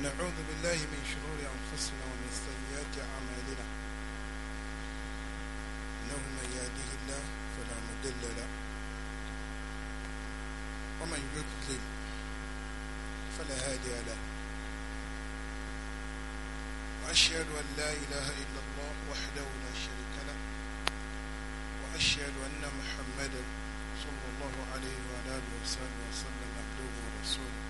ونعوذ بالله من شرور أنفسنا ومن سيئات أعمالنا إنه من يهده الله فلا مضل له ومن يضلل فلا هادي له وأشهد أن لا إله إلا الله وحده لا شريك له وأشهد أن محمدا صلى الله عليه وعلى آله وصحبه وسلم عبده ورسوله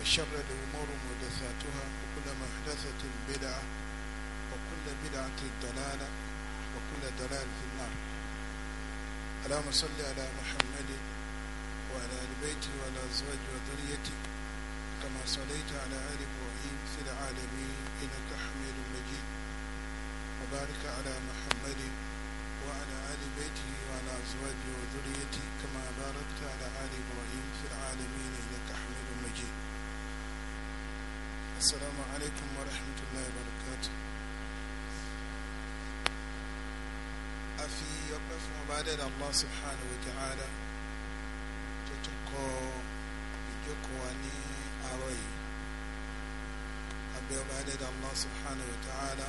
وشر الأمور محدثاتها وكل محدثة بدعة وكل بدعة ضلالة وكل دلالة في النار اللهم صل على محمد وعلى آل بيته وعلى أزواجه وذريته كما صليت على آل إبراهيم في العالمين إنك حميد مجيد وبارك على محمد وعلى آل بيته وعلى أزواجه وذريته كما باركت على آل إبراهيم في العالمين السلام عليكم ورحمة الله وبركاته أفي يقف مبادئ الله سبحانه وتعالى تتقو بجكواني أروي أبي مبادئ الله سبحانه وتعالى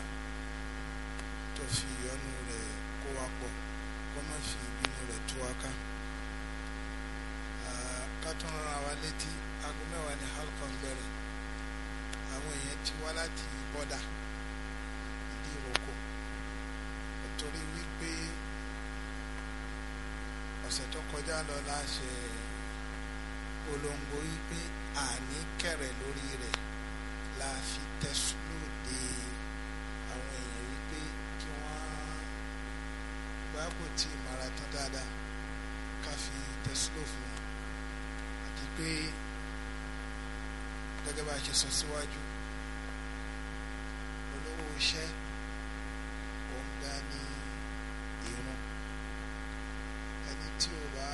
تفي ينور قواقو كما في بنور تواكا كاتون راوالتي أقوم واني حلقا بره àwọn èèyàn ti wá láti bọ́dà ìdí ìrókò torí wípé ọ̀sẹ̀ tó kọjá lọ láṣẹ polongo wípé àní kẹrẹ lórí rẹ̀ la fi tẹ̀sùn de àwọn èèyàn wípé kí wọ́n gbá kò tí ì mara tán dáadáa ká fi tẹ̀sùn fún wọn àti pé gẹ́gẹ́ bá a ṣe sọ síwájú olówó iṣẹ́ òun dá ní irun ẹni tí ò bá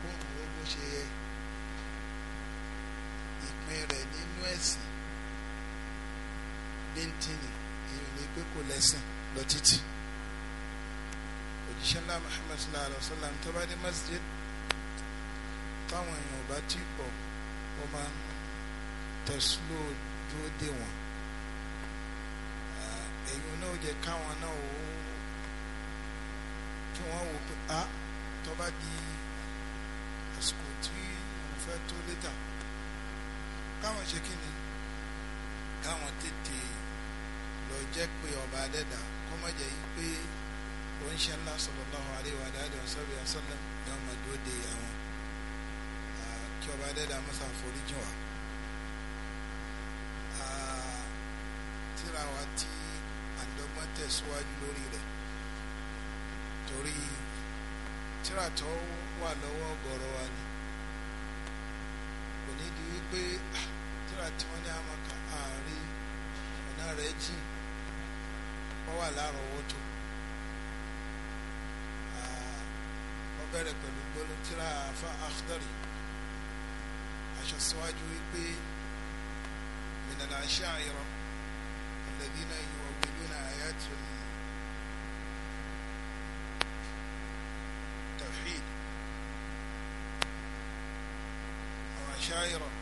bóun ló bó ṣe yẹ ìpín rẹ̀ nínú ẹ̀sìn bíntínì èèyàn ní pé kò lẹ́sìn lọ títì òjíṣẹ́ ńlá Muhammad sallallahu alayhi wa sallam tó bá dé masjid táwọn èèyàn bá tí pọ̀ ó máa ń tẹ̀sílò dúró dé ah, wọn èyí náà jẹ́ káwọn náà ó kí wọ́n wò pé a ah, tó di àsìkò tí mo fẹ́ tó létà káwọn ṣe kí ni káwọn tètè lọ jẹ́ pé ọba adẹ́dà kọ́mọ̀jẹ̀ yìí pé oníṣẹ́ ńlá sallallahu alaihi wa alihi wasallam ní ọmọdé ó de àwọn ah, kí ọba adẹ́dà mọ́sá foríjì wá. tẹ̀síwájú lórí rẹ̀ torí tíra tó wà lọ́wọ́ ọ̀gọ̀rọ̀ wa ni kò ní di wípé ah, tíra tí wọ́n ní amaka àárín ọ̀nà rẹ̀ jì wọ́n wà lárọ̀ọ́wọ́tò wọ́n bẹ̀rẹ̀ pẹ̀lú gbólóhùn tíra afa akhdari aṣọ síwájú wípé minal asha'ira alladhina yóò. التوحيد أو أشاعره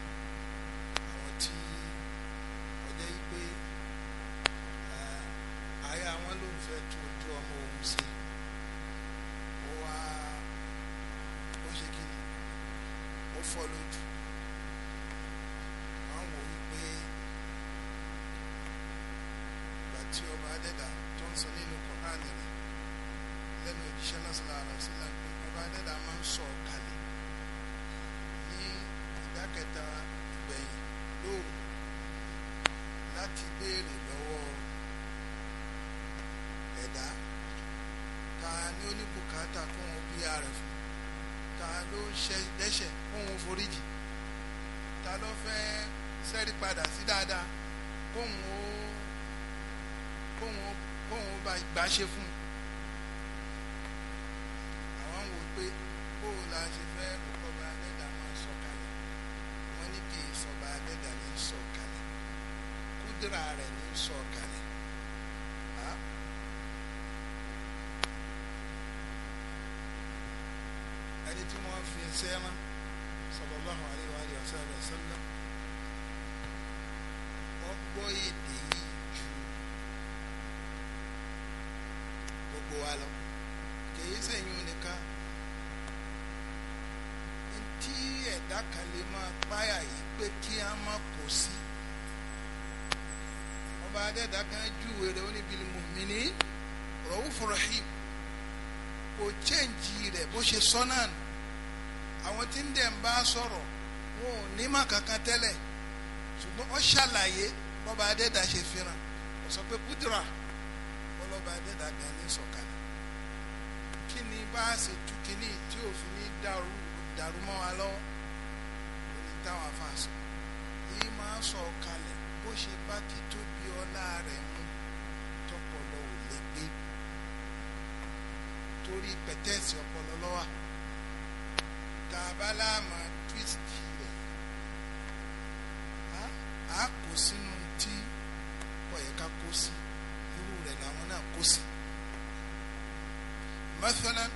sọ̀ kalẹ̀ ní ìdákẹta ìgbẹ̀yìn lóòrùn láti béèrè lọ́wọ́ ẹ̀dá ta ni ó ní bùkátà kó wọn bí ara fún ta ló ṣe dẹ́ṣẹ̀ kó wọn foríjì ta ló fẹ́ sẹ́rí padà sí dáadáa kó wọn ó kó ó bá gbà ṣe fún dẹ́dá kan júwe rẹ̀ ó ní bil mu'mini ra'ufu rahim kò chẹ́ǹjì rẹ̀ bó ṣe sọ náà nù àwọn tí ń dẹ̀ ń bá sọ̀rọ̀ wọn ò ní mà kankan tẹ́lẹ̀ ṣùgbọ́n ó ṣàlàyé bọ́ba adẹ́dá ṣe fihàn ó sọ pé kúdìrà bọ́lọ́ba adẹ́dá gan ní sọ̀kalẹ̀ kí ni bá a ṣe tú kínní tí òfin ní dàrú mọ́ wa lọ́wọ́ òní táwọn afa sọ yìí máa sọ̀kalẹ̀ ṣe bá ti tóbi ọlá rẹ̀ mu tọpọlọ ò lè gbé torí pẹ̀tẹ́ẹ̀sì ọpọlọ lọ́wà tá a bá láàmà twíìsì rẹ̀ á kó sínú tí ọ̀yẹ̀ká kó sí irú rẹ̀ làwọn náà kó sí. mathalan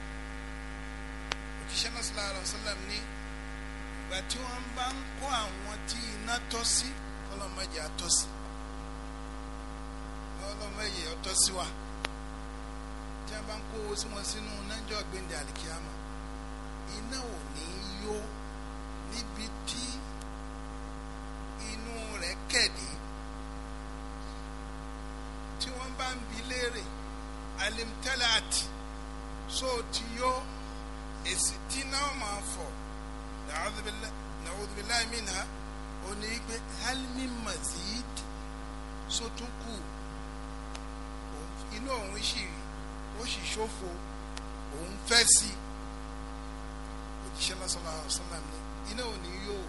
òjíṣẹ́ náà sallallahu alaihi wasallam ní ìgbà tí wọ́n bá ń kó àwọn tí iná tọ́ sí. Si, ọlọ́mọdé àtọ́sí ọlọ́mọdé ọtọ́sí wa tí a bá ń kó owó sí wọn sínú nájọ́ gbẹ̀ndẹ̀ àlìkíyàmà iná ò ní yó. ṣòfò òun fẹ́ sí òjíṣẹ́ lọ́sọ̀lá ọ̀sánlá mi iná ò ní yóò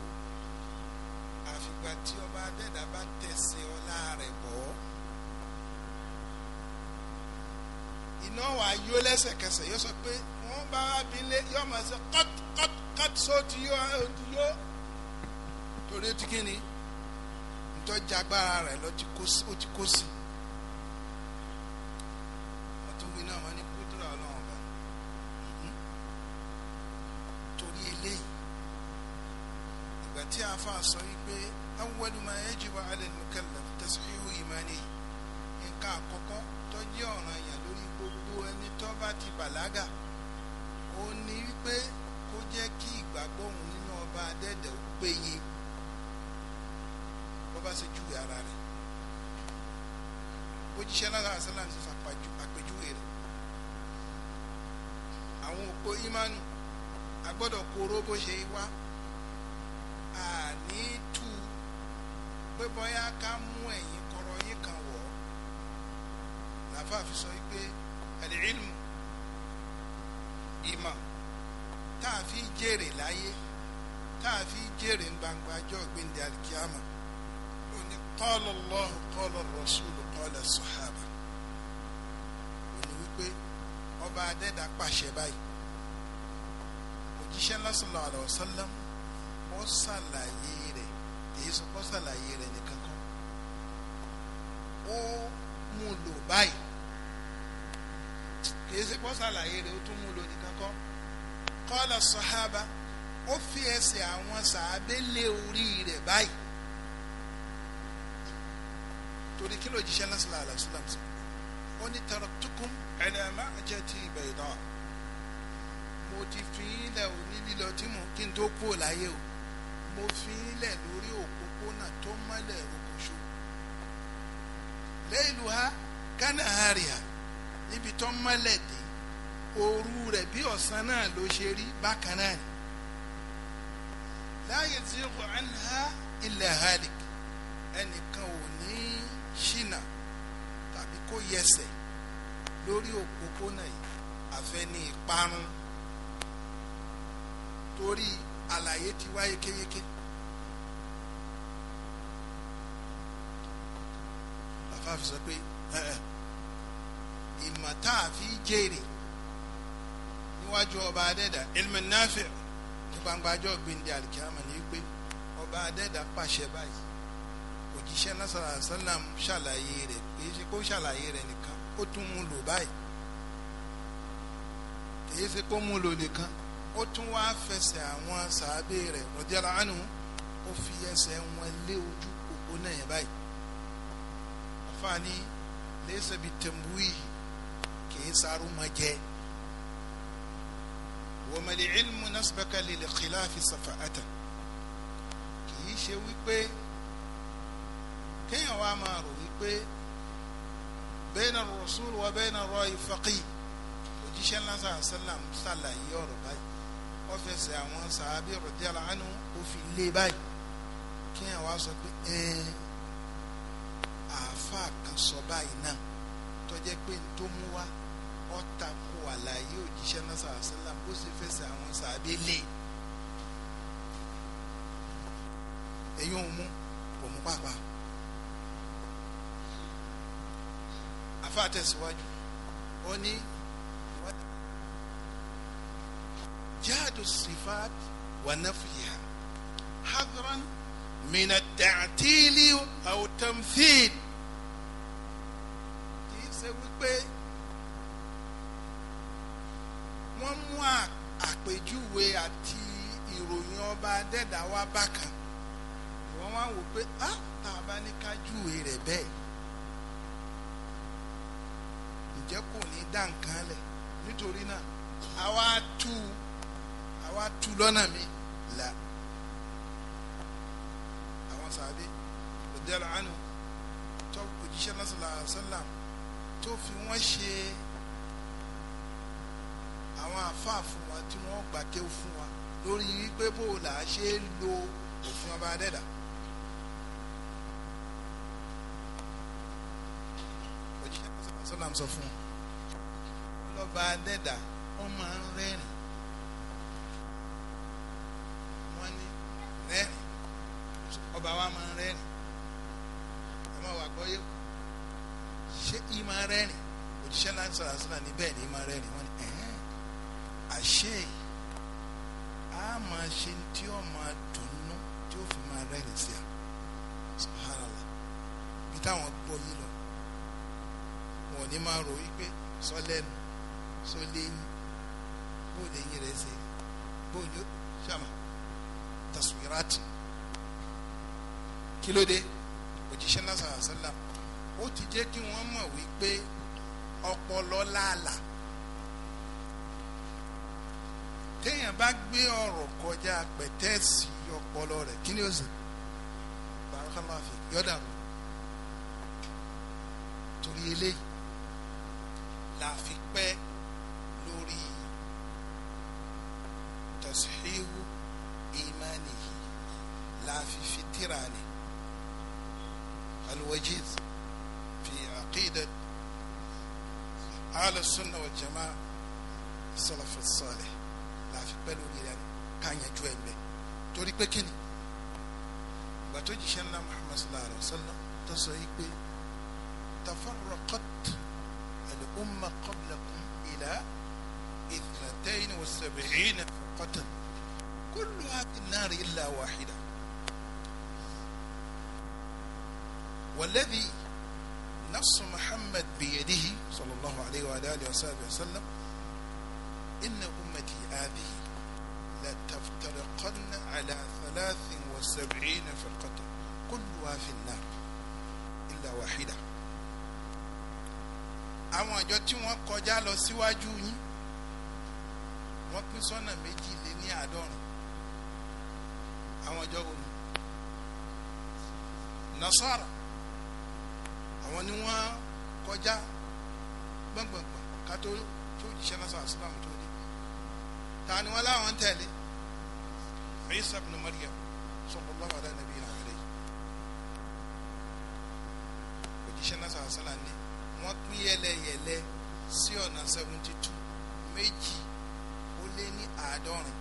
àfìgbà tí ọba adẹ́dà bá tẹ̀sẹ̀ ọlá rẹ̀ bọ́ iná wà yó lẹ́sẹ̀kẹsẹ̀ yóò sọ pé wọ́n bá wá bí lé yóò máa sọ kọ́t kọ́t kọ́t sóòtú yó yó torí ó ti kí ni ntọ́jà agbára rẹ̀ ló ti kó sí. pàṣẹ báyìí òjíṣẹ́ ńlá sallallahu alaihi wasallam ó ṣàlàyé rẹ̀ èyí sọ pé ó ṣàlàyé rẹ̀ nìkan kan ó mú un lò báyìí kìí ṣe pé ó ṣàlàyé rẹ̀ ó tún mú un lò nìkan kan qala sahaba ó fi ẹsẹ̀ àwọn sàábé lé orí rẹ̀ báyìí torí kí ló jíṣẹ́ ńlá sallallahu alaihi wasallam ó ní taraktukum ala ma'jati bayda ti fi ilẹ̀ òní lílọ tí mò ń kí n tó kú láyé o mo fi ilẹ̀ lórí òpópónà tó mọ́lẹ̀ rògbòṣó lẹ́yìnlú ha kánà àríyá níbi tó mọ́lẹ̀ dé òru rẹ̀ bí ọ̀sán náà ló ṣe rí bákan náà ni láàyè tí kò án ha ilẹ̀ halik ẹnìkan ò ní ṣìnà tàbí kó yẹsẹ̀ lórí òpópónà yìí àfẹni torí àlàyé ti wá yékéyéké. bàbá fi sọ pé ìmọ̀ tá a fi jèrè níwájú ọba adẹ́dà ilmin nafi' ní gbangbajọ́ gbẹ̀ndẹ̀ alikiyama ni pé ọba adẹ́dà pàṣẹ báyìí òjíṣẹ́ nasara salam ṣàlàyé rẹ̀ kì í ṣe kó ṣàlàyé rẹ̀ nìkan ó tún mú lò báyìí kì í ṣe kó mú lò nìkan ó tún wá fẹsẹ̀ àwọn sàábé rẹ̀ rọ̀díàlá ànú ó fi ẹsẹ̀ wọn lé ojú òpó náà yẹn báyìí àfààní lẹ́sẹ̀ bíi tẹ̀m̀búì kìí sáró máa jẹ́ wọ́mẹ̀lì ilmu nasibaka lil khilafi safa'ata kìí ṣe wípé kéèyàn wá máa rò wípé bẹ́ẹ̀ náà wa bẹ́ẹ̀ rọ̀ ìfọ́kì òjíṣẹ́ ńlá sàlàyé ọ̀rọ̀ báyìí ó fẹsẹ̀ àwọn sàábì rọ̀díàlà ánú ó fi lé báyìí kí ẹ̀ wá sọ pé ẹ àáfàá kan sọ báyìí náà tó jẹ́ pé n tó mú wá ó tako àlàyé òjíṣẹ́ náà sàásìlà bó ṣe fẹsẹ̀ àwọn sàábì lé ẹ̀yìn òun kò mú pàápàá àáfàá tẹ̀síwájú ó ní. الصفات ونفيها حذرا من التعتيل أو التمثيل wọ́n mú àpèjúwe àti ìròyìn ọba adẹ́dáwá bákan wọ́n wá wò pé ah tá a bá ní kájúwe rẹ̀ bẹ́ẹ̀ ǹjẹ́ kò ní dá nǹkan lẹ̀ nítorí náà àwa tú u wá tú lọ́nà mi là àwọn sàbí lọ́dẹ́rẹ́ àánú tó òjíṣẹ́ náà sọ̀rọ̀ àṣọ́là tó fi wọ́n ṣe àwọn àfáà fún wa tí wọ́n gbàtẹ́ fún wa lórí wípé bó là á ṣe lo òfin ọba adẹ́dà. òjíṣẹ́ náà sọ̀rọ̀ àṣọ́là sọ fún wọn lọ́ba adẹ́dà wọ́n máa ń máa rò wípé sọ lẹ́nu sọ léyìn bó léyìn rẹ̀ ṣe bó yóò ṣàmà taswirati kí ló dé òjíṣẹ́ náà sàrà sálà ó ti jẹ́ kí wọ́n mọ̀ wípé ọpọlọ làálàá téèyàn bá gbé ọ̀rọ̀ kọjá pẹ̀tẹ́ẹ̀sì ọpọlọ rẹ̀ kí ni ó sì bàrákàlá fi yọ̀dà rò. thousand and seventy two méjì ó lé ní àádọ́rùn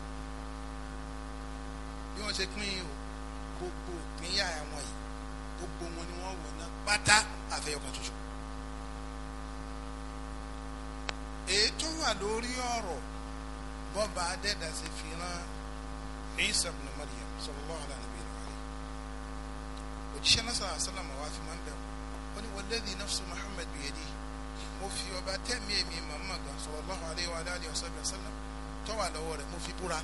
bí wọ́n ṣe pín in o gbogbo ìpínyà wọn yìí gbogbo wọn ni wọ́n wọ̀ náà pátá àfẹ́yọkàn ṣoṣo ètò wà lórí ọ̀rọ̀ bọ́ba adẹ́dàsí fi rán Isa ibn Maryam sallallahu alaihi wa sallam òjíṣẹ́ náà sallallahu alaihi wa fi máa ń bẹ̀rù wọ́n ní walladhi nafsu Muhammad biyadihi mo fi ọba tẹ́mi èmi màmá gan sallallahu alaihi wa alihi wasallam tó wà lọ́wọ́ rẹ̀ mo fi búra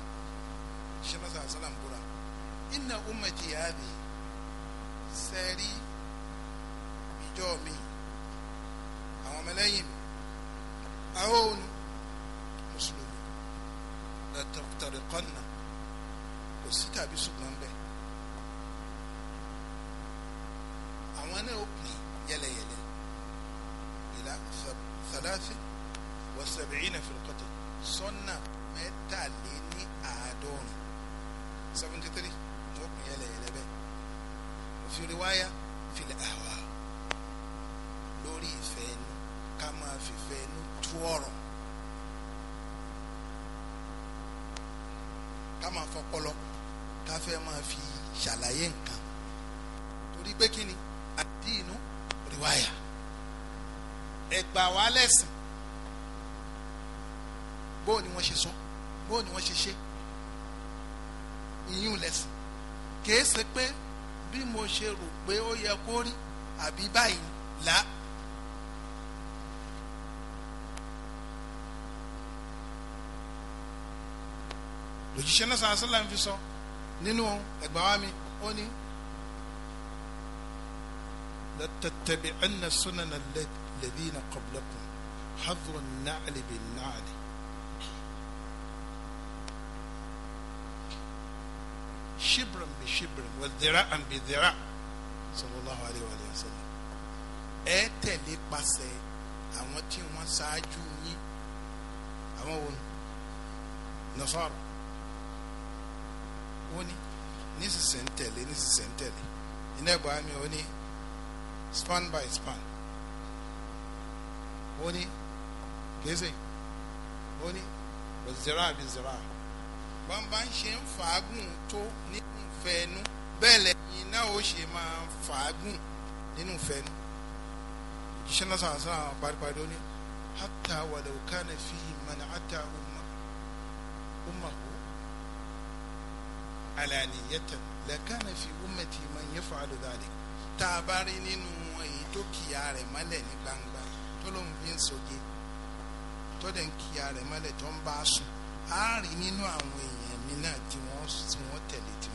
ṣẹlẹ̀ sàlẹ̀ sàlẹ̀ búra inna ummati hadhi sẹ́rí ìjọ mi àwọn ọmọlẹ́yìn àwọn mùsùlùmí la kò sí tàbí ṣùgbọ́n bẹ́ẹ̀. ṣe rò pé ó yẹ kó rí àbí báyìí là. lòjíṣẹ́ náà sàn sílẹ̀ ń fi sọ nínú ẹgbàá wa mi ó ní. لتتبعن سنن الذين قبلكم حظر النعل بالنعل شبرا بشبر وذراعا بذراع sallallahu alayhi wa sallam ẹ tẹ̀lé pasẹ̀ àwọn tí wọ́n ṣáájú yín àwọn wo nasara wọ́n ní nísinsìnyí ń tẹ̀lé nísinsìnyí ń tẹ̀lé iná ẹ̀gbọ́n mi wọ́n ní span by span wọ́n ní kéésì wọ́n ní zera bí zera bàbá ń ṣe ń fàágùn tó nínú ìfẹ́ ẹnu bẹ́ẹ̀ lẹ́ náà ó ṣe máa fàágùn nínú ìfẹ́ ni òjíṣẹ́ náà sọ̀rọ̀ sọ̀rọ̀ àwọn paripari ó ní hatta walaw kana fihi man ata umma ummahu alaniyatan lakana fi ummati man yaf'alu dhalik tá a bá rí nínú èyí tó kìyà rẹ̀ mọ́lẹ̀ ní gbangba tó lóun fi ń soge tó dẹ̀ ń kìyà rẹ̀ mọ́lẹ̀ tó ń bá a sùn á rí nínú àwọn èèyàn mi náà tí wọ́n tẹ̀lé t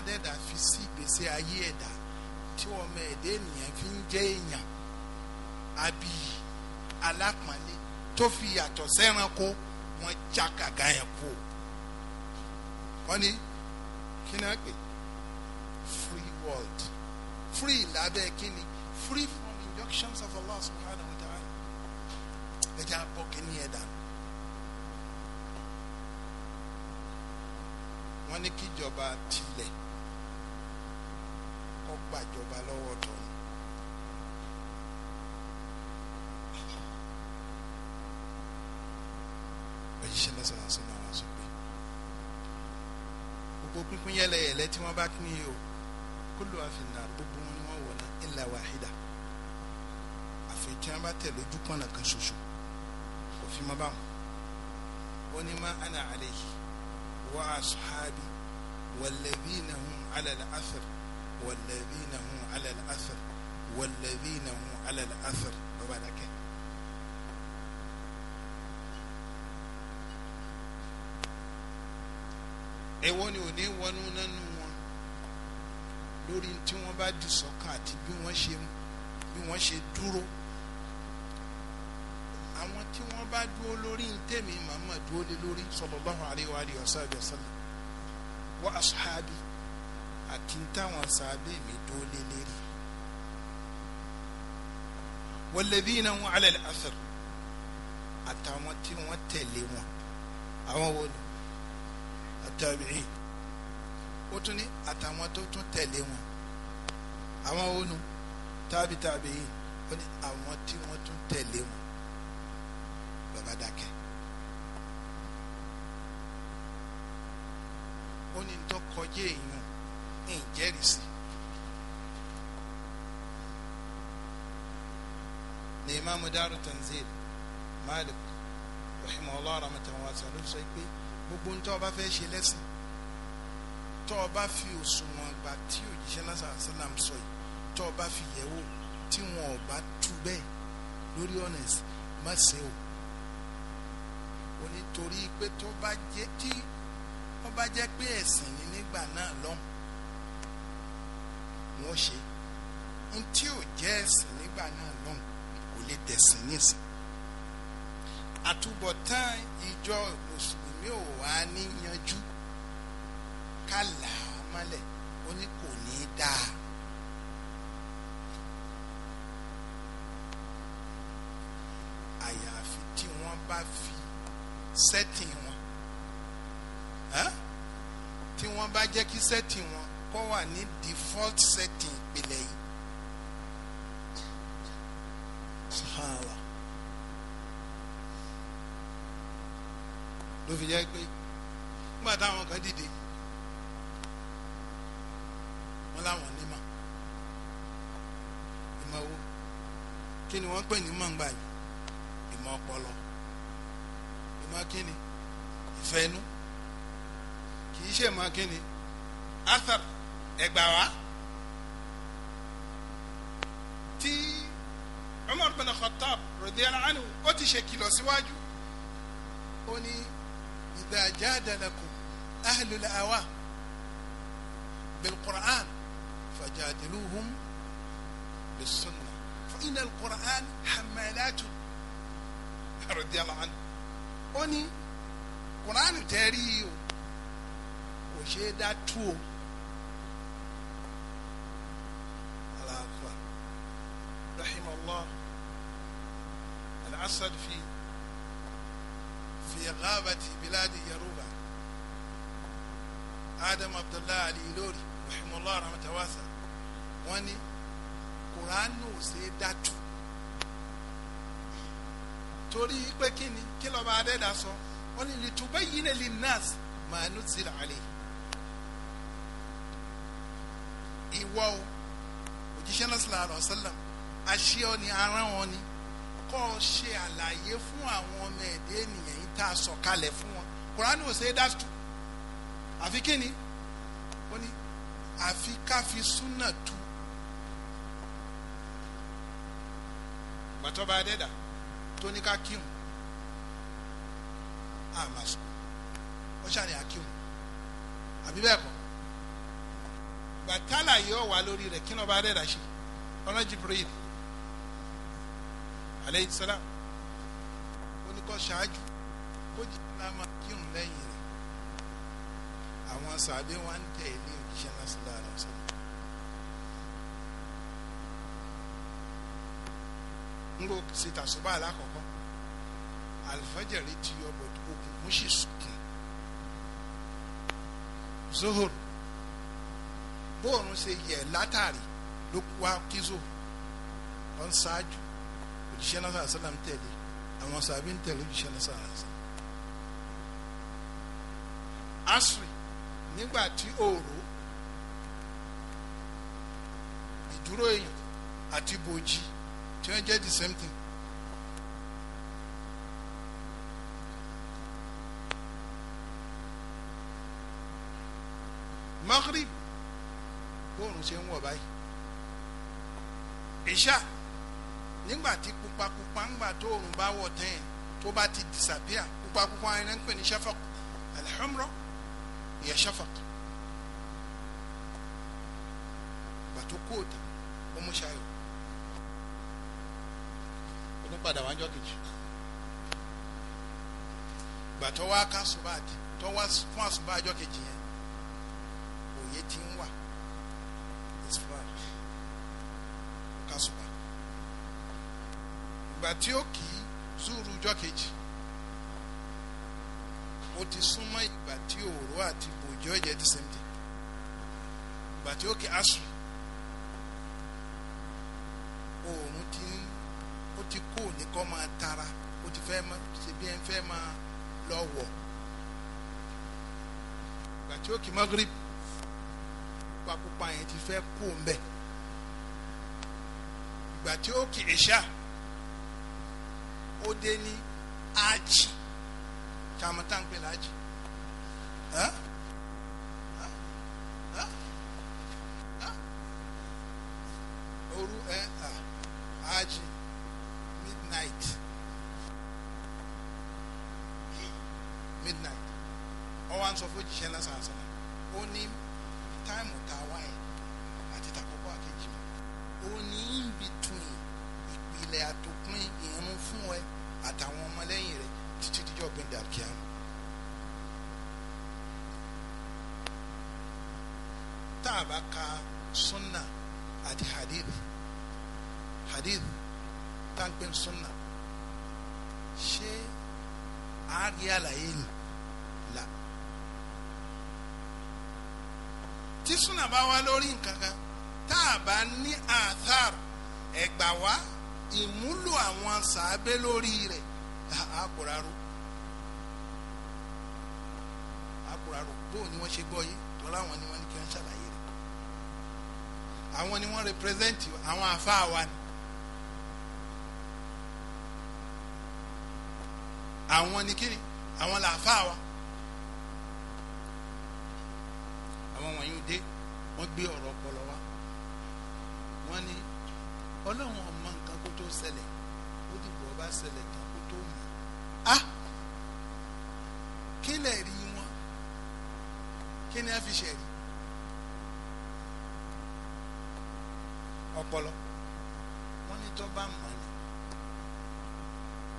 adẹ́dà fi sí ìgbésí ayé ẹ̀dá tí ọmọ ẹ̀dá ènìyàn fi ń jẹ́ èèyàn abiyì alápọ̀nlé tó fi yàtọ̀ sẹ́ranko wọn já gàgà yẹn kú o wọ́n ní kí náà pè free world free lábẹ́ kí ni free from injunctions of Allah subhanahu wa ta'ala ẹ̀jẹ̀ abọ́ kìíní ẹ̀ dànù. wọ́n ní kíjọba tilẹ̀. sọ̀rọ̀sọ̀rọ̀ àwọn sọ pé gbogbo pínpín yẹlẹyẹlẹ tí wọ́n bá kí ni o kullu àfihàn gbogbo wọn ni wọ́n wọ̀ náà illa wahida àfi tí wọ́n bá tẹ̀ lójú pọ̀nà kan ṣoṣo kò fi mọ́ báwọn ó ní ma ana alayhi wa ashabi walladhina hum ala al-athar walladhina hum ala al-athar walladhina hum ala al-athar bàbá dákẹ́. ẹ̀wọ́ ni ò ní wọnú nánú wọn lórí tí wọ́n bá di sọ́kàn àti bí wọ́n ṣe bí wọ́n ṣe dúró àwọn tí wọ́n bá dúró lórí ntẹ̀mí màmá dúró lé lórí sallallahu alaihi wa alihi wasallam wa ashabi àti táwọn sàbẹ̀ mi dúró lé lérí walladhina hum ala al-athar àtàwọn tí wọ́n tẹ̀lé wọn àwọn wo ni tàbí'ìn ó tún ní àtàwọn tó tún tẹ̀lé wọn àwọn ònu tàbí tàbí'ìn ó ní àwọn tí wọ́n tún tẹ̀lé wọn bàbá dákẹ́ ó ní tó èèyàn ń jẹ́rìísí ní imáàmù Daaru Tanzil Malik rahimahullah rahmatan wasi'a ló sọ pé gbogbo ntọ́ ọba fẹ́ ṣe lẹ́sìn tọ́ ọba fi òṣùwọ̀n gbà tí òjíṣẹ́ náà sàlám sọ yìí tọ́ ọba fi yẹ̀ wò tí wọn ò bá tú bẹ́ẹ̀ lórí honest má ṣe o onítorí pé tó bá jẹ́ tí wọ́n bá jẹ́ pé ẹ̀sìn ní nígbà náà lọ́hùn wọ́n ṣe n tí ò jẹ́ ẹ̀sìn nígbà náà lọ́hùn kò lè tẹ̀sìn nísìn àtúbọ̀tán ìjọ mùsùlùmí mùsùlùmí ò wá níyanjú kálá mọ́lẹ̀ ó ní kò ní í dáa. àyàfi tí wọ́n bá fi sẹ́tìn wọn tí wọ́n bá jẹ́ kí sẹ́tìn wọn kọ́ wà ní default setting. jẹ́ pé nígbà táwọn kan dìde wọ́n láwọn nímọ̀ ìmọ̀ owó kí ni wọ́n pè ní mọ̀ngbà yìí ìmọ̀ ọpọlọ ìmọ̀ kíni ìfẹ́nu kì í ṣe ìmọ̀ kíni asap ẹgbà wa tí Umar bin Khattab radiyallahu anhu ó ti ṣe kìlọ̀ síwájú ó ní. إذا جادلكم أهل الأواء بالقرآن فجادلوهم بالسنة فإن القرآن حمالات رضي الله عنه أني قرآن kùránì tẹ́ rí abdullahi ali lórí rahimahullah rahmatawasa wọ́n ní kuranu ò ṣe é dàtú torí pé kí ni kí lọ́ba adẹ́dà sọ wọ́n ní litubayyina linnas ma nuzila alayhi ìwọ o òjíṣẹ́ náà sallallahu alaihi wasallam àṣẹ ọ ni aràn ọ ni kọ́ ọ ṣe àlàyé fún àwọn ọmọ ẹ̀dẹ́ ènìyàn yìí tá a sọ fún wọn kuranu ò ṣe é dàtú àfi kí ni àfi ká fi súnà tu gbàtọ́ba adẹ́dà tó ní ká kírun àmàsùn ó ṣàní àkírun àbí bẹ́ẹ̀ kọ́ gbàtálà yóò wà lórí rẹ̀ kí ni ọba adẹ́dà ṣe ọ̀nà Jibril Alayhi salam ó ní kó ṣáájú kó jìnnà máa kírun lẹ́yìn rẹ̀ àwọn sàbí wa ń tẹ̀lé òjíṣẹ́ náà sílẹ̀ àrùn sọ́dọ̀. n kò ṣe tàṣùbà alákọ̀ọ́kọ́ alifájàre ti yọ bọ̀ òkùnkùn sì sùkùn zohor bóòrùn ṣe yẹ látàrí ló wá kí zohor ọ̀n ṣáájú òjíṣẹ́ náà sàlẹ̀ sàlẹ̀ ń tẹ̀lé àwọn sàbí ń tẹ̀lé òjíṣẹ́ náà sàlẹ̀ sàlẹ̀ asiri nígbà tí òòró ìdúró èèyàn àti bòjì tí wọ́n jẹ́ the same thing. maghrib bóòrùn ṣe ń wọ̀ báyìí ìṣá nígbà tí pupapupa ń gbà tóòrùn bá wọ̀ tẹ́yìn tó bá ti disappear pupapupa ẹni ń pè ní ṣẹ́fọ̀ alhamdulilayi yẹ shafaq bàtó kóòtù ọmọ ṣayọ onípadà wájọ kejì gbàtọ́ wá ká subáàdì tọ́ wá fún àsùbáàjọ kejì yẹn òye ti ń wà ìsúbáàdì ká subáàdì gbàtí ó kì í zúrú jọ kejì ti súnmọ́ ìgbà tí òòró àti bòjọ́ jẹ́ the same thing ìgbà tí ó kí asùn òòrùn ti ó ti kó òní kọ́ máa tara ó ti fẹ́ máa ṣe bí ẹ ń fẹ́ máa lọ wọ̀ ìgbà tí ó kí magrib pupa yẹn ti fẹ́ kó mbẹ́ ìgbà tí ó kì í ó dé ní ájì. tá mọ̀ àwọn ni kíni àwọn làáfà wa àwọn wọ̀nyí dé wọ́n gbé ọ̀rọ̀ ọpọlọ wa wọ́n ní ọlọ́run ọmọ nǹkan kó tó ṣẹlẹ̀ ó dìbò ọba ṣẹlẹ̀ tán kó tó mọ̀ á ah! kí lè rí wọn kí ni a fi ṣẹ̀rí ọpọlọ wọ́n ní tó bá mọ̀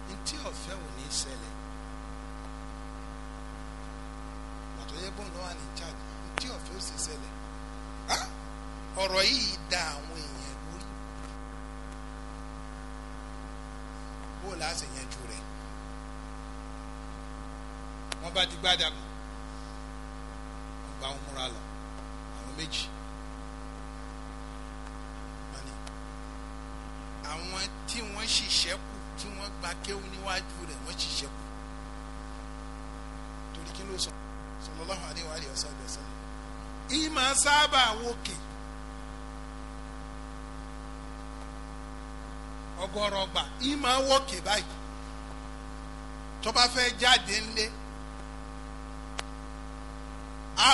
ni ntí ọ̀fẹ́ ò ní ṣẹlẹ̀. pé òun wà ní charge tí ọ̀fẹ́ ó sì ṣẹlẹ̀ ọ̀rọ̀ yìí da àwọn èèyàn lórí bó o láṣẹ yanjú rẹ̀ wọ́n bá ti gbádàgbọ́ wọ́n gba ohun múra lọ àwọn méjì. àwọn tí wọ́n ṣiṣẹ́ kù tí wọ́n gba kéwú níwájú rẹ̀ wọ́n ṣiṣẹ́ kù. sallallahu alaihi wa alihi wasallam ìmọ̀ sábà wókè ọgọ́rọ̀ ọgbà ìmọ̀ wókè báyìí tó fẹ́ jáde ńlé á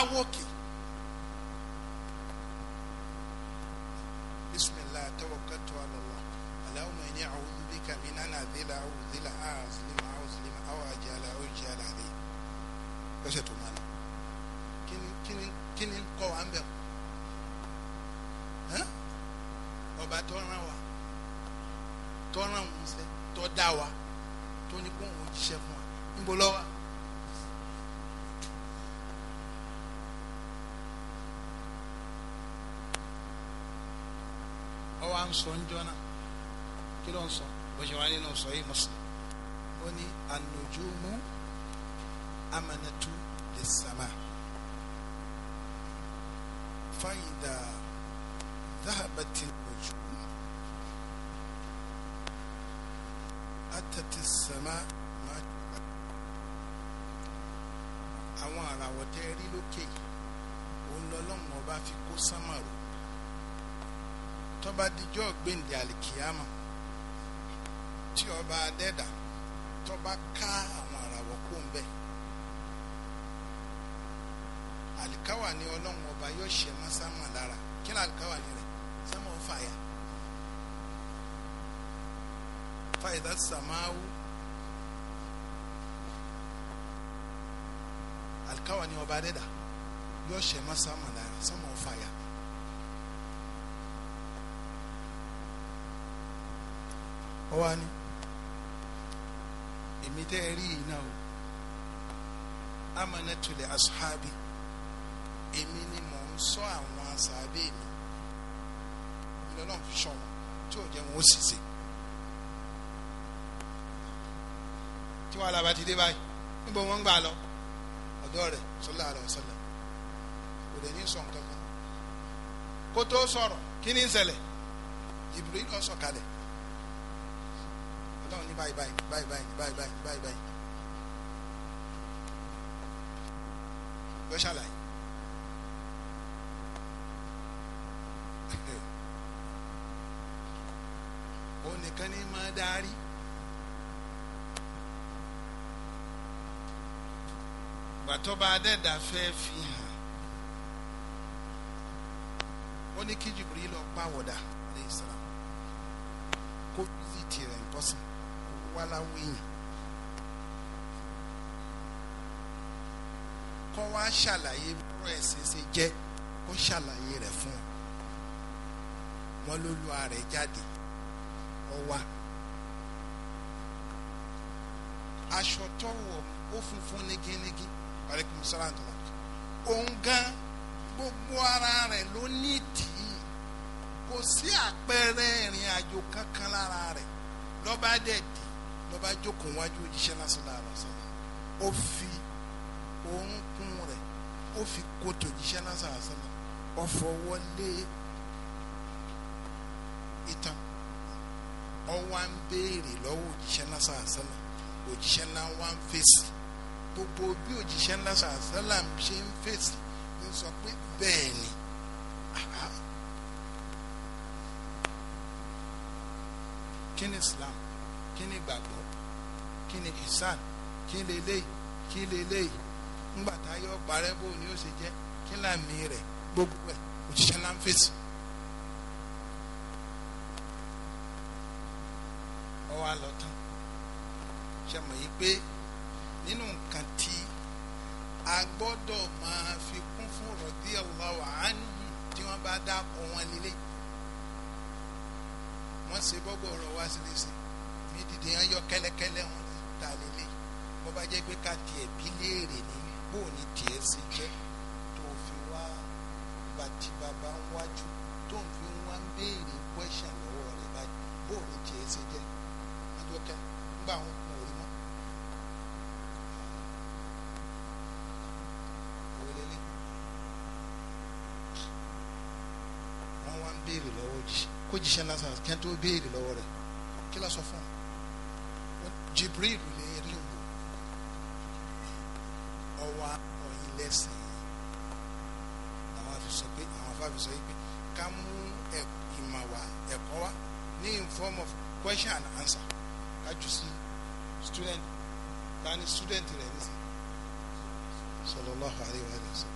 sọ ń jọ́nà kí ló ń sọ bó ṣe wá nínú sọ yìí Muslim ó ní ànàjúmú amanatu lè sàmà fàyìndà dáhàbàtì ojú àtàtì sàmà máa àwọn àràwọ̀ tẹ́ rí lókè òun lọ́lọ́mọba fi kó sámà rò tó bá dijọ́ gbèǹde àlìkìyàmà tí ọba adẹ́dà tó bá ká àwọn àràwọ̀ kó ń bẹ̀ àlìkáwà ni ọlọ́run ọba yóò ṣe mọ́sámà lára kí ni àlìkáwà ni rẹ̀ sámà ń fàyà fàyà sàmáwó àlìkáwà ni ọba adẹ́dà yóò ṣe mọ́sámà lára sámà ń fàyà. ọwọ́ ni èmi tẹ́ ẹ rí yìí náà o amana tulẹ̀ asuhabi èmi ni mò ń sọ àwọn asàbí mi ìlọ́lọ́run fi sọ wọn tí ò jẹ́ wọn ó sì ṣe tí wàhálà bá ti dé báyìí níbo wọn ń gbà lọ ọ̀dọ̀ rẹ̀ sọlá rẹ̀ sọlá kò dẹ̀ ní sọ nǹkan kan kó tó sọ̀rọ̀ kí ni ń ṣẹlẹ̀ Jibril ló sọ̀kalẹ̀. Bye bye bye bye. báyìí báyìí báyìí báyìí báyìí yọ ṣàlàyé òun nìkan ní máa darí. gbàtọ́ba adẹ́dà fẹ́ fi hàn ó ní kí Jibril lọ pàwọ̀dà. wa la wíyìn kọ́ wa ṣàlàyé bọ́rọ̀ ẹ̀sìn ṣe jẹ́ kó ṣàlàyé rẹ̀ fún ọ wọn ló lu ààrẹ jáde ọwa aṣọ tọwọ ó funfun nigínigí aleykum salaam tó òun gan gbogbo ara rẹ̀ ló ní tìí kò sí àpẹẹrẹ ìrìn àjò kankan lára rẹ̀ lọ́ba dẹ̀ lọ́ba jókòó wájú òjíṣẹ́ náà sọ̀rọ̀ àlọ́sọ ó fi orúnkún rẹ̀ ó fi kótó òjíṣẹ́ náà sọ̀rọ̀ àlọ́sọ ìtàn ó ń béèrè lọ́wọ́ òjíṣẹ́ náà sọ̀rọ̀ òjíṣẹ́ náà wá ń fèsì gbogbo bí òjíṣẹ́ náà sọ̀rọ̀ ṣe ń fèsì ń sọ pé bẹ́ẹ̀ ni kí ni Islam kí ni ìgbàgbọ́ kí ni isan kí ni eléyìí kí ni eléyìí ńgbà tá a yọ parẹ́ bó ni ó ṣe jẹ́ kí ni àmì rẹ̀ gbogbo ẹ̀ òṣìṣẹ́ náà ń fèsì. ọwọ́ àlọ́ tán ṣe mọ̀ yí pé nínú nǹkan tí a gbọ́dọ̀ máa fi kún fún radiyallahu anhu tí wọ́n bá dákọ̀ wọn nílé wọ́n ṣe bọ́gbọ̀ ọ̀rọ̀ wá sí lẹ́sìn ní dìde yẹn yọ kẹ́lẹ́kẹ́lẹ́ wọn ta lélẹ̀ bó bá jẹ́ pé ká tiẹ̀ bí léèrè ní bó ní tiẹ̀ ṣe jẹ́ tó fi wá bàtí bàbá ń wájú tó ń fi wá ń béèrè question lọ́wọ́ rẹ̀ báyìí bó ní tiẹ̀ ṣe jẹ́ adókẹ́ ńgbà wọn kò rí mọ́. wọ́n wá ń béèrè lọ́wọ́ jì kó jìṣẹ́ lásán kí wọ́n tó béèrè lọ́wọ́ rẹ̀ kí lọ́ọ́ sọ fún un. Jibril lè rí wò ọwọ́ ọ̀yin lẹ́sìn àwọn afisọ pé àwọn afáfisọ yìí pé ká mú ìmọ̀ wá ẹ̀kọ́ wá ní in form of question and answer ká jù sí student tani student rẹ̀ ní sìn sallallahu alayhi wa sallam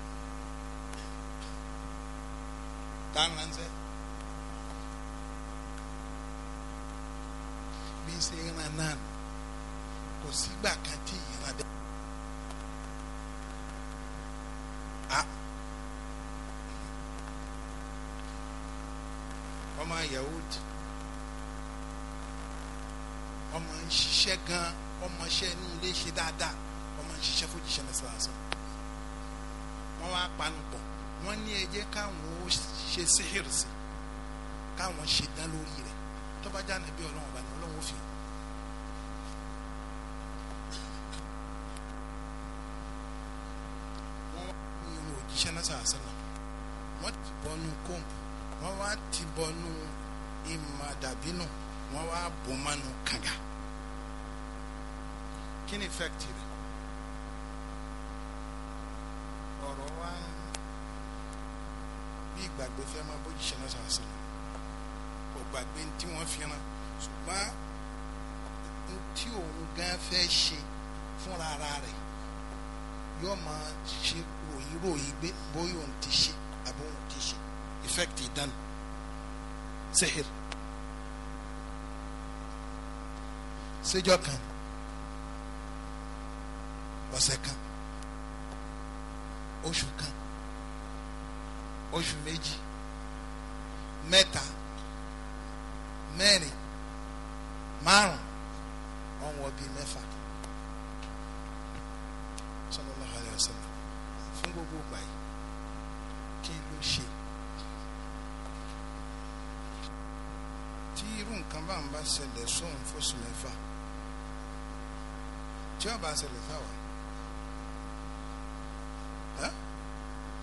tani ránṣẹ́. being saying and none. sígbà kan tí ìran dẹ. ọmọ yahudi ọmọ ń ṣiṣẹ́ gan ọmọ ṣẹ́ inú ilé ṣe dáadáa ọmọ ń ṣiṣẹ́ fojìṣẹ́ lọ́sọ̀ọ́sọ wọ́n wá panupọ̀ wọ́n ní ẹ jẹ́ káwọn ó ṣe síhìrì sí káwọn ṣe dán lórí rẹ̀ tó bá jáde bí ọlọ́run ọba ni ọlọ́run ó fi hàn. Effective. rẹ̀ ọ̀rọ̀ wa bí ìgbàgbé fẹ́ máa bójúṣe náà sàn sílẹ̀ kò gbàgbé tí wọ́n fi ràn ṣùgbọ́n tí òun gan fẹ́ ṣe fúnra ara rẹ̀ yóò máa ṣe ròyìn ròyìn gbé bóyá òun ti ṣe àbí òun ti ṣe effect ìdánù sehir ṣèjọ kan. ọ̀sẹ̀ kan oṣù kan oṣù méjì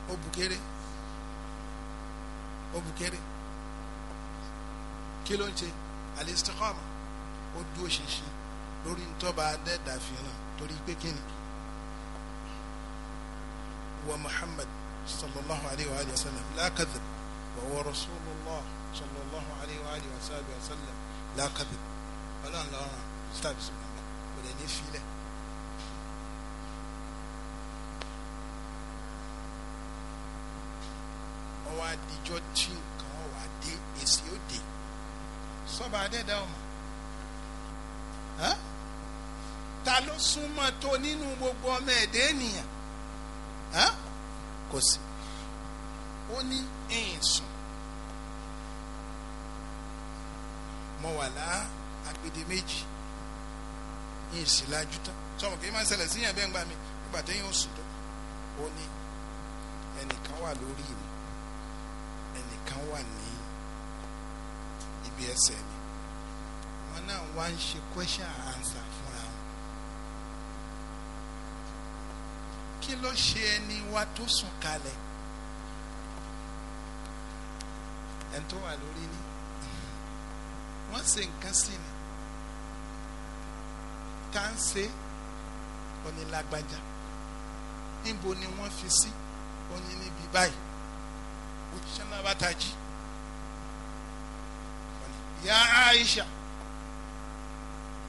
ó bù kéré ó bù kéré kí ló ń ṣe al-istiqama ó dúró ṣinṣin lórí ntọ́ba adẹ́dàfihàn torí pé kíni wa Muhammad sallallahu alayhi wa sallam la kadhib wa wa rasulullah sallallahu alayhi wa sallam la kadhib ọlọ́run lọ́rùn sábìsì kò lè ní filẹ̀. ọjọ́ tí nǹkan wà dé èsì ó dé sọba adẹ́dá ọmọ ta ló súnmọ́ tó nínú gbogbo ọmọ ẹ̀dẹ́ ènìyàn kò sí ó ní ẹ̀sùn mo wà lá agbede méjì ní ìsìlájú tán sọmọ kì í máa ń ṣẹlẹ̀ síyàn bẹ́ẹ̀ ń gbà mí nígbà téèyàn ò sùn tó ó ní ẹnìkan wà lórí mi wà ní ibi ẹsẹ̀ ni wọn náà wá ń ṣe question and answer fúnra wọn kí ló ṣe ẹni wa tó sùn kalẹ̀ ẹni tó wà lórí ni wọ́n ṣe nǹkan sí ni tá ń ṣe onílágbájá níbo ni wọ́n fi sí oní níbi báyìí sannan ba ta ji ya aisha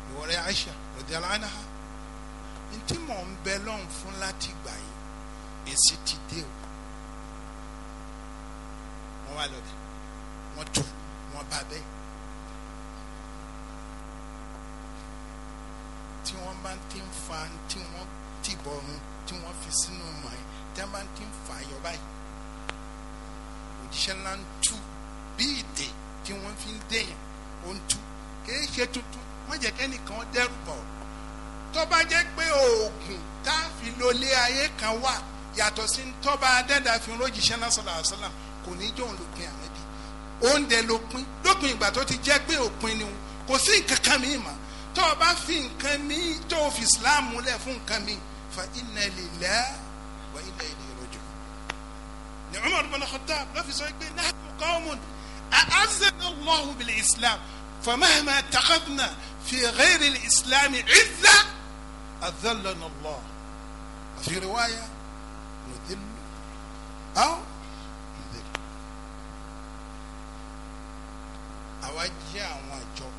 ìwọ rẹ aisha radiyallahu anha ntí mò ń bẹ lọ́n fún láti gbà yìí èsì ti dé o aṣọ ńlá ń tú bí ìdè tí wọ́n fi ń dèyàn ó ń tú kìí ṣe tuntun wọ́n jẹ́ kẹ́nìkan dẹ́rù bọ̀ tó bá jẹ́ pé oògùn tá a fi lólé ayé kan wà yàtọ̀ sí tọ́ba adẹ́dà fi rójìṣẹ́ náà sọ̀rọ̀ àṣọlá kò ní jọ òun àwọn ẹbí oúnjẹ ló pin lópin ìgbà tó ti jẹ́ pé òpin ni kò sí nǹkan kan mìíràn mọ́ tó o bá fi nǹkan mìíràn tó o fi Islam múlẹ̀ fún nǹkan mìíràn fa inna lillahi في صحيح البخاري نحن قوم أعزنا الله بالإسلام فمهما اتخذنا في غير الإسلام عزة أذلنا الله وفي رواية نذل أو نذل أوجه أوجه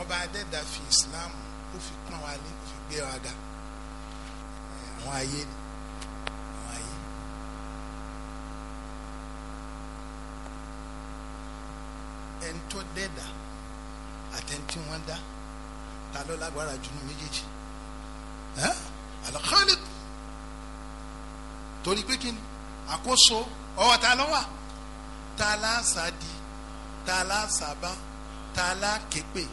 وبعد ذا في إسلام وفي كنوالي وفي بيوغا وعيد àtẹ̀ntọ́ dẹ́dà àtẹ̀ntí wọn dá ta ló lágbára junu méjèèjì al-Khaliq torí pé kí ni àkóso ọwọ́ ta ló wà ta láǹsà di ta láǹsà bá ta láǹképè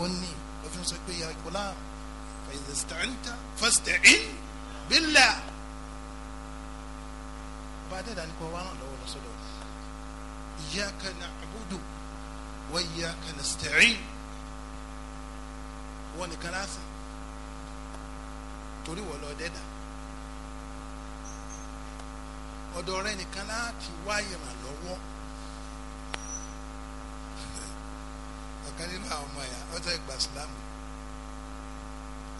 ó ní òfin sọ pé ya gulam fa idha ista'anta fasta'in billah bá dẹ́dà ní kò wá ràn lọ́wọ́ lọ́sọ̀dọ̀ iyyaka na'budu. wa iyyaka nasta'in n'i nìkan lásán torí wọ́n lọ dẹ́dà ọ̀dọ̀ rẹ nìkan láti wá ìrànlọ́wọ́ ọ̀kan nínú àwọn ọmọ ẹ̀yà ọ̀tọ̀ ìgbà sílámù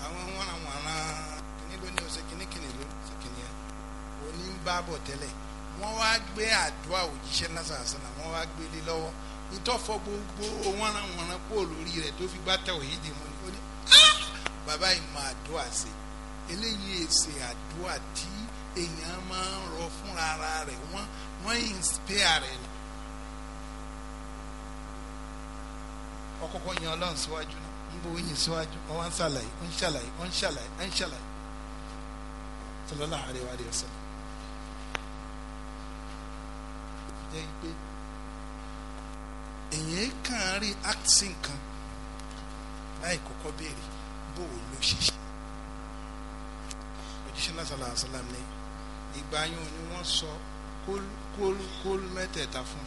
àwọn wọn àwọn ará kìnní lónìí ọ̀sẹ̀ kìnní kìnní lónìí ọ̀sẹ̀ kìnní ẹ̀ òní ń bá bọ̀ tẹ́lẹ̀ wọ́n wá gbé àdúrà òjíṣẹ́ lásán àsánà wọ́n wá ìtọ́fọ gbogbo wọn àwọn kó lórí tó fi gbá tẹ̀wé yìí dì mọ́ ah! bàbá yìí máa eléyìí èsè èèyàn máa rọ fúnra ara rẹ̀ wọ́n wọ́n síwájú náà èyàn kàn rí àkìsí nǹkan láì kọ́kọ́ béèrè bó o ló ṣiṣẹ́ òjíṣẹ́ náà sàlàyé sàlàm ní ìgbà yín ni wọ́n sọ kólú mẹ́tẹ̀ẹ̀ta fún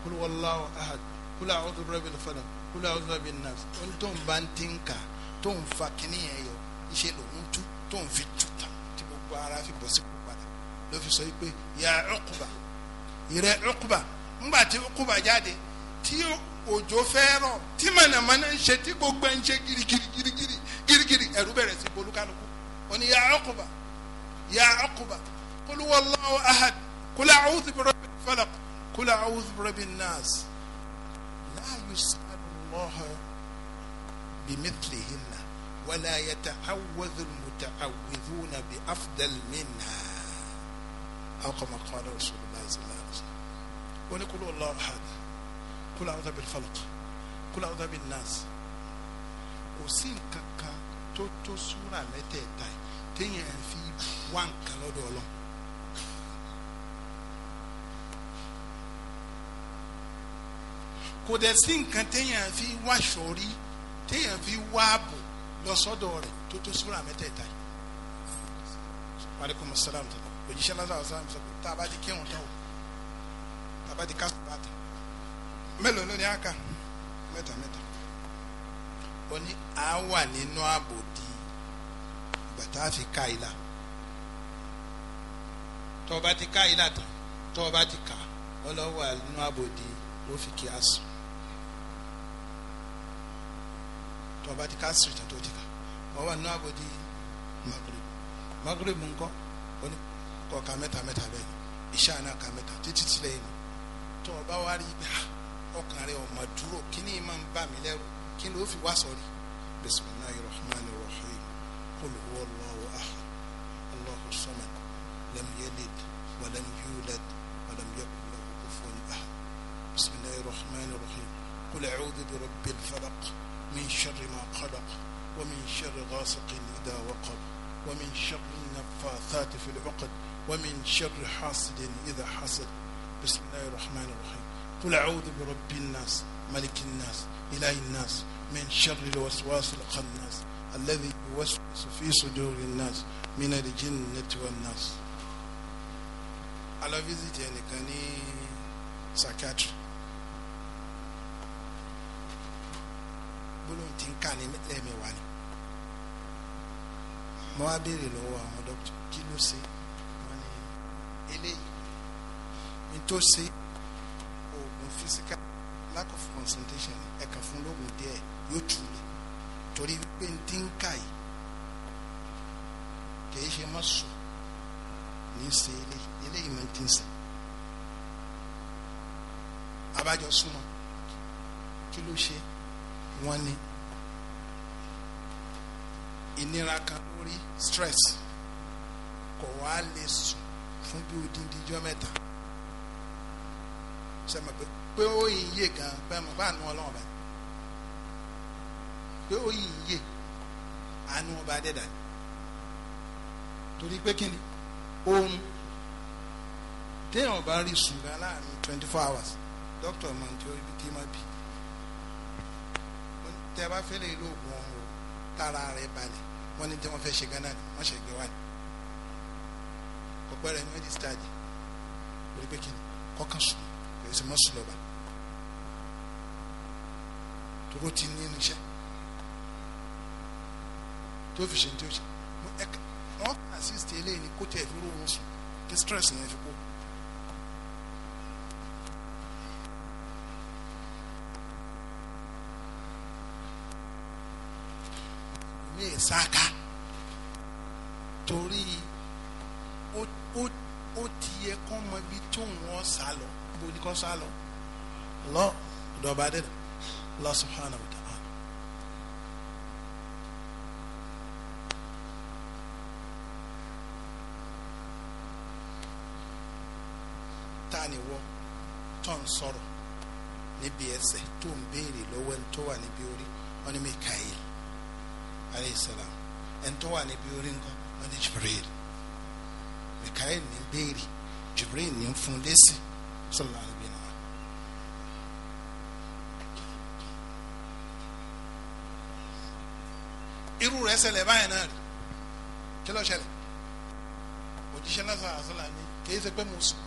kólú wallahu ahad kólú a'udhu birabbil falaq kólú a'udhu birabbin nas ó ní tóun bá ń ti ń kà tóun fa kínní yẹn yọ iṣẹ́ lòun tú tóun fi tú ta tí gbogbo ara fi bọ̀ sí kó padà ló fi sọ yìí pé yà Uqba ìrẹ́ Uqba ńgbà tí Uqba jáde. tí òjò fẹ́ rọ̀ tí mànàmáná ń ṣe tí gbogbo ẹ̀ ń ṣe girigiri girigiri girigiri ẹ̀rú bẹ̀rẹ̀ sí bolúkálukú òní yà ọkùbà yà ọkùbà kólúwọ́ lọ́wọ́ ahad kólú àwùjọ bẹ̀rẹ̀ falak kólú àwùjọ bẹ̀rẹ̀ nas láàyò sàlùmọ́hà bimithlihinna wàlá yàtà awùwàdùn mùtà awùdùn àbí afdal minna akọ̀mọ̀kọ̀ ọ̀dọ̀ rasulillah sallallahu alayhi wa sallam oníkólú ọ̀lọ́wọ́ ahad. kul a'udhu bil khalq kul a'udhu bin nas kò sí nǹkan kan tó tó súra mẹ́tẹ̀ẹ̀ta yìí téèyàn fi wá nǹkan lọ́dọ̀ ọlọ́run. kò dẹ̀ sí nǹkan téèyàn fi wá sọ̀rí téèyàn fi wá ààbò lọ sọ́dọ̀ rẹ̀ tó tó súra mẹ́tẹ̀ẹ̀ta yìí. maaleykum salaam tó lọ òjíṣẹ́ lásán àwọn sáà mi sọ pé tá a bá ti kírun tán o tá a bá ti ká sùn bá tán mélòó ló ní àkà mẹ́ta mẹ́ta ó ní a wà nínú ààbò di ìgbà tá a fi ká ilà tó o bá ti ká ilà tán tó o bá ti kà ó lọ wà nínú ààbò di ó fi kí a sùn tó o bá ti ká sùn tán tó ti kà ó wà nínú ààbò di magrib magrib ó ní kọ ká mẹ́ta mẹ́ta bẹ́ẹ̀ ìṣáná ká mẹ́ta títí tilẹ̀ yìí tó o rí bẹ́ẹ̀. ọkàn rẹ ọmọ dúró kí ni máa ń bà mí lẹ́rù kí ló fi wá sọ̀rí bisimilahi rahman rahim qul huwa allahu ahad allahu samad lam yalid wa lam yulad wa lam yakun lahu kufuwan ahad bisimilahi rahman rahim qul a'udhu bi rabbil falaq min sharri ma qalaq wa min sharri ghasiqin idha waqab wa min sharri النفاثات في العقد ومن شر حاسد إذا حسد بسم الله الرحمن الرحيم قل أعوذ برب الناس ملك الناس إله الناس من شر الوسواس الخناس الذي يوسوس في صدور الناس من الجنة والناس على فيزيت يعني كان ساكاتر gbólóhùn tí ń kà ní lẹ́ẹ̀mẹ̀wá ni mo wá béèrè lọ́wọ́ àwọn dókítà kí ló ṣe wọ́n ní eléyìí ní tó ṣe physical lack of concentration ẹ̀kan fún lóògùn díẹ̀ yóò túlẹ̀ torí wípé n ti ń kà yìí kìí ṣe má sùn ní ṣe eléyìí máa ti ń sè abájọ súnmọ́ kí ló ṣe wọ́n ní ìnira kan lórí stress kò wá lè sùn fún bí odindi jọ́ mẹ́ta ṣe mọ̀ pé pé ó yin yé gan bẹ́ẹ̀ mọ̀ bá nu ọlọ́run bá pé ó yin yé àánú ọba dẹ́dà torí pé kí ni oorun téèyàn bá rí sùn gan láàrin twenty four hours dókítà ọmọ tí ó ti máa bì tẹ bá fẹ́ lè lo oògùn ọ̀hún tára rẹ̀ balẹ̀ wọ́n ní tí wọ́n fẹ́ ṣe gan náà ni wọ́n ṣe gbé wá ní ọ̀pẹ́ rẹ̀ ní wọ́n ti sítáàdì lórí pé kí ni kọ́kàn sùn is a must lover toro ti ní ẹni iṣẹ́ To fi ṣe ní tí ó ṣe wọn assist eléyìí kó tiẹ̀ fi rọrùn sùn kí stress yẹn fi Allah subhanahu سبحانه وتعالى tani wọ ton sọ̀rọ̀ ni ẹsẹ̀ tó ń béèrè lọ́wọ́ ẹni tó wà níbi orí wọn ni Mikael aleyhisselam ẹni tó wà ni orí nko wọn ni Jibril Mikael ní béèrè Jibril ní fún lésì sallallahu ṣẹlẹ̀ báyìí náà rí kí ló ṣẹlẹ̀ òjíṣẹ́ náà sọ̀rọ̀ àṣọlá ni kì í ṣe pé mo sùn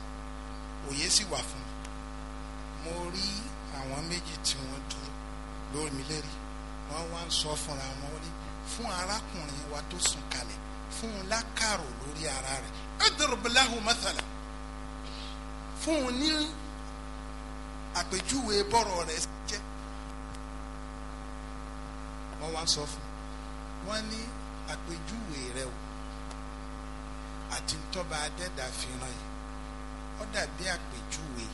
òye sì wà fún mi mo rí àwọn méjì tí wọ́n dúró lórí mi lérí wọ́n wá ń sọ fúnra wọn ó ní fún arákùnrin wa tó sùn kalẹ̀ fún un lákàrò lórí ara rẹ̀ adùrùbíláhùn mọ́tàlá fún un ní àpèjúwe bọ́rọ̀ rẹ̀ jẹ́ wọ́n wá ń sọ fún wọ́n ní àpèjúwe rẹ o àti ntọ́ba adẹ́dà fi ràn dàbí àpèjúwe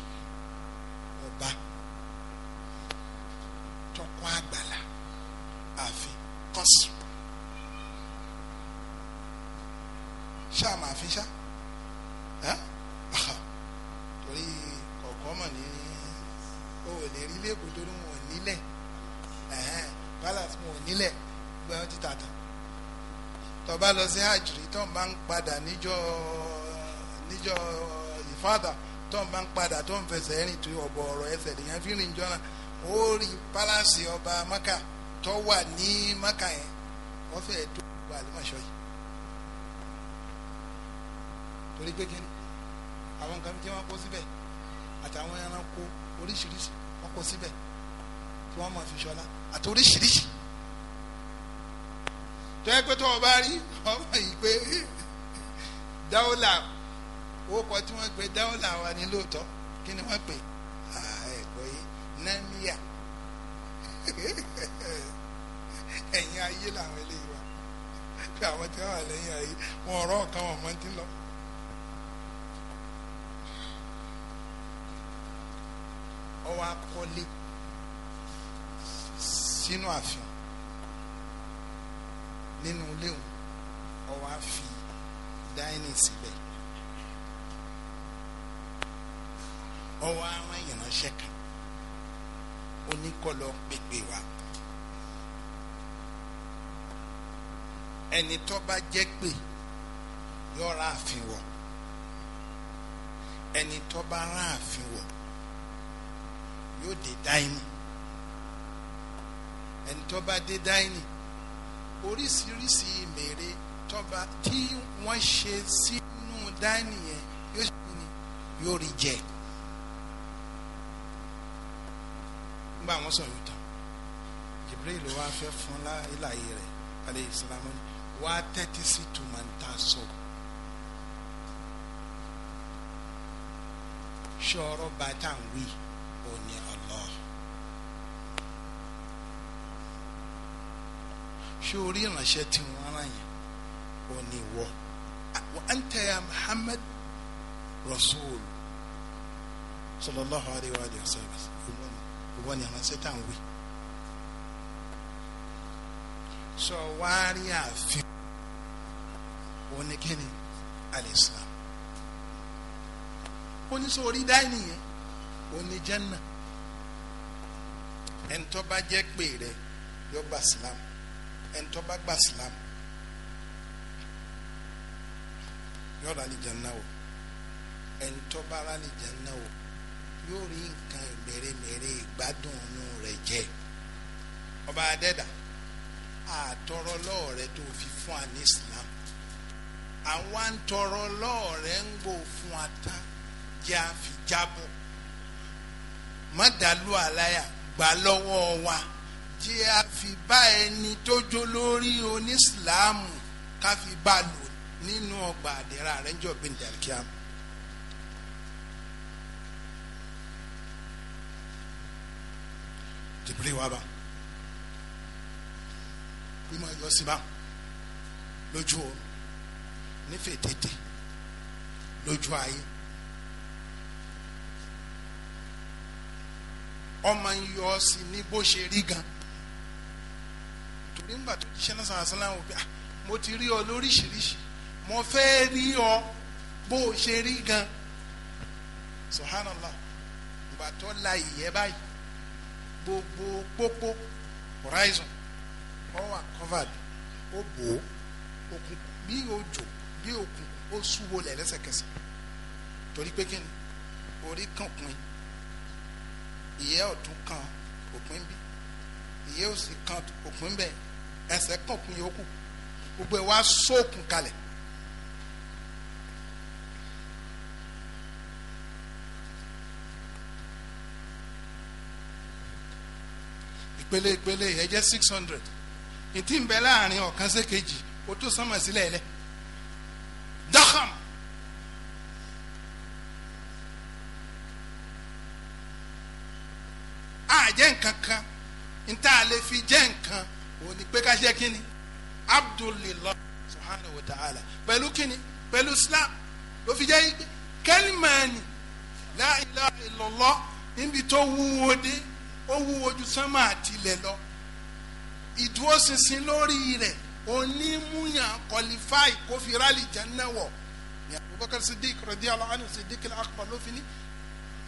father tó ń bá ń padà tó ń fẹsẹ̀ ẹ̀rìn tó ọ̀bọ̀ ọ̀rọ̀ ẹsẹ̀ lèyàn fi rìn jọ́nà ó rí pálásì ọba maka tó wà ní maka yẹn wọ́n fẹ́ tó wà lọ́mọṣọ́ yìí torí pé kíni àwọn nǹkan tí wọ́n kó síbẹ̀ àtàwọn ẹranko oríṣiríṣi wọ́n kó síbẹ̀ tí wọ́n mọ̀ fi ṣọlá àti oríṣiríṣi tó yẹ pé tó o bá rí ọmọ yìí pé dáwọ́là orúkọ tí wọ́n pe dáwọ́là wa ní lóòótọ́ kí ni wọ́n pè ah, ẹ̀kọ́ yìí nàmíà ẹ̀yìn ayé làwọn eléyìí wà pé àwọn tí wọ́n wà lẹ́yìn ayé wọn ọ̀rọ̀ kan wọn mọ́ ti lọ. ọwọ́ akọ́lé sínú ààfin nínú léwu ọwọ́ àfi dáínì síbẹ̀ ọwọ́ àwọn ìránṣẹ́ kan oníkọlọ pépè wa ẹni tó bá jẹ́ pé yọra àfin wọ̀ ẹni tó bá rán àfin wọ̀ yóò dé dáínì ẹni tó bá dé dáínì oríṣiríṣi mere tọ́ba tí wọ́n ṣe sínú dáínì yẹn yóò rí jẹ́ bá wọn sọ̀rọ̀ tán Jibril wa fẹ́ fún láyé rẹ̀ alẹ́ ìsìlámù wa tẹ́tí sí tùmọ̀ ń ta sọ̀rọ̀. bàtà wí òní Allah. ṣé orí ìrànṣẹ́ tí wọ́n rán yẹn òní wọ. wa anta ya Muhammad rasul sallallahu alayhi wa sallam. ìwọ ni ìránṣẹ́ tá à ń wí sọ wá rí àfihàn oníkíni alẹ́sìlám oníṣòrí dáìní yẹn oníjẹ́nà ẹ̀ńtọ́ bá jẹ́ pé rẹ̀ yọ gba Islam ẹ̀ńtọ́ bá gba Islam yọ rà lìjẹ́ náà o ẹ̀ńtọ́ bá rà lìjẹ́ náà o yóò rí nǹkan mèremère ìgbádùn inú rẹ̀ jẹ ọba adẹ́dà àtọrọ lọ́ọ̀rẹ́ tó fi fún wa ní Islam àwa ń tọrọ lọ́ọ̀rẹ́ ń gbò fún wa tán jẹ́ àfi jábọ̀ má dàlú àláyà gbà lọ́wọ́ wa jẹ́ àfi bá ẹni tó jó lórí onísìláàmù káfi bá lò nínú ọgbà àdẹ́rà rẹ̀ ń jọ bí ndàkíyàmù. jìbìrì wá bá bí mo yọ sí bá lójú o nífẹ̀ẹ́ tètè lójú ayé ọmọ ń yọ ọ sí ní bó ṣe rí gan torí ńgbà tó ṣiṣẹ́ náà sàrà sálà wò pé mo ti rí ọ lóríṣiríṣi mo fẹ́ rí ọ bó ṣe rí gan subhanallah ìgbà tó la ìyẹ́ báyìí gbogbo pópó horizon wọ́n wà covered ó bò ó òkun bí òjò bí òkun ó súwo lẹ̀ lẹ́sẹ̀kẹsẹ̀ torí pé kí ni orí kan pin ìyẹ́ ọ̀tún kan òpin bí ìyẹ́ òsì kan òpin bẹ́ẹ̀ ẹsẹ̀ kan pin yòókù gbogbo ẹ̀ wá sóòkùn kalẹ̀ ìpele ìpele yẹn jẹ́ six hundred ìtì ń bẹ láàrin ọ̀kan sí kejì ó tó sánmà sílẹ̀ lẹ dọ́kàm. a jẹ́ nǹkan kan níta lè fi jẹ́ nǹkan òun ni pé ká jẹ́ kí ni abdulillah subhanahu wa ta'ala pẹ̀lú kí ni pẹ̀lú islam ló fi jẹ́ kẹ́límẹ̀ẹ́nì la níbi tó wúwo dé ó wúwo ju sánmà àtilẹ̀ lọ ìdúróṣinṣin lórí rẹ̀ onímúyàn kọlifáì kó fi rálì jẹ́nà wọ̀ ní Abubakar Siddiq radiyallahu anhu Siddiq al-Akbar ló fi ní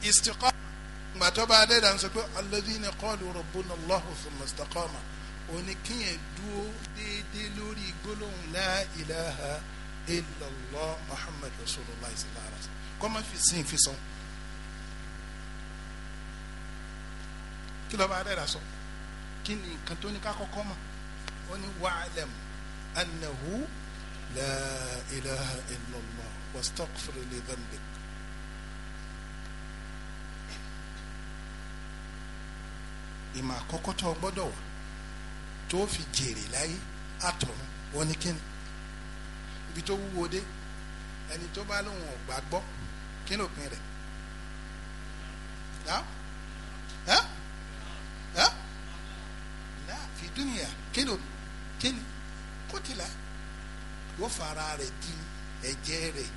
istiqama gbàtọ́ bá adé dàn sọ pé alladhina qalu rabbuna Allahu thumma istaqama oníkíyàn dúró déédéé lórí gbólóhùn la ilaha illallah Muhammad rasulullah sallallahu alaihi fi sin fi sọ́n. kí lọ́ba adẹ́dà sọ kí ni nǹkan tó ní ká kọ́kọ́ mọ̀ ó ní wa'lam annahu la ilaha illallah wastaghfir li dhanbik. ìmọ̀ àkọ́kọ́ tó gbọ́dọ̀ wà tó fi jèrè láyé àtọ̀run wọn ni kíni ibi tó wúwo dé ẹni tó bá lóun ọ̀gbà gbọ́ kí ló pin rẹ̀ dáa. kíni kíni kótìlá yóò fara rẹ̀ di ẹ̀jẹ̀ rẹ̀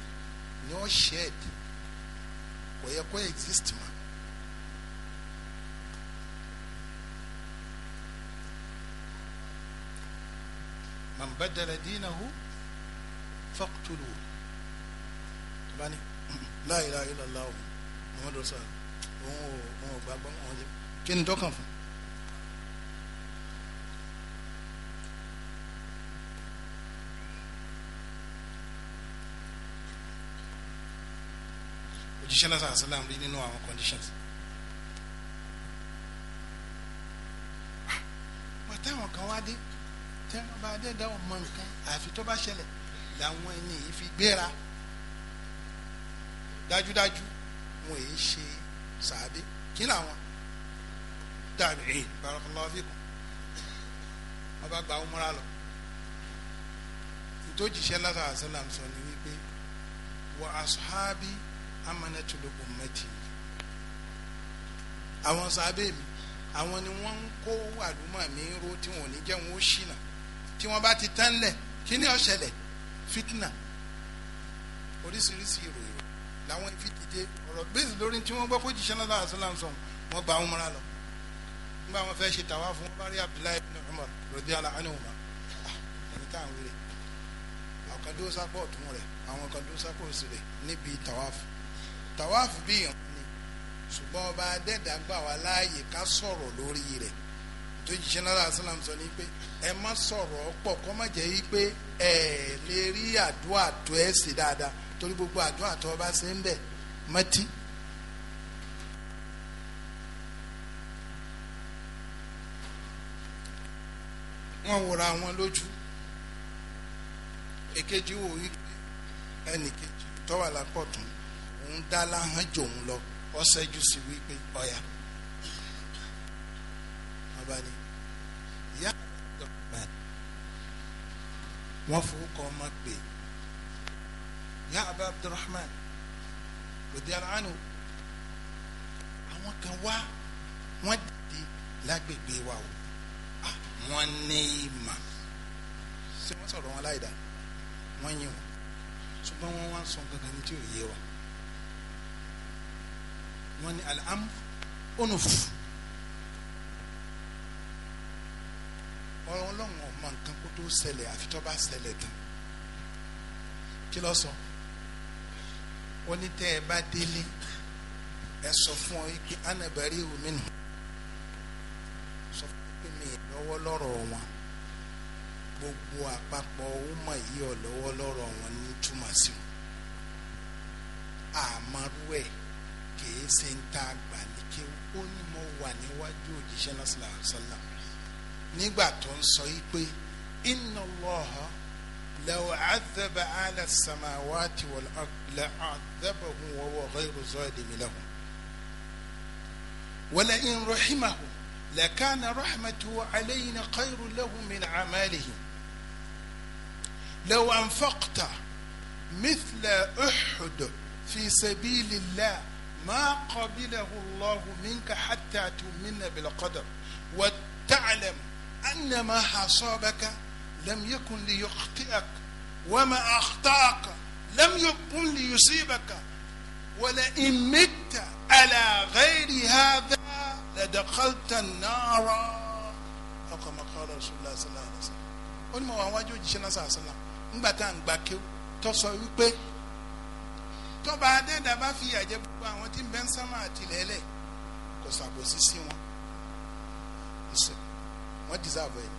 ni ó shed kò yẹ kó exist ma. man badala dinahu faqtulu tabani la ilaha illallah muhammadu rasul òun ò òun ò gbàgbọ́ òun ò jẹ kí ni fún. òjíṣẹ́ náà sàrà sàlám rí nínú àwọn conditions. pàtẹ́ ah, àwọn kan wá Then, tẹ́ wọ́n bá dé dáwọ́ come, I àfi tó bá ṣẹlẹ̀ làwọn ẹni yìí fi gbéra dájúdájú wọn èyí ṣe she kí Kila dàbí ẹ barakallahu fikum wọn bá gba ọmọra lọ ìtòjìṣẹ́ lásán àṣẹ làǹṣọ ni wípé wa ashabi amanatul ummati àwọn sábẹ́ mi àwọn ni wọ́n ń kó àdúmọ̀ mi ró tí wọ́n ò ní jẹ́ wọn ó ṣìnà tí wọ́n bá ti tán lẹ̀ kí ni ó ṣẹlẹ̀ fitna oríṣiríṣi ìròyìn làwọn fi dìde ọ̀rọ̀ bẹ́ẹ̀ lórí tí wọ́n gbọ́ pé jíṣẹ́ náà láàṣọ láǹṣọ wọn gba àwọn múra lọ nígbà wọn fẹ́ ṣe tàwa fún bari abdullahi ibn umar rodi ala anuma ah, ẹni tá à ń wele àwọn kan dúró sápọ̀ ọ̀tún rẹ̀ àwọn kan dúró sápọ̀ òsì rẹ̀ níbi tàwa fún tàwáàfù bí ìrìn ni ṣùgbọ́n ọba adẹ́dà gbà wá láàyè ká sọ̀rọ̀ lórí rẹ̀ tó jíṣẹ́ náírà sálàm sọ ni pé ẹ má sọ̀rọ̀ pọ̀ kọ́ má jẹ́ yí pé ẹ lè rí àdúrà tó ẹ sì dáadáa torí gbogbo àdúrà tó ọba ṣe ń bẹ̀ mọ́tí. wọ́n wòra wọn lójú èkejì wò yí ẹnìkejì tọ́wà lápọ̀ tún òun dá láhàn jòun lọ ọ ṣẹ́jú sí wípé ọ̀yà ọba ni ìyá wọn forúkọ ya abu abdulrahman òde aláàánú àwọn kan wá wọn dìde lágbègbè wa o wọn ní ìmọ̀ ṣé wọn sọ̀rọ̀ wọn láì dá wọn yìn wọn ṣùgbọ́n wọn wá sọ gangan ní tí ò yé wa wọ́n ní alam onuf ọlọ́run ọmọ nǹkan kó tó ṣẹlẹ̀ àfi tó bá ṣẹlẹ̀ tán kí ló sọ ó ní tẹ́ ẹ bá délé ẹ sọ fún ọ pé anabari omi nù sọ fún pé mi lọ́wọ́ lọ́rọ̀ wọn gbogbo àpapọ̀ ó mọ̀ yí ọ lọ́wọ́ lọ́rọ̀ wọn ní túmọ̀ sí àmọ́rú ẹ̀. kìí ṣe ń ta àgbà ní kí ó ní mo wà níwájú òjíṣẹ́ náà sallallahu alaihi wasallam nígbà tó ń sọ yìí pé inna Allaha law adhaba ala samawati wal ard la adhabahum wa huwa ghayru zalimi lahum wa la in rahimahum لكان رحمته علينا خير له من عملهم لو أنفقت مثل أحد في سبيل الله ما قبله الله منك حتى تؤمن بالقدر وتعلم أن ما حصابك لم يكن ليخطئك وما أخطأك لم يكن ليصيبك ولئن مت على غير هذا لدخلت النار أو كما قال رسول الله صلى الله عليه وسلم ó ní mo wà صلى الله عليه وسلم ńgbà tá à tọ́ba adẹ́dà bá fi àjẹ gbogbo àwọn tí ń bẹ́ ń sámà àtìlẹ́lẹ̀ kò ṣàbòsí sí wọn wọ́n dìsáàbọ̀ ẹ̀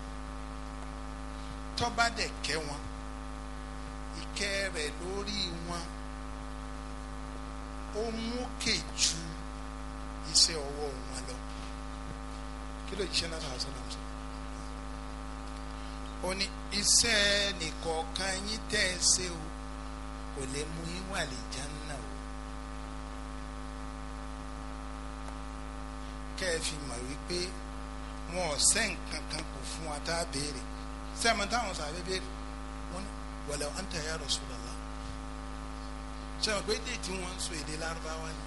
tọ́ba dẹ̀ kẹ́ wọn ìkẹ́ rẹ̀ lórí wọn ó mú kèjú iṣẹ́ ọwọ́ wọn lọ kí ló jíṣẹ́ náà sọ̀rọ̀ sọ̀rọ̀ sọ̀rọ̀ ó ní iṣẹ́ nìkọ̀ọ̀kan yín tẹ́ ẹ ṣe o kò lè mú yín wà lè jáná. kẹ́ ẹ fi mọ̀ wípé wọn ò sẹ́ nǹkan kan kò fún wa tá a béèrè sẹ́mi táwọn sàbẹ̀ béèrè wọn wala anta ya Rasulullah sẹ́mi pé èdè tí wọ́n ń sọ èdè lárúbáwá ni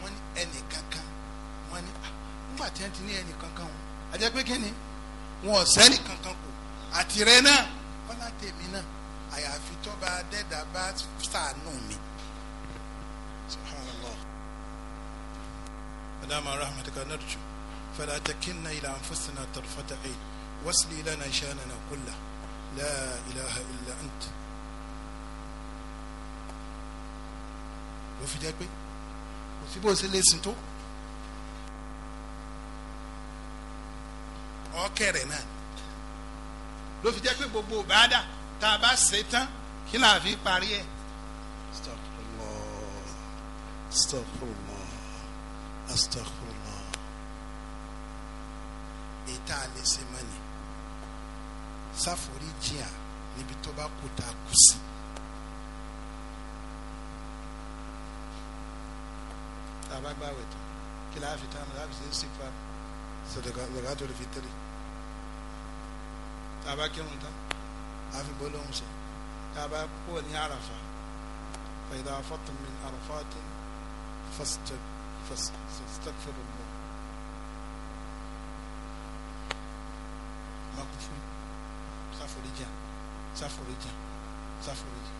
wọ́n ní ẹnì kankan wọ́n ní ah, nígbà tí wọ́n ti ní ẹnì kankan wọn àjẹ́ pé kí ni wọn ò sẹ́ni kankan kò àtìrẹ́ náà wọ́n láti èmi náà àyàfi tó bá dẹ́dà bá sàánú mi. دام رحمتك نرجو فلا تكلنا إلى أنفسنا طرفة عين واسلي لنا شاننا كله لا إله إلا أنت وفي ذلك وفي بوس اللي سنتو أوكي رنا لو في ذلك بوبو بعد تابع سيتان كلا في باريه استغفر الله استغفر الله astaghfirullah ètà àlè ṣe mọ́ ni sáforíjì à níbi tó bá kú tá a kù sí. tá a bá gbàwẹ̀ tó kí láàfi tán láàfi ṣe é sì fa sọ̀dọ̀gá tó lè fi tẹ̀lé tá a kírun tán àfi gbólóhùn sọ tá kú ní àràfà fa idha fatum àràfà tó fọ́sítẹ́pù. فاستغفر الله má kú fún ṣàforíjì ṣàforíjì ṣàforíjì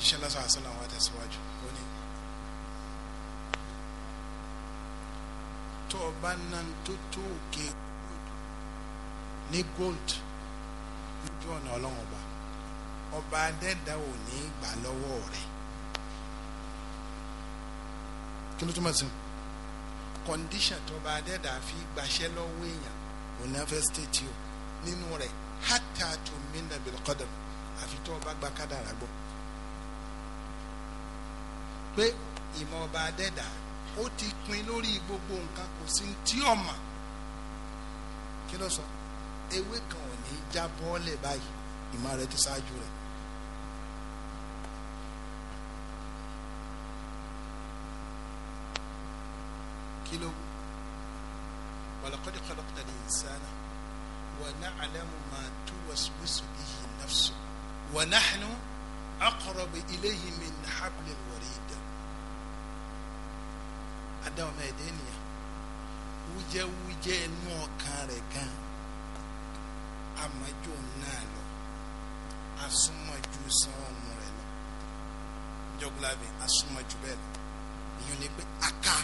iṣẹ́ lásán àṣẹ làwọn àtẹ̀síwájú ó ní. tó o bá ná tó tó òkè ní gold lójú ọ̀nà ọlọ́run ọba ọba adẹ́dá ò ní gbà lọ́wọ́ rẹ̀ kí ló túmọ̀ condition tó bá dẹ́dà fi gbaṣẹ́ lọ́wọ́ èèyàn òun náà fẹ́ state o nínú rẹ̀ hatta tu minna bil qadar àfi tó o bá gba kádàrà gbọ́ pé ìmọ̀ ọba dẹ́dà ó ti pin lórí gbogbo nǹkan kò sí tí ò kí ló sọ ewé kan ò ní já bọ́ọ̀lẹ̀ báyìí ìmọ̀ rẹ̀ ti ṣáájú rẹ̀ kí ló wù walaqad khalaqnal insana wa na'lamu ma tuwaswisu bihi nafsu wa nahnu aqrabu ilayhi min hablil warid adáwọn ọmọ ẹ̀dẹ́ nìyà wújẹ́wújẹ́ inú ọkàn rẹ̀ gan amájú náà lọ asúnmọ́jú sanwó-ọmọ rẹ̀ lọ jọgúlábì asúnmọ́jú bẹ́ẹ̀ lọ aka.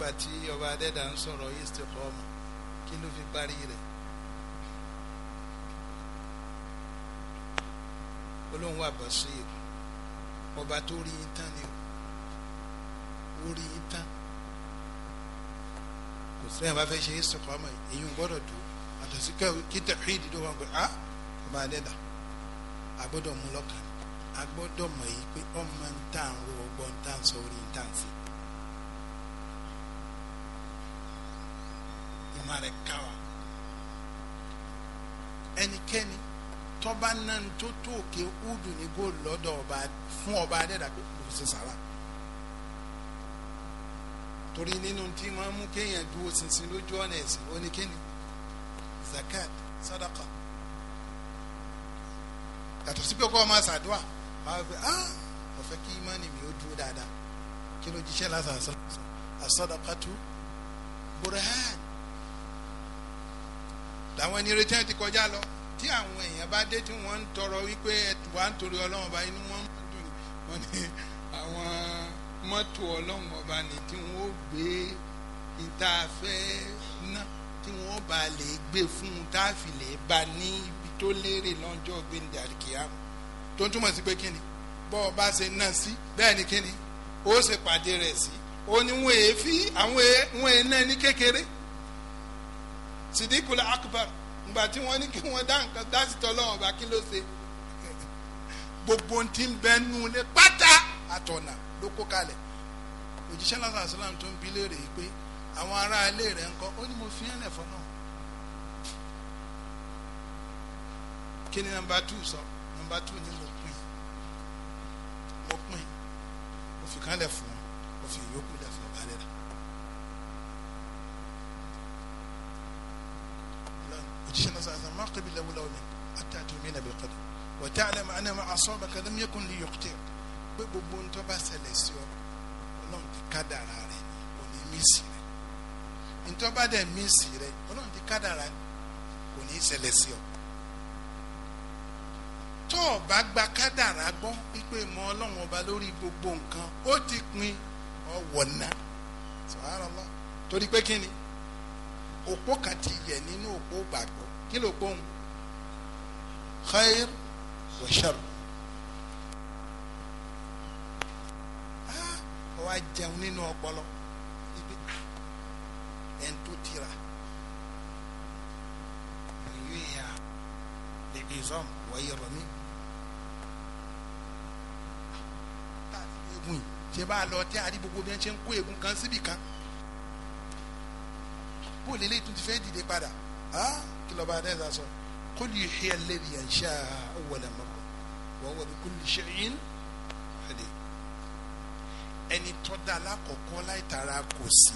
ńgbà tí ọba adẹ́dà ń sọ̀rọ̀ istiqama kí ló fi parí rẹ̀ olóhùn wà bọ̀ sí i ọba tó rí i tán ni ó rí i tán kò sí ẹ̀ bá fẹ́ ṣe istiqama èyí ń gbọ́dọ̀ dùn àtọ̀sí kí tẹ̀hídì ló wà pé ah, a ọba adẹ́dà agbọ́dọ̀ mú lọ́kàn agbọ́dọ̀ mọ̀ yìí pé ọmọ ń tàn ro ọgbọ́n ń tàn sọ orí ń tàn sí i. tọ́ba náà tó tó òkè údù ní góòlù lọ́dọ̀ ọba fún ọba adẹ́dà pé kò ṣe sàrà torí nínú tí máa mú kéèyàn dúró ṣinṣin lójú ọ̀nà ẹ̀sìn oníkéni zakat sadaka yàtọ̀ sí pé kọ́ máa ṣàdúà máa gbé ah mo fẹ́ kí imáni mi ó dúró dáadáa kí ló jíṣẹ́ lásán àsọdọ̀kátú burhan làwọn ẹni retí ẹ ti kọjá lọ tí àwọn èèyàn bá dé tí wọ́n ń tọrọ wípé wà ń torí ọlọ́run ọba inú wọn máa dùn wọn ni àwọn mọ́tò ọlọ́run ọba ni tí wọ́n ó gbé ìta fẹ́ ná tí wọ́n bá lè gbé fún un tá a fi bá ní ibi tó lérè lọ́jọ́ gbẹ̀ndé àríkìyàmù tó ń túmọ̀ sí pé kíni bọ́ ọ bá ṣe ná sí bẹ́ẹ̀ ni kíni ó ṣe pàdé rẹ̀ sí ó ní wọ́n èéfì àwọn èèyàn náà ní kékeré sidikula akbar ìgbà tí wọ́n ní kí wọ́n dá nǹkan dá sí bá kí ló ṣe gbogbo ohun ń bẹ nù lé pátá àtọ̀nà ló kó kalẹ̀ òjíṣẹ́ lásán àṣàlám tó ń bi léèrè pé àwọn ará ilé rẹ̀ ń kọ́ ó ní mo fi ẹ̀ lẹ̀fọ́ náà kí ni nọ́mbà tù sọ nọ́mbà tù ni mo pin mo pin mo fi kan lẹ̀ fún mo fi yókù asọ́bàkà lam yakun li yuqtir pé gbogbo ń tó bá ṣẹlẹ̀ sí ọ ọlọ́run ti kádàrà rẹ̀ kò ní mísì rẹ̀ ń tó bá dẹ̀ mísì rẹ̀ ọlọ́run ti kádàrà kò ní ṣẹlẹ̀ sí ọ tó o bá gba kádàrá gbọ́ wípé mọ ọlọ́run ọba lórí gbogbo nǹkan ó ti pin ọwọ́ náà subhanallah torí pé kí ni òpó kan ti yẹ nínú òpó gbàgbọ́ kí ló gbóhùn khair wa shar ó wá jẹun nínú ọpọlọ ibi ẹn tó tira ìlú ìyá lèbi zọm wọ́yẹ rọmi táàtì eégún yìí ṣé bá a lọ tí a rí gbogbo bí wọ́n ṣe ń kó eégún kan síbì kan bó lè tún ti fẹ́ dìde padà kí lọ́ba adẹ́sà sọ kó lè ṣe ẹlẹ́bi ẹ̀ ń ṣe àwọn ọ̀wọ́lẹ̀ mọ́kọ́ wọ́n wọ́n bí kó lè ṣe yín ẹni tó dá alákọ̀ọ́kọ́ láìtara kò sí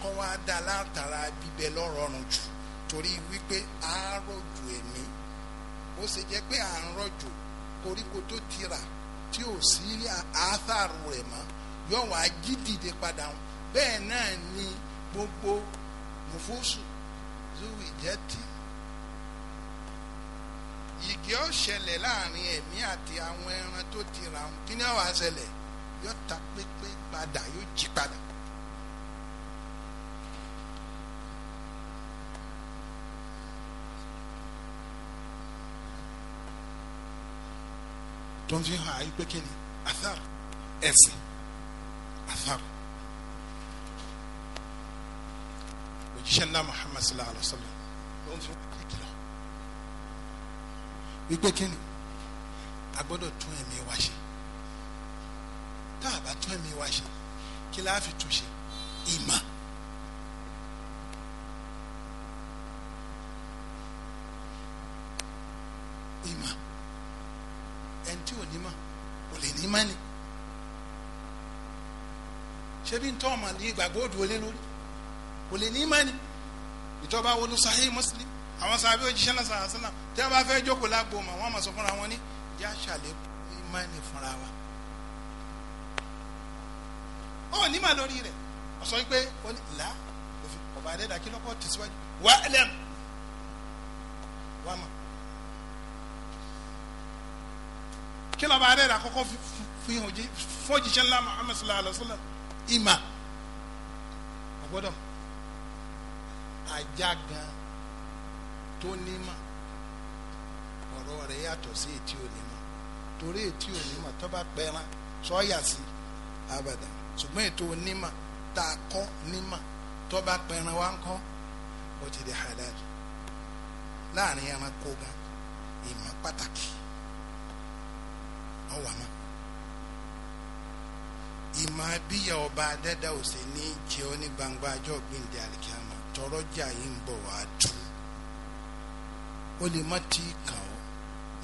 kọ́ wá dá látara bíbẹ lọ́rọ̀ọ̀rùn jù torí wípé àárọ̀jù ẹ̀mí ó ṣe jẹ́ pé à ń rọ̀jò koríko tó ti rà tí ò sí àáfàrò rẹ̀ mọ́ yóò wá jí dìde padà wọn bẹ́ẹ̀ náà ni gbogbo mùfúsù zuwi jẹ́tì ìgé ọ̀ṣẹlẹ̀ láàrin ẹ̀mí àti àwọn ẹran tó ti rà wọn kí ni wàá ṣẹlẹ̀ Don't pépé padà yóò jí padà. tó ń fi hàn àyè pé kí ni athar ẹ̀sìn athar. òjíṣẹ́ ńlá Muhammad sallallahu alayhi wa sallam ló ń fi hàn kékeré wípé kí ni a gbọ́dọ̀ tún ẹ̀mí wa ṣe. tún ẹ̀mí wa ṣe kí la fi tún ṣe ìmọ̀. ìmọ̀ ẹni tí ò ní mọ̀ ò lè ní mọ̀ ni ṣebí ntọ́ ọmọ ní ìgbàgbọ́ òdu olé lórí ò lè ní mọ̀ ni ìtọ́ba wo ló Sahih Muslim àwọn sábà òjíṣẹ́ náà sàrà sínú tí wọ́n bá fẹ́ jókòó lágbo mọ̀ wọ́n mọ̀ sọ fúnra wọn ní ìjà ṣàlékún ìmọ̀ ni fúnra wa. nímà lórí rẹ̀ wọ́n sọ pé ó ní là ọba adẹ́dà kí lọ́kọ́ tẹ̀síwájú wà á lẹ́m wà á mọ̀ kí lọ́ba adẹ́dà kọ́kọ́ fi hàn jí fọ́jìṣẹ́ ńlá Muhammad sallallahu alayhi wa sallam ìmà ọ̀gbọ́dọ̀ ajá gan tó nímà ọ̀rọ̀ rẹ̀ yàtọ̀ sí etí onímọ̀ torí etí onímọ̀ tó bá pẹ́ran sọ́yà sí abàdàn ṣùgbọ́n ètò onímọ̀ tá a kọ́ nímọ̀ tó bá pẹran wá ń kọ́ ó ti di halal láàrin ẹranko gan ìmọ̀ pàtàkì ọwà mọ́ ìmọ̀ bíyà ọba adẹ́dá ò sí ní jẹ́ ọ ní gbangba ajọ́ gbìndé àlìkíyàmọ̀ tọrọ jà yìí ń bọ̀ wá tú ó lè má ti kàn ọ́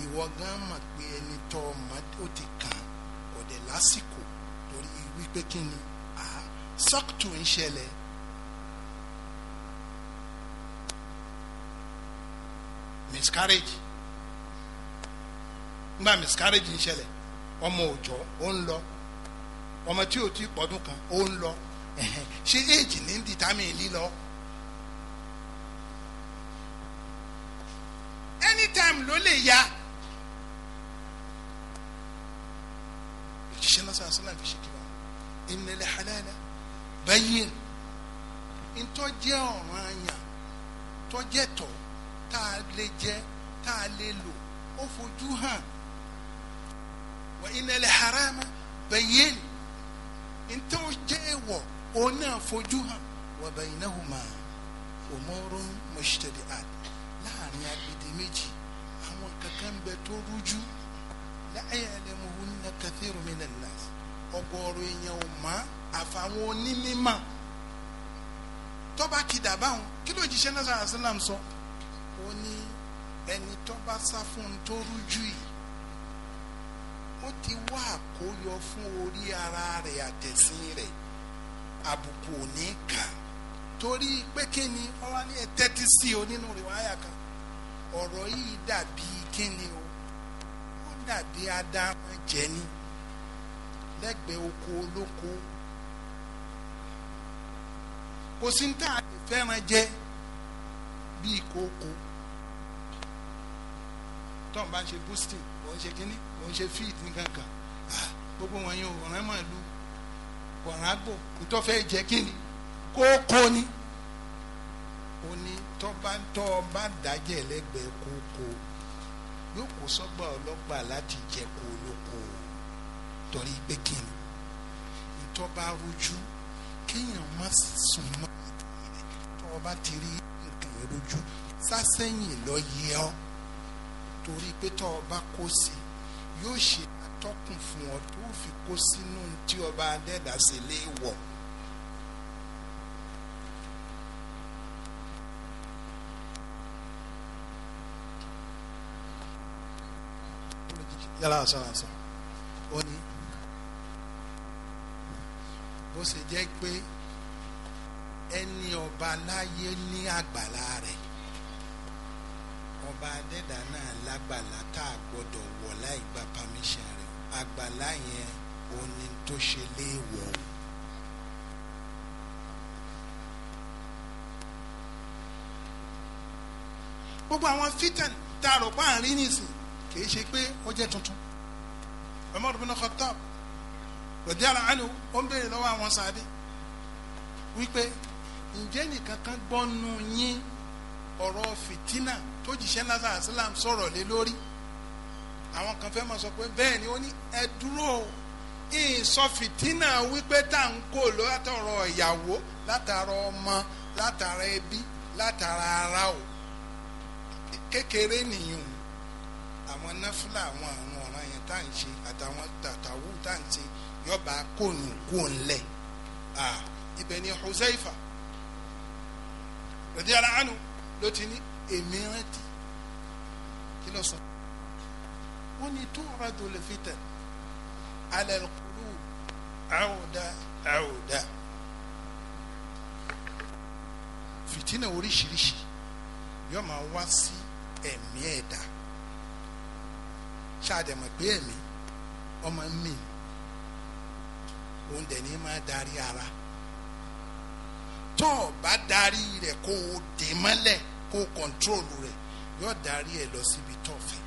ìwọ gan mọ̀ pé ẹni tọ́ ọ mọ̀ ó ti kàn kò dé lásìkò pé kí ni sọ́kùtù ń ṣẹlẹ̀ miscarriage nígbà miscarriage ń ṣẹlẹ̀ ọmọ òòjọ́ ó ń lọ ọmọ tí ò tí pọ́dún kan ó ń lọ ṣé éèjì ní dìtámì lílọ. anytime ló lè ya. ìnìlẹ̀ halálà bẹ́yìn ntọ́ jẹ́ ọ̀ràn àyàn tọ́ jẹ́ tọ́ tá a lè jẹ́ tá a lè lò ó fojú hàn wà ìnìlẹ̀ harama bẹ́yìn ntọ́ jẹ́ ìwọ̀ òun náà fojú hàn wà baynahuma umurun mushtabihat láàrin agbede méjì àwọn kankan bẹ tó rújú la ya'lamuhunna kathiru minan nas. ọ̀gọ̀ọ̀rọ̀ èèyàn ò mọ̀ àfàwọn onímọ̀ tó ti dà báwọn kí ló náà sàrà sọ ó ní ẹni tọba sá fún tó rújú yìí ó ti wá àkóyọ fún orí ara rẹ̀ àtẹ̀sín rẹ̀ àbùkù ní torí pé ní ẹ o nínú rìwáyà kan ọ̀rọ̀ lẹ́gbẹ̀ẹ́ oko olóko kò sí ní tá a lè fẹ́ràn jẹ bíi kókó tọ́n bá ń ṣe boosting òun ṣe kínní òun ṣe feed nìkan kan gbogbo wọn yóò ọ̀ràn mọ̀ lu ọ̀ràn àgbò ìtọ́fẹ́ jẹ́ kínní kókó ni ó ní tọ́ba tọ́ ọba dájẹ́ lẹ́gbẹ̀ẹ́ kókó yóò kó sọ́gbà ọlọ́gbà láti jẹ́ kó torí pé kí ni ìtọ́ bá rojú kéèyàn má sùn mọ́ tọ́ ọ bá ti rí nǹkan rojú sásẹ́yìn lọ yẹ ọ́ torí pé tọ́ ọ bá kó sí yóò ṣe atọ́kùn fún ọ tó fi kó sínú tí ọba adẹ́dàsẹ̀ lé wọ̀. yàrá àṣà àṣà ó ní ó ṣe jẹ́ pé ẹni ọba láyé ní àgbàlá rẹ̀ ọba adẹ́dà náà lágbàlá tá a gbọ́dọ̀ wọ̀ láì gba permission rẹ̀ àgbàlá yẹn òní tó ṣe léèwọ̀ o. gbogbo àwọn fitan tá a rò pa àárín nìsín kì í ṣe pé ó jẹ́ tuntun Umar bin Khattab rọ̀dí àlọ́ àlọ́ ó ń béèrè lọ́wọ́ àwọn sàbí wípé ǹjẹ́ nìkan kan gbọ́nu yín ọ̀rọ̀ fìtínà tó jìṣẹ́ lásà àsìlám sọ̀rọ̀ lé lórí àwọn kan fẹ́ máa sọ pé bẹ́ẹ̀ ni ó ní ẹ dúró ìsọ fìtínà wípé tá à ń kó látọ̀rọ̀ ìyàwó látara ọmọ látara ẹbí látara ara o kékeré nìyẹn àwọn náfúlà àwọn àwọn ọ̀ràn yẹn tá à ń ṣe àtàwọn tàtàwù tá à ń ṣe yọba kóònù kóòn lẹ ibẹ̀ ni Huzaifa radiyallahu anhu ló ti ní èmi rántí kí ló sọ wọn ni tu'radu al-fitan ala al-qulub awda awda fìtínà oríṣiríṣi yóò wá sí ẹ̀mí ẹ̀dá ṣáà pé ẹ̀mí ọmọ mi òun dẹ̀ ní máa darí ara tó o bá darí rẹ̀ kó o dè mọ́lẹ̀ kó o kọ̀ntrólù rẹ̀ yóò darí ẹ̀ lọ síbi tọ́fẹ̀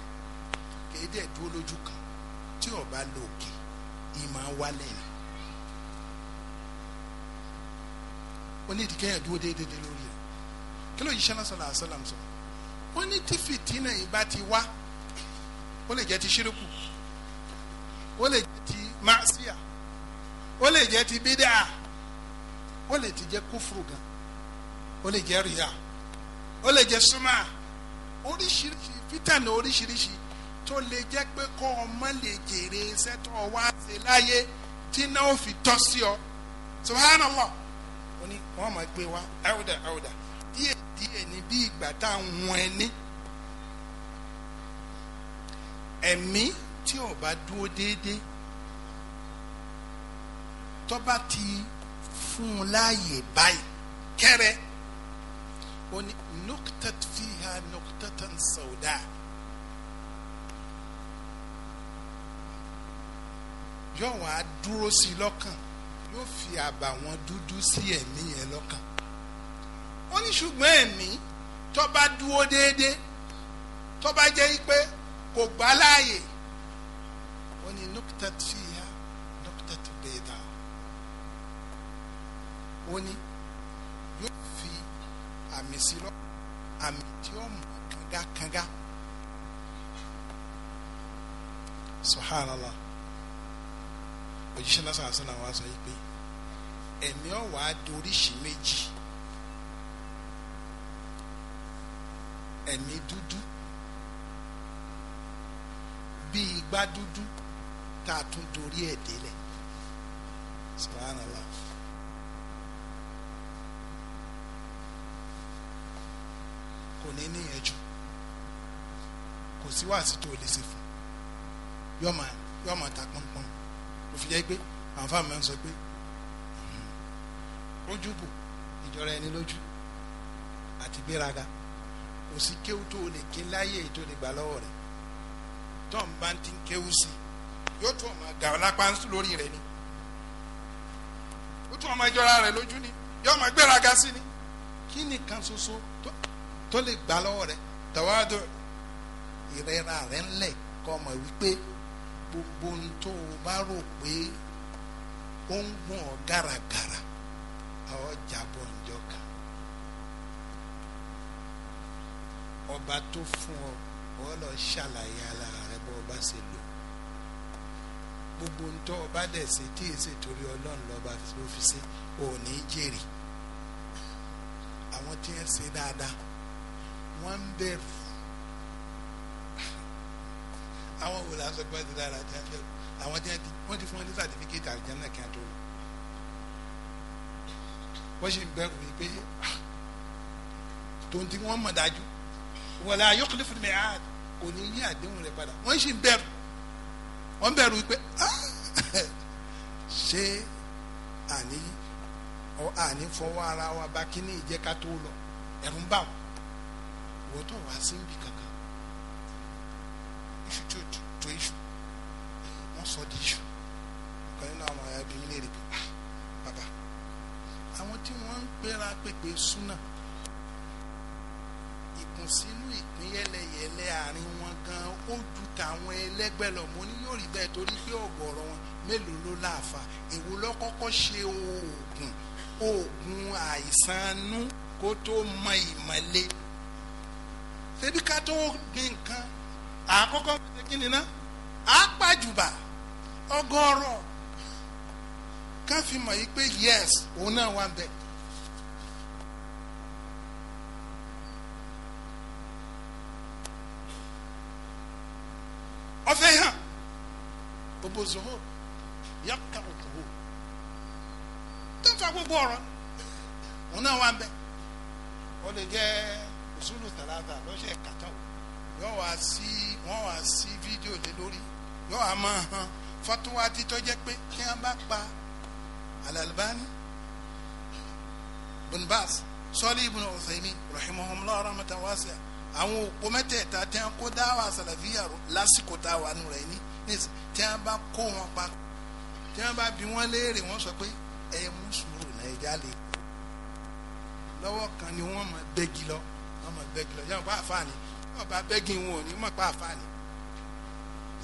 kéde ẹ̀dúró lójú kan tí o bá lo òkè ìmọ̀ wálẹ̀ ni ó ní ìdíkẹ́ ẹ̀dúró déédéé lórí rẹ̀ kí ló yí sẹ́lẹ̀ sọ̀rọ̀ àṣàlám ní tí fìtínà yìí bá ti wá ó lè jẹ́ ti ṣírùkù ó lè jẹ́ ti máṣíà ó lè jẹ́ ti bídà ó lè ti jẹ́ kúfùrù gan ó lè jẹ́ rìyà ó lè jẹ́ súnmà oríṣiríṣi fítànì oríṣiríṣi tó lè jẹ́ pé kó o má lè jèrè iṣẹ́ tó o wá ṣe láyé tí náà ó fi tọ́ sí ọ subhanallah ó ní wọ́n máa gbé wa àwùdà àwùdà díẹ̀ díẹ̀ ní bí ìgbà tá à ń wọn ẹni ẹ̀mí tí ò bá dúró déédéé tó bá ti fún un láàyè báyìí kẹrẹ ó ní nukutat fiha nukutatan sauda yóò wá dúró sí i lọ́kàn yóò fi àbàwọ́n dúdú sí ẹ̀mí yẹn lọ́kàn ó ní ṣùgbọ́n ẹ̀mí tó dúró déédéé tó jẹ́ pé kò gbà láàyè ó ní nukutat fiha. ó ní yóò fi àmì sí lọ àmì tí ó mọ kangakanga subhanallah òjíṣẹ́ lásán àṣẹ làwọn aṣọ yìí pé ẹ̀mí ọ̀wà doríṣi méjì ẹ̀mí dúdú bíi igbá dúdú tá a tún dorí ẹ̀ délẹ̀ subhanallah. ní níyẹn jù kò sí wàásù tó lè ṣe fún yọmọ yọmọ ta pọnpọn ló fi jẹ́ pé àǹfà mi ń sọ pé lójú bò ìjọra ẹni lójú àti gbéraga kò sí kéwú tó lè ké láyé tó lè gbà lọ́wọ́ rẹ̀ tọ́m bá ń ti ń kéwú sí i yóò tún ọmọ gàwọ́ lápá lórí rẹ̀ ni ó tún ọmọ ìjọra rẹ̀ lójú ni yóò gbéraga sí ni kí nìkan ṣoṣo tó lè gbà lọ́wọ́ rẹ tawadu ìrẹ́ra rẹ ńlẹ̀ kọ́ mọ̀ wípé gbogbo ohun tó o bá rò pé ó ń gbọ̀n ọ́ gàràgàrà àwọn jábọ̀ ǹjọ́ kan ọba tó fún ọ ọ lọ ṣàlàyé ara rẹ bó o bá ṣe lò gbogbo ohun tó o bá dẹ̀ ṣe tí èsì torí ọlọ́run lọ́ba ló fi ṣe ò ní jèrè àwọn tí ń ṣe dáadáa. One day, bẹ̀rù àwọn wò lásán pé ti dára jẹ́ ń bẹ̀rù àwọn jẹ́ ti wọ́n ti fún wọn ní sàtífíkẹ́tì àlùjànnà kí wọ́n tó lọ wọ́n sì ń bẹ̀rù yìí pé ah, tòun ti wọ́n mọ̀ dájú wọ́n la yọkùnrin fún mi á kò ní yí àdéhùn rẹ̀ padà wọ́n sì ń bẹ̀rù wọ́n ń bẹ̀rù pé ah, ṣé àní àní fọwọ́ ara wa bá kíní ìjẹ́ká tó lọ ẹ̀rù ń bà wọ́n ìwọ tó wá sí níbi kankan iṣu tí o tó iṣu wọ́n sọ di iṣu ọ̀kan nínú àwọn ọ̀yà ibi ilé rẹ̀ pé ah bàbá àwọn tí wọ́n ń pera pèpè súnà ìkùnsínú ìpínyẹlẹyẹlẹ àárín wọn gan ó ju tàwọn ẹlẹgbẹ́ lọ mo ní yóò rí bẹ́ẹ̀ torí pé ọ̀gọ̀rọ̀ wọn mélòó ló láàfà èwo ló kọ́kọ́ ṣe oògùn oògùn àìsàn nú kó tó mọ ìmọ́lẹ̀ Sebi ká tó gbin nǹkan àkọ́kọ́ ṣe kí ni ná á pàjùbà ọgọ́rọ̀ ká fi mọ̀ yí pé yes òun náà wà bẹ́ẹ̀. ọfẹ hàn gbogbo zoho yọkà òkòwò tó ń fa gbogbo ọ̀rọ̀ òun náà wà bẹ ó lè jẹ usulu tàlàtà lọ́sẹ̀ kàtà o yọ wá sí wọ́n wá sí fídíò lé lórí yọ wá máa hàn fatuwa títọ́ jẹ́ pé kí wọ́n bá pa Al-Albani Ibn Baz sọ́ọ́lì Ibn Uthaymin rahimahumullah rahmatan wasi'a àwọn òpó mẹ́tẹ̀ẹ̀ta tí wọ́n kó dáwà sàlàfíà lásìkò tá a wà nù rẹ̀ ní tí wọ́n bá kó wọn pa tí wọ́n bá bi wọ́n léèrè wọ́n sọ pé ẹ mú sùúrù náà ẹ já lè lọ́wọ́ kan ni wọ́n mọ̀ bẹ́gi lọ bẹ́gì lọ yẹn wọ́n bá àfààní wọ́n bá bẹ́gì wọn ò ní mọ̀ pa àfààní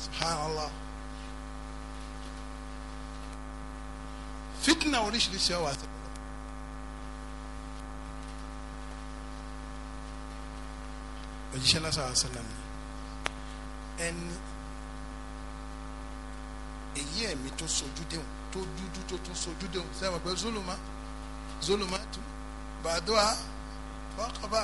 subhanallah fitna oríṣiríṣi ọwọ́ àti. òjíṣẹ́ lásán àṣàlám ni ẹni èyí ẹ̀mí tó sojú déhùn tó dúdú tó tún sojú déhùn sẹ́wọ̀n pé zuluma zuluma tún bàdúrà bọ́kọ̀bà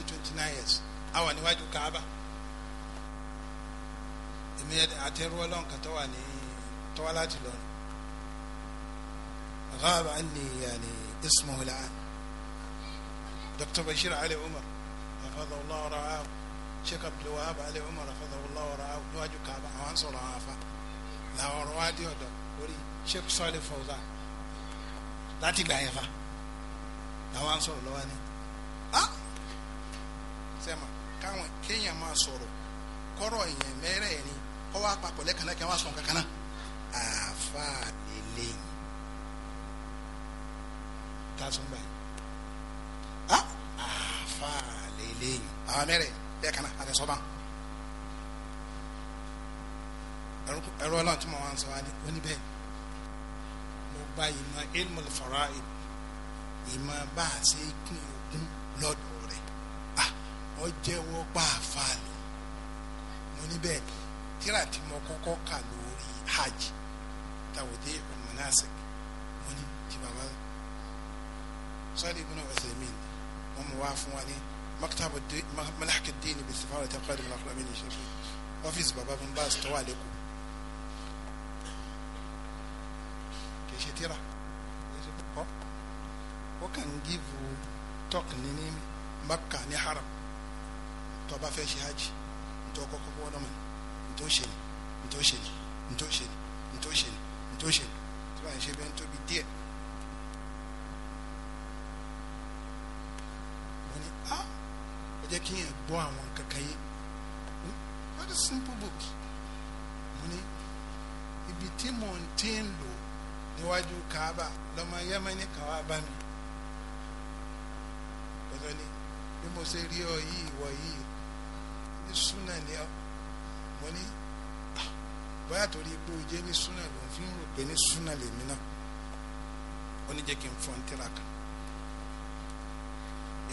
bíi twenty nine years a wà níwájú kaaba èmi àtẹrù ọlọ́run kan tó wà ní tó wá láti lọ ghaaba anni yani ismuhu la'an dr bashir ali umar afadà allah ra'ahu sheikh abdulwahab ali umar afadà allah ra'ahu níwájú kaaba àwọn sọ̀rọ̀ àwọn afa làwọn ọ̀rọ̀ wa dé ọ̀dọ̀ orí sheikh sọ́ọ̀lì fọ̀ọ́dà láti gbà yẹn fa làwọn sọ̀rọ̀ lọ́wọ́ ni sẹ́mà káwọn kéèyàn máa sọ̀rọ̀ kọ́rọ̀ èèyàn mẹ́rẹ̀ẹ̀rin kọ́ wá papọ̀ lẹ́kànlá kí wọ́n sọ̀n kankan náà àfa lélẹ̀ tasùn báyìí àfa lélẹ̀ àwọn mẹ́rẹ̀ bẹ́ẹ̀ kan náà àti sọ́ba ẹ̀rọ ọlọ́run tí mo wá ń sọ wá ní oníbẹ̀ mo gba ìmọ̀ ilmul fara'id ìmọ̀ bá a ṣe kún ogún lọ́dọ̀ ọ jẹ́wọ́ pa àfa lò mo níbẹ̀ tíra tí mo kọ́kọ́ kà lórí hajj tàwọ̀dé manasik mo ní ti bàbá sọ́ọ́dì ibùdó ọ̀sẹ̀ mi wọ́n mú wá fún wa ní mọ́láhàkì dín ní bìsí fáwọn ìtẹ́kọ̀ọ́ ìdìbò àkùrọ̀ mi ní ìṣẹ́fẹ́ ọ́fíìsì bàbá mi bá sọ wà lẹ́kọ̀ọ́ kì ṣe tíra ó kàn ń gíbu tọ́kì ní ní Makka ní haram tó bá fẹ́ ṣe hajj nítorí kọ́kọ́ kọ́ ọ̀dọ́mọ̀ nítorí ṣe ni nítorí ṣe ni nítorí ṣe ni nítorí ṣe ni nítorí ṣe ni tí wàá ṣe bẹ́ẹ̀ ń tóbi díẹ̀. wọ́n ní a ó jẹ́ kí yẹn gbọ́ àwọn kankan yé hmm? very simple book wọ́n ní ibi tí mò ń tí ń lò níwájú kaaba lọ́mọ yẹ́mẹ́ni kan wá bá mi. bí mo ṣe rí ọ yìí ìwọ yìí ní súnà ni ọ mo ní ah, bóyá torí pé o jẹ́ ní súnà ló ń fi ń rò pé ní súnà lèmi náà ó ní jẹ́ kí n fọ́n tíra kan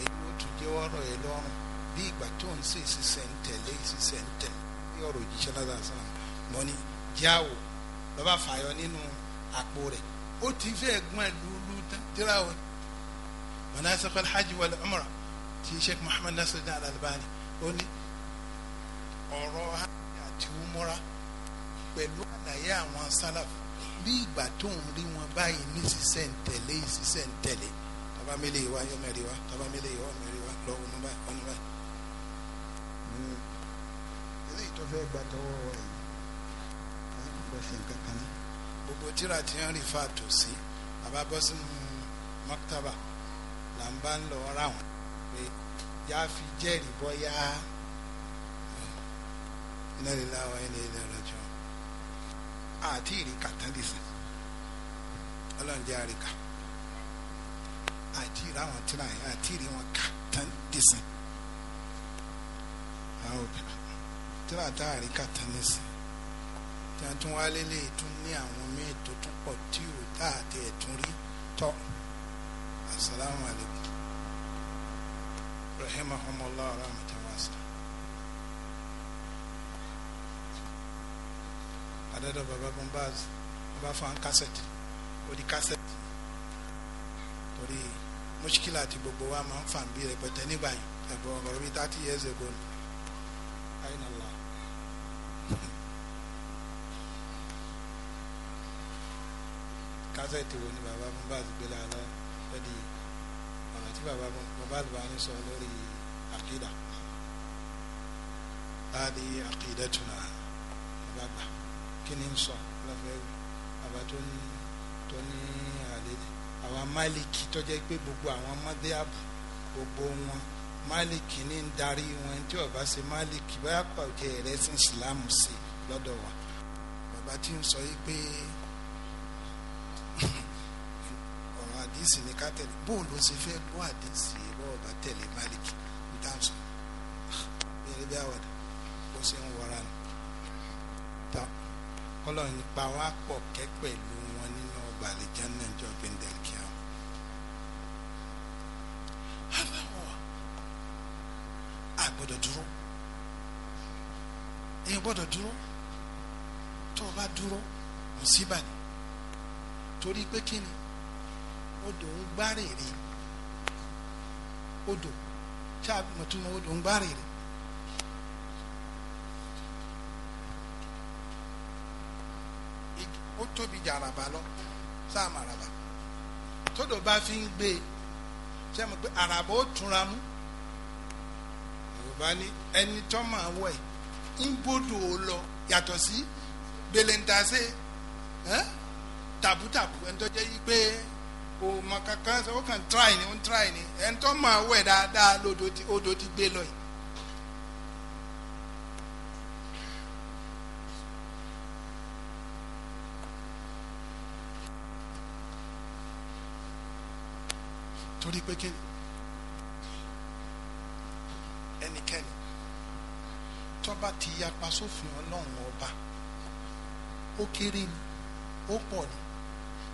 èyí ó tún jẹ́ ọ̀rọ̀ yẹn lọ́rùn bí ìgbà tó ń sè sísẹ̀ ń tẹ̀lé sísẹ̀ ń tẹ̀lé bí ọ̀rọ̀ òjíṣẹ́ ládàá sọ̀rọ̀ mo ní jáwò lọ́ba fàyọ nínú àpò rẹ̀ ó ti fẹ́ gbọ́n lulú tíra wẹ̀ mọ̀nà sọ́kọ́ alhaji wal umra ti sheikh muhammad nasir al-albani ó ní ọ̀rọ̀ hajj àti umura pẹ̀lú àlàyé àwọn sálàf bí ìgbà tó ń rí wọn báyìí ní sísẹ̀ ń tẹ̀lé ìsísẹ̀ ń tẹ̀lé tọ́ba mélé wa yọ mẹ́rin wa tọ́ba mélé yọ mẹ́rin wa lọ ọ̀nà báyìí ọ̀nà báyìí. Hmm. eléyìí tó fẹ́ gbà tọwọ́ wa yìí wọ́n á gbọ́ sí nǹkan kan náà. gbogbo tíra ti ń rí fa tòsí bàbá bọ́ sínú mọ́kítàbà là ń bá ń lọ ra wọn pé yáa fi jẹ́rìí bọ́ yáa iná lè la àwọn ẹni ilẹ̀ rẹ̀ jù àti ìrìkà tẹ́lẹ̀sì ọlọ́run jẹ́ àríkà àti ìrà àwọn tíra yẹn àti ìrì wọn kà tẹ́lẹ̀sì àwọn òbí tíra tá àríkà tẹ́lẹ̀sì tí a tún wálé lè àwọn míì tó tún pọ̀ tí ò tá àti ẹ̀tún rí asalaamualeykum rahimahumullah rahmatulah. adọ́dọ̀ baba bombaz baba fan kásẹ̀tì ó di kásẹ̀tì torí mọ́ṣíkìlà àti gbogbo wa máa ń fà ń bí rẹpẹtẹ nígbà yìí ẹ̀gbọ́n ọ̀rọ̀ bíi thirty years ago ni àyìnàlá. kásẹ̀tì wo ni baba bombaz gbé lálẹ́ lẹ́dí ọ̀nà tí baba bombaz bá ń sọ lórí àkídà. هذه عقيدتنا kí ni ń sọ lọ́fẹ́ bàbá tó ní tó ní àlejò àwọn máìlìkì tó jẹ́ pé gbogbo àwọn mọ́déàbù gbogbo wọn máìlìkì ní ń darí wọn tí ọba ṣe máìlìkì báyà pàjẹ́ rẹ̀ sí ìsìlámù sí lọ́dọ̀ wa bàbá tí ń sọ yìí pé ọ̀rọ̀ àdìsí ni ká tẹ̀lé bóòlù ó ṣe fẹ́ bó àdìsí bọ́ọ̀ bá tẹ̀lé máìlìkì ń sọ bí ẹni bí àwàdà. ọlọ́run pa wá pọ̀ kẹ́ pẹ̀lú wọn nínú ọgbà àlejàn náà jọ bíndẹ̀lkìá. àbáwọ̀ àgbọ̀dọ̀ dúró èèyàn gbọ́dọ̀ dúró tó o bá dúró mùsíbà ni torí pé kí ni odò ń gbárèrè odò ṣáà mọ̀túnmọ̀ odò ń gbárèrè sá àmàràbà tódò bá fi ń gbé e ṣé mo pé àràbà ó túnra mú yorùbá ní ẹni tó máa wọ ẹ ń bodò lọ yàtọ̀ sí belentase tàbútàbù ẹni tó jẹ́ yí pé kò mọ kankan ó kàn try ni ó ń try ni ẹni tó máa wọ ẹ dáadáa lódò ti gbé lọ yìí. pé kí ni ẹnikẹ́ni tó bá ti yapa sófin ọlọ́run ọba ó kéré ni ó pọ̀ ni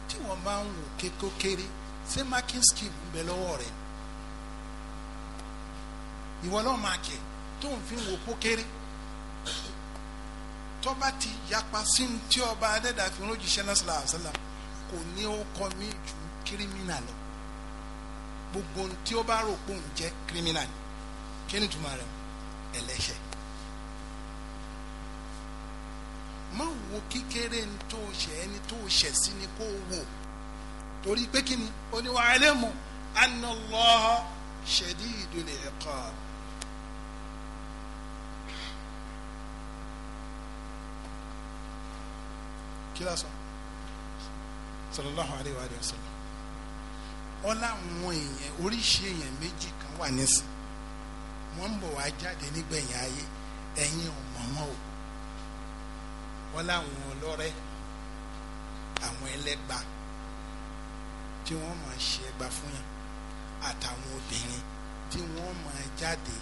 tí wọ́n bá ń wò kéko kéré ṣé marking scheme ń bẹ lọ́wọ́ rẹ̀ ìwọ náà máa kẹ̀ tó ń fi wò kó kéré tó bá ti yapa sí ní tí ọba adẹ́dàfin lójúṣẹ́ náà sílá àṣálà kò ní ó kọ́ mi ju kírímínà lọ gbogbo tí ó bá rò pé òun jẹ́ criminal kí ni túmọ̀ rẹ̀ ẹlẹ́ṣẹ̀ má wo kékeré ní tó ṣẹ̀ ẹni tó ṣẹ̀ sí ni kó wò torí pé kí ni oníwà ẹlẹ́mu anna Allah shadidul iqab. kí lásán sallallahu alayhi wa sallam ọ láwọn èèyàn oríṣi èèyàn méjì kan wà nísìn wọ́n ń bọ̀ wá jáde nígbẹ̀yìn ayé ẹ̀yin ọ̀mọ̀mọ́ o ọ láwọn ọlọ́rẹ́ àwọn ẹlẹ́gba tí wọ́n máa ṣe ẹgba fún yàn àtàwọn obìnrin tí wọ́n máa jáde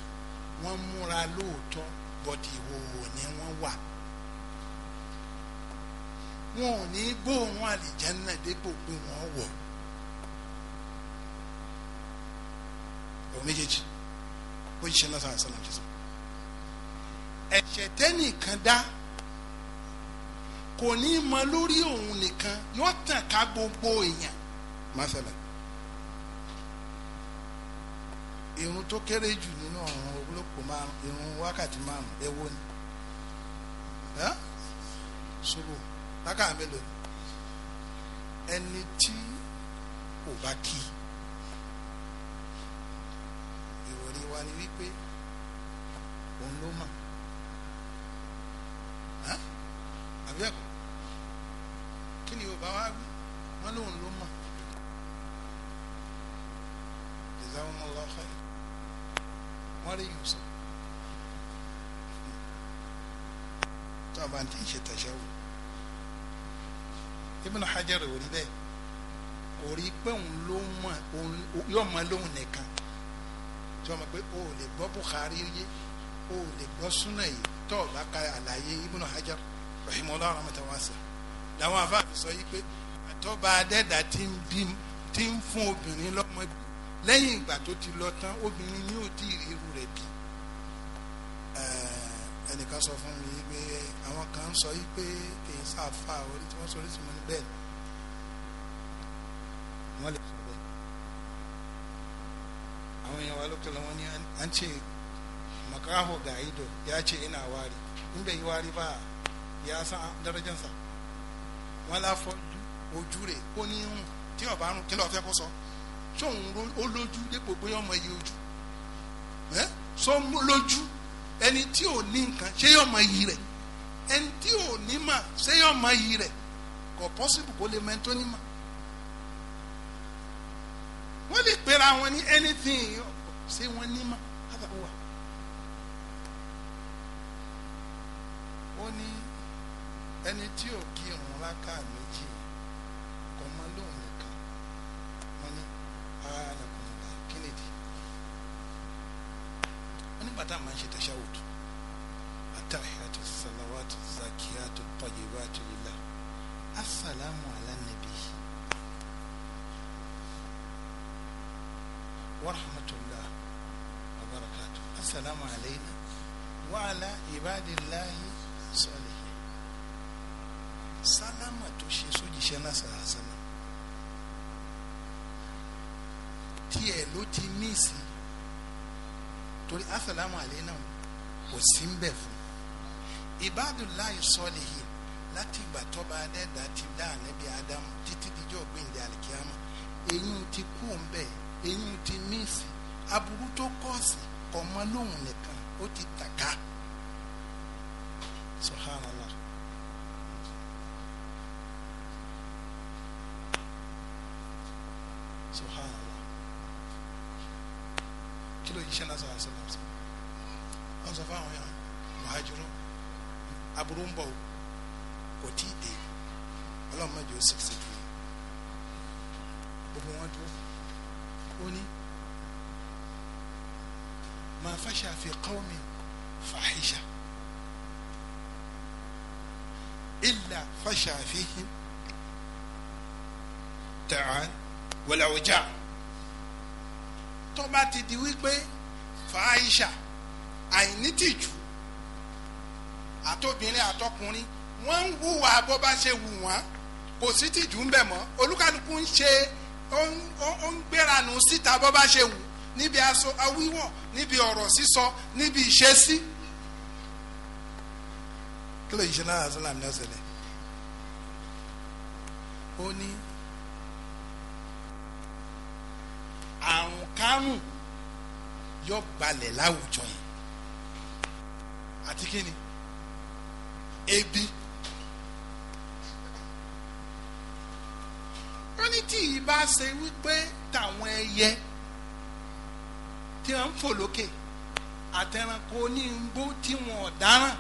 wọ́n múra lóòótọ́ bọ́dì ìhòòhò ni wọ́n wà wọn ò ní gbóòórùn àlìjẹ́ náà dépò pé wọ́n wọ̀ papọ̀ méjèèjì ó ń ṣe lọ́sà àṣàlà ti sọ. ẹ̀ṣẹ̀ tẹ́nìkan dá kò ní mọ lórí òun nìkan yóò tàn ká gbogbo èèyàn mọ́sálà. irun tó kéré jù nínú ọ̀run olóko márùn irun wákàtí márùn ẹwọ ni ṣubú lákàá mélòó ẹni tí kò bá kí i. ni wípé òun ló mọ̀ àbí ẹ̀kọ́ kí ni yorùbá wá wí wọn lóun ló mọ̀ jazakumullahu khairan wọ́n rí yìí sọ tó a bá ń tí ṣe tẹ̀sẹ̀ wò Ibn Hajar ò rí bẹ́ẹ̀ kò rí pé òun ló mọ̀ yóò mọ̀ lóun nìkan tí wọ́n mọ̀ pé o ò lè gbọ́ Bukhari yé o ò lè gbọ́ súnà yìí tó bá ka àlàyé Ibn Hajar rahimahullah rahmatan wasi'a làwọn afáàfin sọ yìí pé àtọ́ba adẹ́dà ti ń fún obìnrin lọ́mọ bí lẹ́yìn ìgbà tó ti lọ tán obìnrin yóò tí ì ríru rẹ̀ bí ẹnìkan sọ fún mi pé àwọn kan sọ yìí pé kì í sáà orí tí wọ́n sọ orí tí mo ní bẹ́ẹ̀ wọ́n lè sọ. tattalin wani an ce makaho ga ido ya ce ina wari in bai yi wari ba ya san darajansa wọn láfọ ojú rẹ ó ní irun tí ọba arun kí ló fẹ́ kó sọ sóun ó lójú dípò bóyá ọmọ iye ojú ẹ sọ lójú ẹni tí ò ní nǹkan ṣé yọ ọmọ iye rẹ ẹni tí ò ní mà ṣé yọ ọmọ iye rẹ kò pọ́sibù kó lè mọ ẹni tó ní mà wọ́n lè pera wọn ní anything ṣé wọ́n ní ma ábà wà. ó ní ẹni tí ò kí òun láká méjì ló ti ní ìsìn torí afẹ́lámù àlẹ́ náà kò sí ń bẹ̀ fún ìbádùnláì sọ́ọ̀lìhì láti ìgbà tọ́ba adẹ́dà ti dá ànẹ́bí ádámù títí díjọ́ gbèǹde àlìkíyàmù eyín ti kú ń bẹ̀ eyín ti ní ìsìn aburú tó kọ́ọ̀sì kọ̀mọ́ lóhùn nìkan ó ti tàka kò sí tìjú ń bẹ̀ mọ́ olúkálukú ń ṣe ó ń gbéranù síta bó bá ṣe wù níbi aṣọ awíwọ̀ níbi ọ̀rọ̀ sísọ níbi ìṣesí. kí ló ìṣe náà sọ́lá ní ọ̀sẹ̀ lẹ̀ ó ní àrùn kárùn yọ balẹ̀ láwùjọ yìí àti kí ni ebi. wọ́n ní tí ìbá ṣe wípé tàwọn ẹyẹ tí wọ́n ń fò lókè àtẹranko onígbó tí wọ́n ọ̀daràn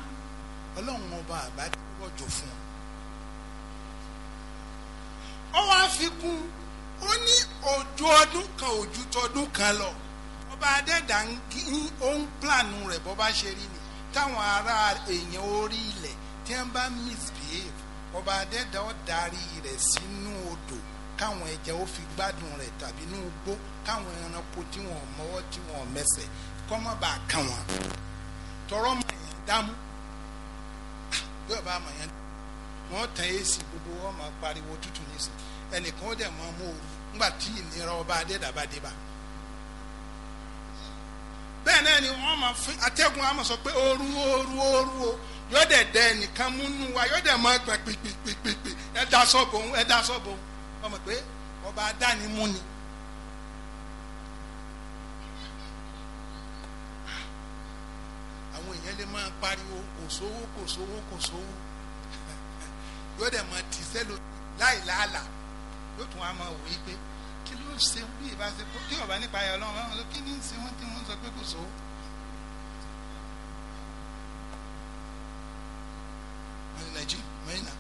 ọlọ́run ọba àbá rọ̀jò fún wọn. ó wáá fi kún ó ní òjò ọdún kan òjò tọdún kan lọ ọba adẹ́dà ó ń plànù rẹ̀ bọ́ bá ṣe rí ni táwọn ará èèyàn orí ilẹ̀ tí wọ́n bá misbehave ọba adẹ́dà ó rẹ̀ sínú káwọn ẹja ó fi gbádùn rẹ tàbí inú k'àwọn káwọn ẹranko tí wọ́n mọwọ́ tí wọn mẹsẹ kọ tọrọ mọ̀ yẹn dámú ah, bí ọba mọ̀ yẹn wọ́n tàn gbogbo wọn máa pariwo tútù nísìn ẹnìkan ó dẹ mọ mú ooru nígbà tí ìnira ọba bẹ́ẹ̀ ni máa fi sọ pé ooru ooru ooru o yóò dẹ ẹnìkan ọmọ pé ọba adánimú ni. àwọn èèyàn lè máa pariwo kò sówó kò sówó kò sówó yóò dẹ̀ mọ tìṣẹ́ lójú láì láàlà yóò tún wá mọ òwe pé kí ló ṣe bí ìbá ṣe kó kí ọba nípa ayọ̀ ọlọ́run ọlọ́run kí ni ṣe wọ́n tí wọ́n sọ pé kò sówó. nàìjíríà mọ ní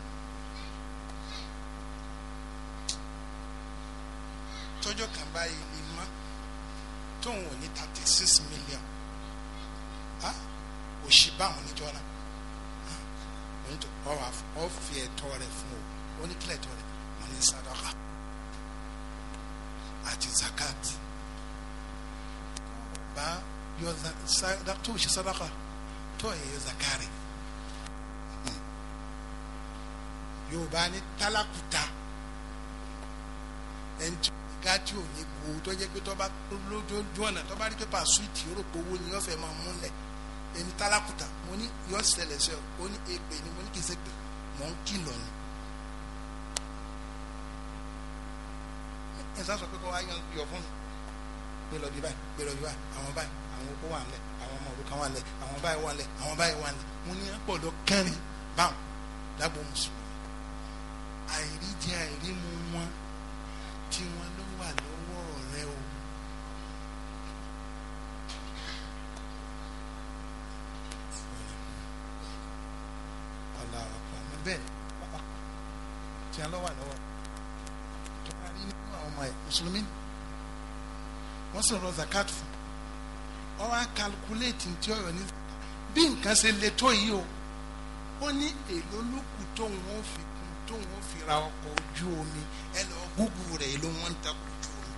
tọ́jọ́ kan báyìí lè mọ́ tóun ò ní thirty six million òṣì báwọn níjọ́ náà ọ fi ẹ̀tọ́ rẹ̀ fún o ó ní kílẹ̀ ẹ̀tọ́ rẹ̀ wọ́n ní sadaka àti zakat bá yọ tó ṣe sadaka tó ye zakari yorùbá ní tálákùtà ẹni àga tí ò ní kú tó jẹ́ pé tó bá lójú ọ̀nà tó bá rí pépà súwìtì ó rò pé owó ni yóò fẹ́ máa múlẹ̀ èmi tálákùtà mo ní yọ ṣẹlẹ̀ ṣẹ ó ní èpè ni mo ní kì í ṣe ń kìlọ̀ ni. ẹ sá sọ pé kó wá yan yọ fún mi pé lọ bí báyìí pé lọ bí báyìí àwọn báyìí àwọn okó wà ń lẹ àwọn ọmọ òrukàn wà ń lẹ àwọn báyìí wà ń lẹ àwọn báyìí wà lẹ mo ní àpọ̀lọ kẹrin báwọn dábò mùsùlùmí àìríjẹ àìrímu wọn wọ́n sọ̀rọ̀ zakat fún ọ wá calculate ti ọ̀rọ̀ ní bí nǹkan ṣe le tó yìí o ó ní èlò lókù tóun ó fi kún tóun ó fi ra ọkọ̀ ojú omi ẹ lọ gúgú rẹ̀ èlò wọn ń takò ojú omi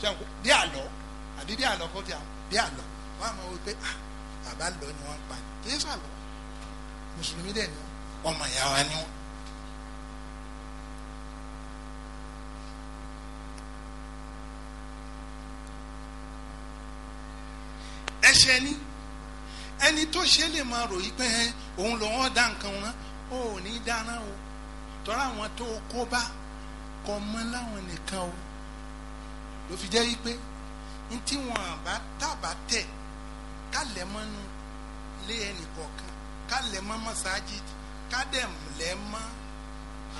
ṣàǹkó bí àlọ́ àbí bí àlọ́ kó bí àlọ́ wọ́n á máa wọ pé lọ ni wọ́n pa kí ẹ sọ àlọ́ mùsùlùmí dẹ̀ ni ọmọ ìyá ni wọ́n. ẹ̀ṣẹ̀ ni ẹni tó ṣe lè máa ròyìn pé òun lọ́wọ́ dá nǹkan wọn ò ní dáná o tọ́ra àwọn tó kó bá kọ́ mọ́ láwọn nìkan o ló fi jẹ́ wípé ní tí wọn àbá tàbá tẹ̀ kálẹ̀ mọ́nu lé ẹnì kọ̀ọ̀kan kálẹ̀ mọ́ mọ́sáájì kádẹ̀ lẹ́ mọ́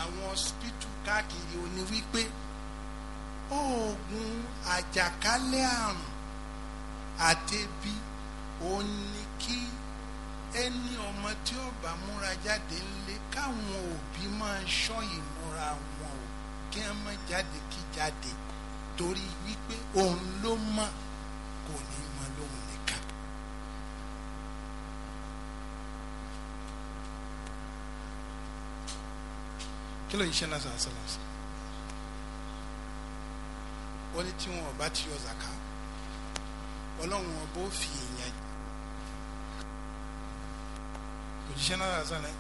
àwọn hospital káàkiri ó ní wípé oògùn àjàkálẹ̀ àrùn adébí ó ní kí ẹni ọmọ tí ó bá múra jáde ńlé káwọn òbí máa ṣọ́ ìmúra wọn o kí wọ́n má jáde kí jáde torí wípé òun ló mọ̀ kò ní mọ̀ lóhun nìkan. kí ló ń ṣe náà sàásàlásà wọ́n ní tí wọn ò ti yọ zaka ọlọ́run ọba ó fi èèyàn òjíṣẹ́ náà sáré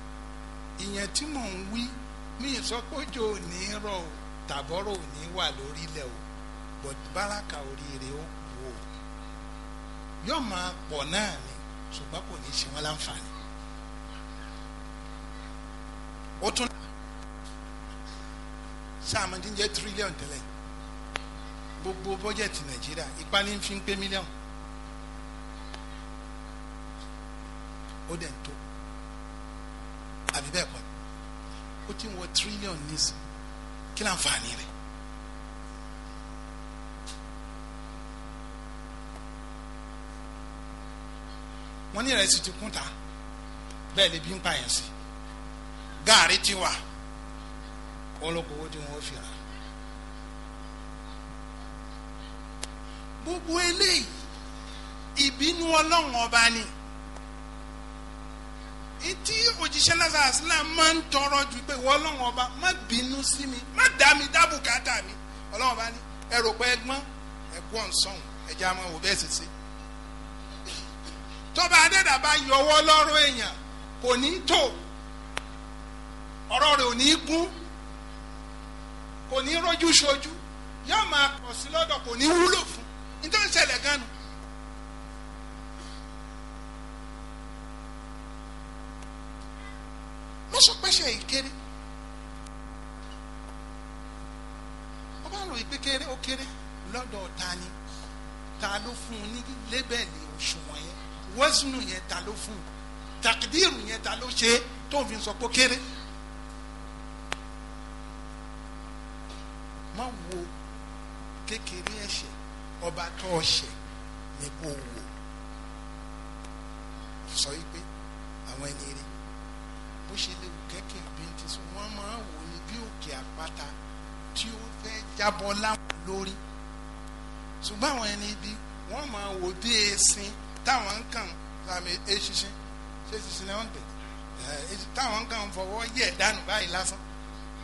ìyẹn tí mò ń wí mi ìsọpọ́jọ ò ní rọ̀ o tàbọ̀rọ̀ ò ní wà lórílẹ̀ o but báràkà oríire ó kú o yóò máa pọ̀ náà ni ṣùgbọ́n kò ní ṣe wọ́n láǹfààní ó tún sáàmù ti tírílíọ̀nù tẹ́lẹ̀ gbogbo bọ́jẹ̀tì nàìjíríà ìpani fi ń pé mílíọ̀nù ó dẹ̀ ń tó àbí bẹ́ẹ̀ kọ́ ó ti ń wọ tírílíọ̀nù nísìn kí láǹfààní rẹ̀ wọ́n ní ìrẹsì ti kún ta bẹ́ẹ̀ lè bí ń pààyàn sí gaari ti wà olókòwò tí wọ́n fi rà gbogbo eléyìí ìbínú ọlọ́run ni ntí òjíṣẹ́ lásán àsìlá máa ń tọrọ ju pé wọ́n ọlọ́run ọba má bínú sí mi má dá mi dábù káàtà mi ọlọ́run ọba ní ẹrù pé ẹgbọ́n ẹkú ọ̀nsán ẹja máa wò bẹ́ẹ̀ sèse. tọ́ba adẹ́dà bá yọwọ́ lọ́rọ̀ èèyàn kò ní tò ọ̀rọ̀ rẹ̀ ò ní gún kò ní rójú ṣojú yóò máa pọ̀ sí lọ́dọ̀ kò ní wúlò fún nítorí ṣẹlẹ̀ gan sọ pé ṣe ìkéré ó bá rò pé kéré ó kéré lọ́dọ̀ ta ni ta ló fún un ní lébẹ̀lì òṣùwọ̀n yẹn wẹ́sùnù yẹn ta ló fún un takidiru yẹn ta ló ṣe tó ń fi sọ pé kéré. má wo kékeré ẹ̀ṣẹ̀ ọba tó ọ̀ṣẹ̀ ní kó wò sọ wípé àwọn ẹni rí bó ṣe lè òkè kẹ̀kẹ́ ti sùn wọ́n máa wò ní bí òkè àpáta tí ó fẹ́ jábọ́ láwọn lórí ṣùgbọ́n àwọn ẹni ibi wọ́n máa wò bí esin táwọn kàn àmì eṣinṣin ṣé náà ń táwọn kàn fọwọ́ yẹ̀ dànù báyìí lásán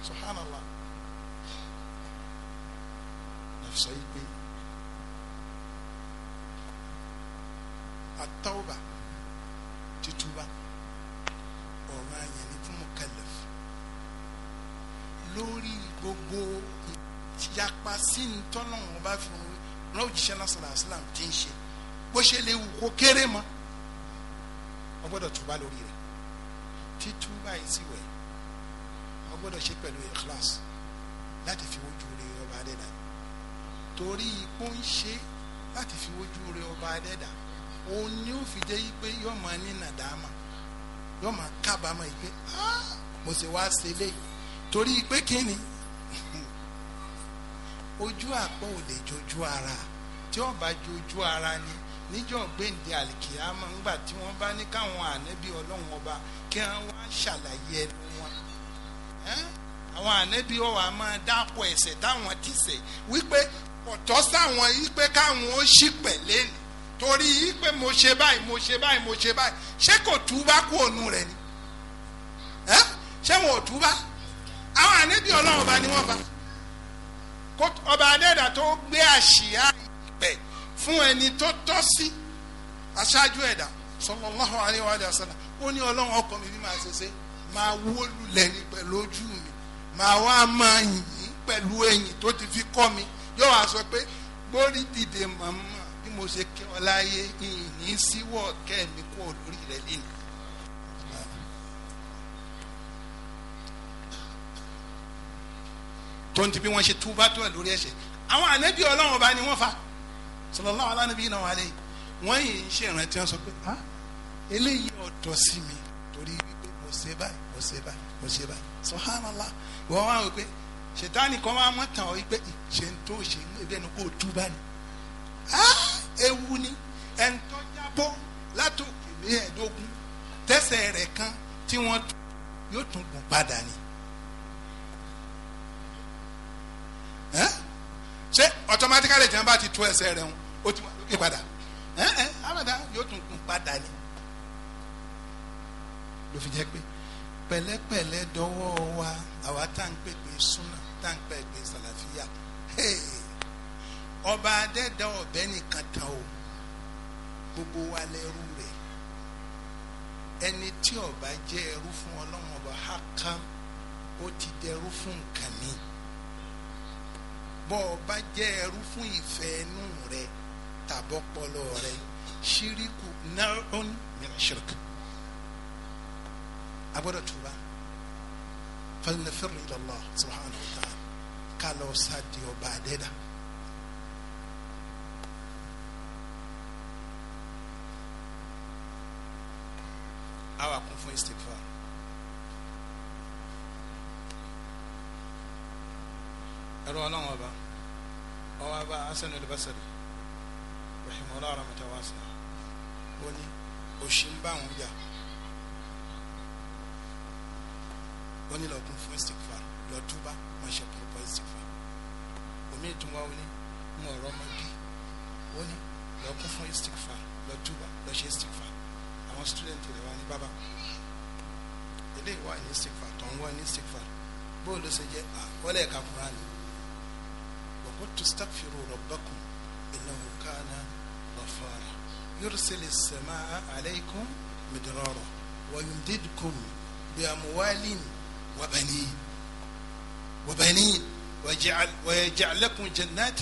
subhanallah sọ yìí pé àtọ́wọ́bà títúbà ọ̀rọ̀ ayẹyẹ. lórí gbogbo ìyapa sí ní tọ́lọ́wọ́n bá fi rán òjíṣẹ́ náà sọ̀rọ̀ àsìlám tí ń ṣe bó ṣe lè wù kó kéré mọ́ ọ gbọ́dọ̀ túbá lórí rẹ̀ títúbà yìí sì wẹ̀ ọ gbọ́dọ̀ ṣe pẹ̀lú ikhlas láti fi wojú rẹ̀ ọba adẹ́dà torí ipò ń ṣe láti fi wojú rẹ̀ ọba adẹ́dà òun ni ó fi jẹ́ yí pé yọ́ọ̀ ní nàdámà yọ́ọ̀ kábàámà yí pé mo ṣe wá ṣe léyìí torí pé kíni ojú àpọ̀ ò lè jojú ara tí ó bá jojú ara ni níjọ́ gbẹ̀ǹde àlìkìyàmọ́ ńgbà tí wọ́n bá ní káwọn ànẹ́bí ọlọ́run ọba kí wọ́n wá ṣàlàyé ẹnu wọn àwọn ànẹ́bí ọwọ́ a máa dápọ̀ ẹ̀ṣẹ̀ táwọn ti ṣẹ̀ wípé ọ̀tọ̀ sáwọn wípé káwọn ó ṣì pẹ̀lẹ́ ni torí wípé mo ṣe báyìí mo ṣe báyìí mo ṣe báyìí ṣé kò túbá kú ònu rẹ̀ ni ṣé wọn ò túbá àwọn ànábì ọlọ́run ọba ni wọ́n bá ọba adẹ́dà tó gbé àṣìá ìpẹ́ fún ẹni tó tọ́ sí aṣáájú ẹ̀dá sallallahu alaihi wa sallam ó ní ọlọ́run ọkọ mi bí màá ṣe ṣe máa wó lulẹ̀ ní pẹ̀lú ojú mi màá wá máa yìn pẹ̀lú ẹ̀yìn tó ti fi kọ́ mi yóò wá sọ pé gbórí dìde màmá bí mo ṣe kí ọ láyé ìyìn ní síwọ́ kẹ́ mi kú olórí rẹ̀ lẹ́nu tó ń ti bí wọ́n ṣe túbá tó ẹ̀ lórí ẹ̀ṣẹ̀ àwọn ànábì ọlọ́run ọba ni wọ́n fa sallallahu ala nabiyina wa alayhi wọ́n yìí ń ṣe ìrántí wọn sọ pé ah eléyìí ọ̀tọ̀ sí mi torí wípé mo ṣe báyìí mo ṣe báyìí mo ṣe báyìí subhanallah wọ́n wá wípé ṣètánì kan wá mọ́ tàn ọ́ wípé ṣe ń tó ṣe ebi ẹni kó túbá ni ah ewu ni ẹni tó jábọ́ látòkè ní ẹ̀ẹ́dógún tẹ́sẹ̀ rẹ̀ kan tí wọ́n yóò tún gùn padà ni. ṣé automatically tí wọn bá ti tú ẹsẹ̀ rẹ̀ wọn ó ti wọn padà abada yóò tún kún padà ni ló fi jẹ́ pé pẹ̀lẹ́pẹ̀lẹ́ dọ́wọ́ wa àwa tá n pè pé súnà tá n pè pé sàlàfíà ọba adẹ́dá ọ̀bẹ nìkan tán o gbogbo wa lẹ́rú rẹ̀ ẹni tí ọba jẹ́ ẹrú fún ọlọ́run ọba hákàm ó ti dẹrú fún nǹkan mìíràn. bọ́ ọ bá jẹ́ ẹrú fún ìfẹ́ inú rẹ tàbọ́pọlọ rẹ ṣíríkù náírọ̀n mìíràn ṣíríkù agbọ́dọ̀ tuba falinafẹ́rù ilallah subhanahu wa ta'ala kálọ̀ sáàdì ọba àdẹ́dà. àwa kún fún istighfar. ẹ̀rọ ọlọ́run ọba ọwọ́ abá Hasan al-Basri rahimu ọlọ́run mọ̀tàwásá ó ní òṣì ń bá àwọn jà ó ní lọ́ọ̀kún fún istikfa lọ́ọ̀túbá wọ́n ṣe púpọ̀ istikfa omi ìtumọ̀ ó ní mo ọ̀rọ̀ ọmọ bí ó ní lọ́ọ̀kún fún istikfa lọ́ọ̀túbá lọ́ọ̀ṣe istikfa àwọn student rẹ̀ wá ní bábà ilé ìwà ní tó ń wá ní istikfa bóòlù ṣe jẹ́ àkọọ́lẹ̀ kakura ni وتستغفروا ربكم إنه كان غفارا يرسل السماء عليكم مدرارا ويمددكم بأموال وبنين وبنين ويجعل, ويجعل لكم جنات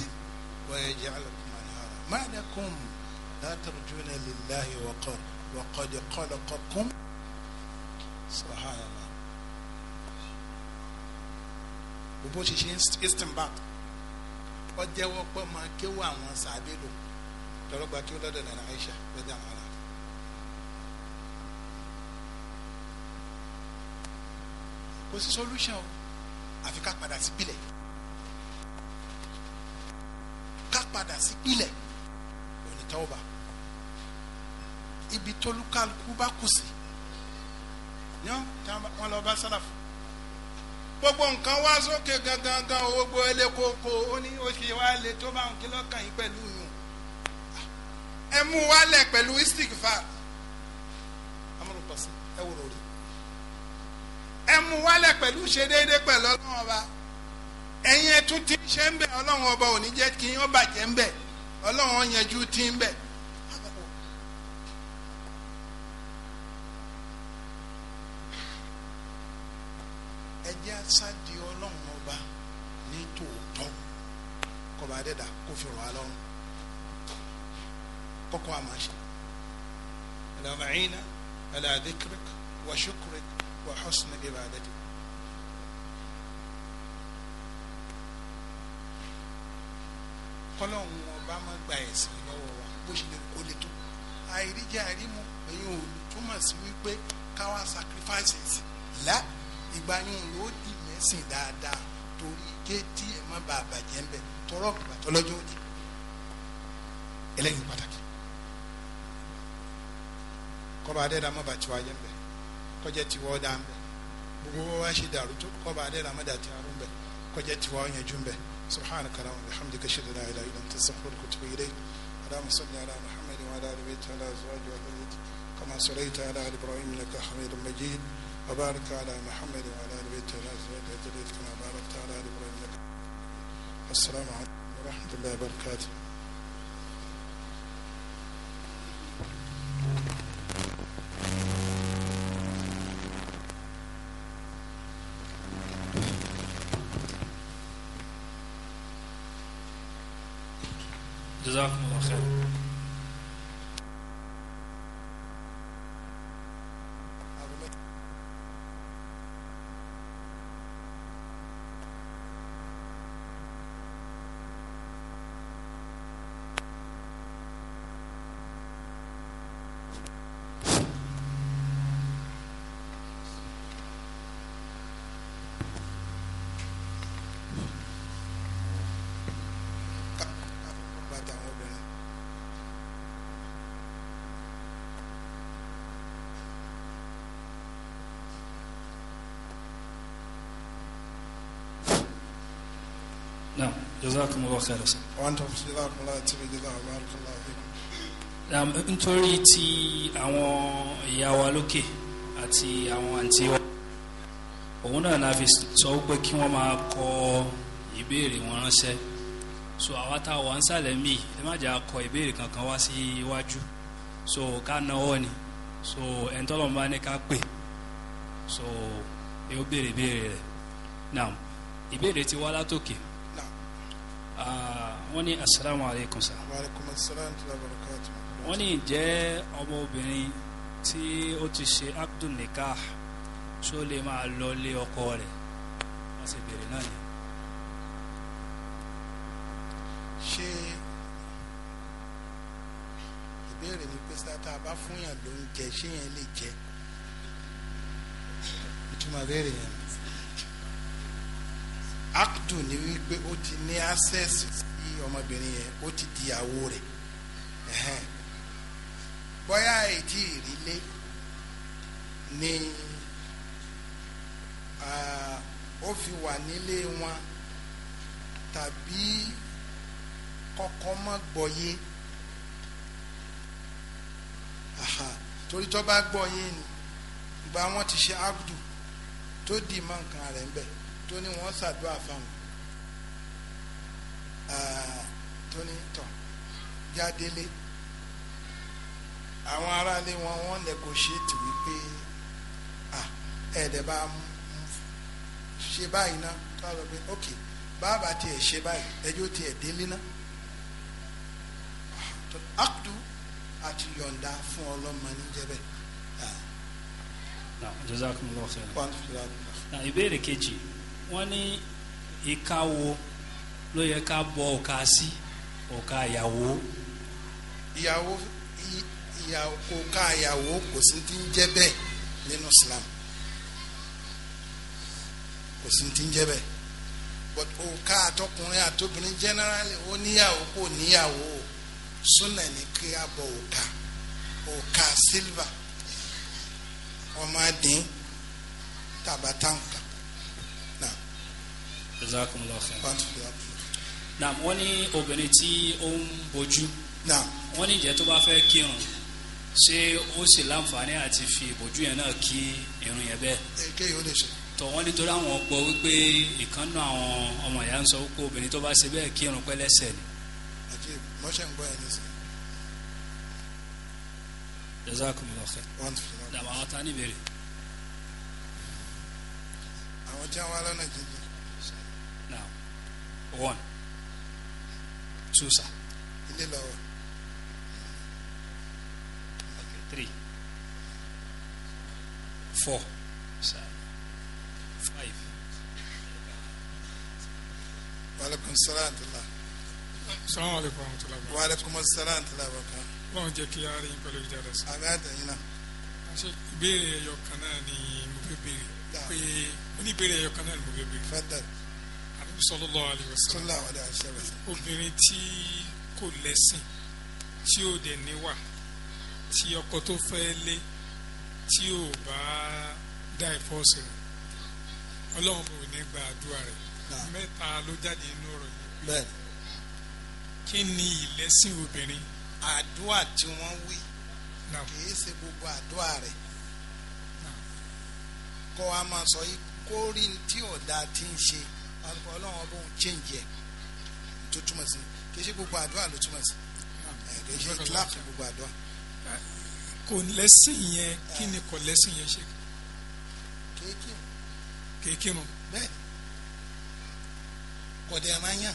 ويجعل لكم أنهارا ما لكم لا ترجون لله وقال وقد خلقكم سبحان الله وبوشي استنباط ọjẹ́wọ́ pé máa kéwọ́ àwọn sàbẹ̀ lò tọ́lọ́gba kí ó lọ́dọ̀ nana Aisha lọ́dọ̀ àwọn ará. kò sí solution o àfi ká padà sí pilẹ̀ ká padà sí pilẹ̀ onítọ́ọ̀bà ibi tólúkálukú bá kù sí ni wọ́n lọ sálàfù gbogbo nǹkan wá sókè gangan gan gbogbo ẹlẹ́kọ̀ọ́kọ́ ó ní ó fi wá lè tó bá nǹkan lọ́kàn yín pẹ̀lú yùn ẹ mú wálẹ̀ pẹ̀lú istikfar amúlùpọ̀sí ẹ wúro rí ẹ mú wálẹ̀ pẹ̀lú ṣe déédéé pẹ̀lú ọlọ́run ọba ẹ̀yin ẹ̀ tún ti ṣe ń bẹ̀ ọlọ́run ọba ò ní jẹ́ kí yín ó bàjẹ́ ń bẹ̀ ọlọ́run ó yanjú ti ń bẹ̀ fi wà lọ́rùn kọ́kọ́ àmà ṣe ẹ̀dàmàáyínà ẹ̀dàdékìrìk wà ṣùkùrìk wà husni ibadati. kọ́lọ́hún ọba máa gba ẹ̀sìn lọ́wọ́ wa bó ṣe lè kó lè tó àìríjẹ àìrímu èyí ò túmọ̀ sí wípé káwa sacrifices la ìgbà yín ló dì mẹ́sìn dáadáa torí kéétì ẹ̀ má bàa bàjẹ́ ńbẹ tọrọ gbàtọ́ lọ́jọ́ òde ẹlẹ́yìn pàtàkì kọba adẹ́dàá má bàa tiwa jẹ́ ńbẹ kọjá tiwa ọ̀dà ńbẹ gbogbo wa ṣe dàrú tó kọba adẹ́dàá má dàá tiwa ńbẹ kọjá tiwa ọ̀yànjú ńbẹ subhanaka allahumma wa bihamdika ashhadu an la ilaha illa anta astaghfiruka wa atubu ilayk ala muhammadin wa ala ali baitihi ala azwajihi wa dhurriyyatihi kama sallaita ala ali ibrahim innaka hamidun majid وبارك على محمد وعلى ال بيته الازواج الجليل كما باركت على ال ابراهيم السلام عليكم ورحمه الله وبركاته جزاكم الله خير jazakum allah khairan sa. wọ́n tó fi jazakum allah ti fi jazakum barakallahu fikum. nítorí ti àwọn ìyá wa lókè àti àwọn àǹtí wa òun náà la fi sọ so àwa tá a wà ń sàlẹ̀ mí ẹ má jà kọ ìbéèrè kankan wá sí iwájú so ká náwó ni so ẹni tọ́lọ̀ ń bá ní ká pè so ẹ ó béèrè ìbéèrè rẹ̀ now ìbéèrè ti wá látòkè. Okay wọ́n ní asalaamu aleykum sa. wa aleykum asalaam tí wàá barakatu. wọ́n ní ìjẹ́ ọmọ obìnrin tí ó ti ṣe abdul nikah ṣó lè máa lọ lé ọkọ rẹ̀ wọ́n sì béèrè náà ni. ṣé ìbéèrè ni pé sátá a bá fún yàn ló ń jẹ ṣé yẹn lè jẹ ìtumọ̀ béèrè yẹn. akdu ni wípé ó ti ní access ọmọbìnrin yẹn ó ti di ìyàwó rẹ̀ bóyá ètí ìrílé ni ó fi wà nílé wọn tàbí kọ́kọ́ mọ́ gbọ́yé torí tó bá gbọ́yé ni ìgbà wọn ti ṣe abdu tó dì mọ́ nǹkan rẹ̀ ń bẹ̀ tó ní wọ́n ṣàdúrà fáwọn tóní tọ̀ jádélé àwọn aráalé wọn wọ́n negotiate wípé ah, ẹ̀ẹ́dẹ̀ bá ṣe báyìí ná tó a lọ pé ok bàbá tiẹ̀ ṣe báyìí ẹjọ́ tiẹ̀ délé ná akutu ah, àti yọ̀ǹda fún ọlọ́mọ níjẹ́bẹ̀. Ah. jazakumullahu khairan. ìbéèrè kejì wọ́n ní ìka wo. ló yẹ ká bọ ọ̀ka sí ọ̀ka ìyàwó. ìyàwó ọ̀ka ìyàwó kò sí ti ń jebe bẹ́ẹ̀ nínú Islam kò sí ti ń jẹ́ bẹ́ẹ̀ but ọ̀ka àtọkùnrin àtobìnrin generally ó níyàwó kò níyàwó súnà ní kí a bọ ọ̀ka ọ̀ka silver ọmọ na wọ́n ní obìnrin tí ó ń bojú na wọ́n ní ìjẹ́ tó bá fẹ́ kírun ṣé ó sì láǹfààní àti fi ìbojú yẹn náà kí irun yẹn bẹ́ẹ̀. èké yóò lè ṣe. tọ wọn nítorí àwọn gbọ́ wípé ìkànnà àwọn ọmọ ìyá ń sọ wípé obìnrin tó bá ṣe bẹ́ẹ̀ kírun pẹ́ lẹ́sẹ̀ ni. àti mọ́ṣẹ́ ń gbọ́ ẹ̀ ní sè. jazakumullahu khair. àwọn ta ní ìbéèrè. àwọn jẹ́ wọn lọ́nà jíjìn. now one susa sir. ilé lọ́wọ́. okay three four sir five. waaleykum salaam tula. salaamaleykum wa rahmatulah. waaleykum salaam tula wa kan. jẹ́ kí a rí pẹ̀lú ìjà rẹ̀ sí. àmì àtẹ̀yìn náà. ṣe ìbéèrè ẹ̀yọ̀ kan náà ni mo fẹ́ béèrè pé oníbéèrè ẹ̀yọ̀ kan náà ni mo fẹ́ béèrè. fẹ́ tẹ̀ sallallahu alaihi wasallam obìnrin tí kò lẹ́sìn tí ò dẹ̀ níwà tí ọkọ tó fẹ́ lé tí ò bá dá ìfọ́sẹ̀ rẹ̀ ọlọ́run kò ní gba àdúrà rẹ̀ mẹ́ta ló jáde inú rẹ̀ bẹ́ẹ̀ kí ni ìlẹ́sìn obìnrin. àdúrà tí wọ́n wí kìí ṣe gbogbo àdúrà rẹ̀ kó a máa sọ yìí kó rí tí ọ̀dà ti ń ṣe àlùkò ọlọ́run ọbọ̀ òun change yẹ tó túmọ̀ sí kì í ṣe gbogbo àdúrà ló túmọ̀ sí kì í ṣe clap gbogbo àdúrà. kò lẹ́sìn yẹn kí ni kò lẹ́sìn yẹn ṣe. kéékìrún. kéékìrún. bẹ́ẹ̀ kọ̀dẹ̀ rányà.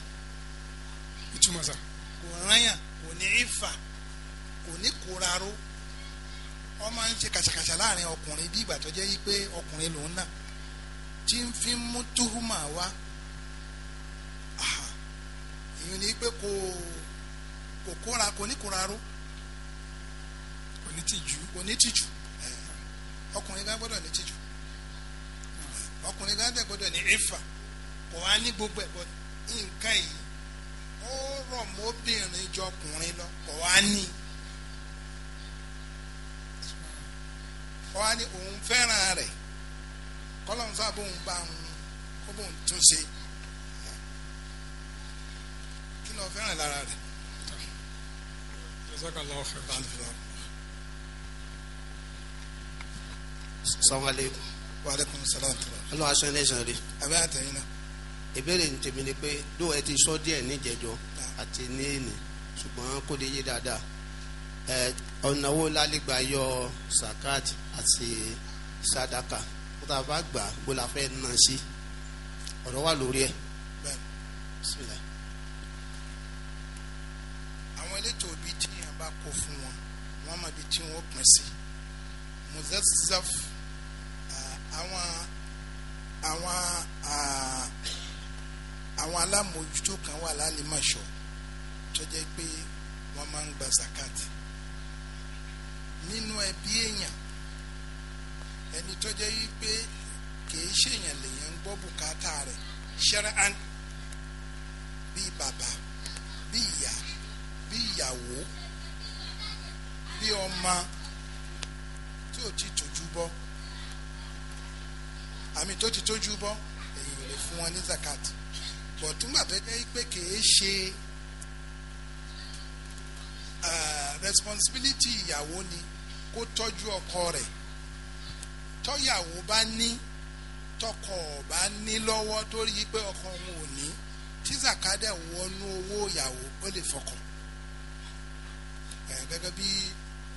ìtumọ̀ sá. kò rányà kò ní ìfà kò ní kóraró wọ́n ń ṣe kàṣàkàṣà láàrin ọkùnrin bí ìgbà tó jẹ́ yí pé ọkùnrin lòun náà tí ń fi mú túhùmà wá ìyẹn ni pé kò kò kóra kò ní kóra ró kò ní tìjú kò ní tìjú ọkùnrin gan gbọ́dọ̀ ní tìjú ọkùnrin gan dẹ̀ gbọ́dọ̀ ní efa kò wá ní gbogbo ẹ̀ bọ́ nǹkan yìí ó rọ̀ mọ́bìnrin jọ ọkùnrin lọ kò wá ní. wọ́n á ní òun fẹ́ràn rẹ̀ kọ́lọ́n sábà bá òun kó bóun tún ṣe kí ló fẹ́ràn lára rẹ̀. sọ́wọ́n aleykum. wàlẹ́kùn sàlámù tó. ọlọ́wà aṣọ ilé ìṣàn rí. abẹ́ àtẹ̀yìn náà. ìbéèrè ní tèmi ni pé ló ẹ ti sọ díẹ̀ níjẹjọ àti ní èní ṣùgbọ́n kó lè yé dáadáa ọ̀nà wo lálẹ́gbà yọ zakat àti sadaka kó tá a bá gbà bó la fẹ́ nà sí ọ̀rọ̀ wà lórí ẹ̀. bismillah elétò òbí tíyàn bá kó fún wọn wọ́n mọ ibi tí wọ́n pín sí muzazaf àwọn àwọn àwọn alámòjútó kan wà lálẹ́mọ̀ṣọ́ tó jẹ́ pé wọ́n máa ń gba zakat nínú ẹbí èèyàn ẹni tó jẹ́ wípé kìí ṣèyàn lèyàn ń gbọ́ bùkátà rẹ̀ ṣẹ́rẹ́ bíi bàbá bíi ìyá bí ìyàwó bí ọmọ tí ò ti tójú bọ́ àmì tó ti tójú bọ́ èyí ò lè fún wọn ní zakat bọ̀túngbà tó jẹ́ pé kìí ṣe responsibility ìyàwó ni kó tọ́jú ọkọ rẹ̀ tọ́yàwó bá ní tọkọ bá ní lọ́wọ́ torí pé ọkọ òun ò ní tí zakadẹ wọnú owó ìyàwó ó lè fọkàn. Eh, gẹ́gẹ́ bí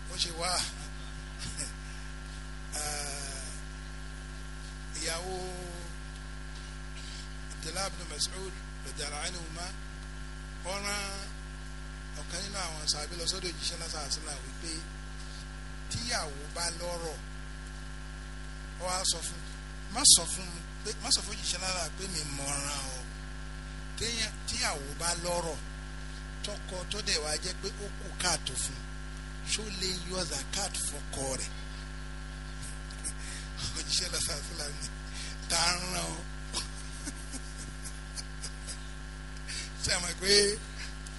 wọ́n ṣe wá eh, ìyàwó Abdullahi ibn Mas'ud radiyallahu anhuma ọ̀ràn ọ̀kan nínú àwọn sàbí lọ sọ́dọ̀ òjíṣẹ́ lásán àṣìlá wípé tíyàwó bá lọ́rọ̀ ọ wá sọ fún má sọ fún má sọ fún òjíṣẹ́ lára pé mi mọ̀ràn ọ tíyàwó bá lọ́rọ̀ tọkọ tó dẹ̀ wá jẹ́ pé ó kù káàtó fún ṣó lè yọ zakat fọkọ rẹ̀ òjíṣẹ́ lọ́sàásílà ni tá a ràn ọ́ ṣe àmọ̀ pé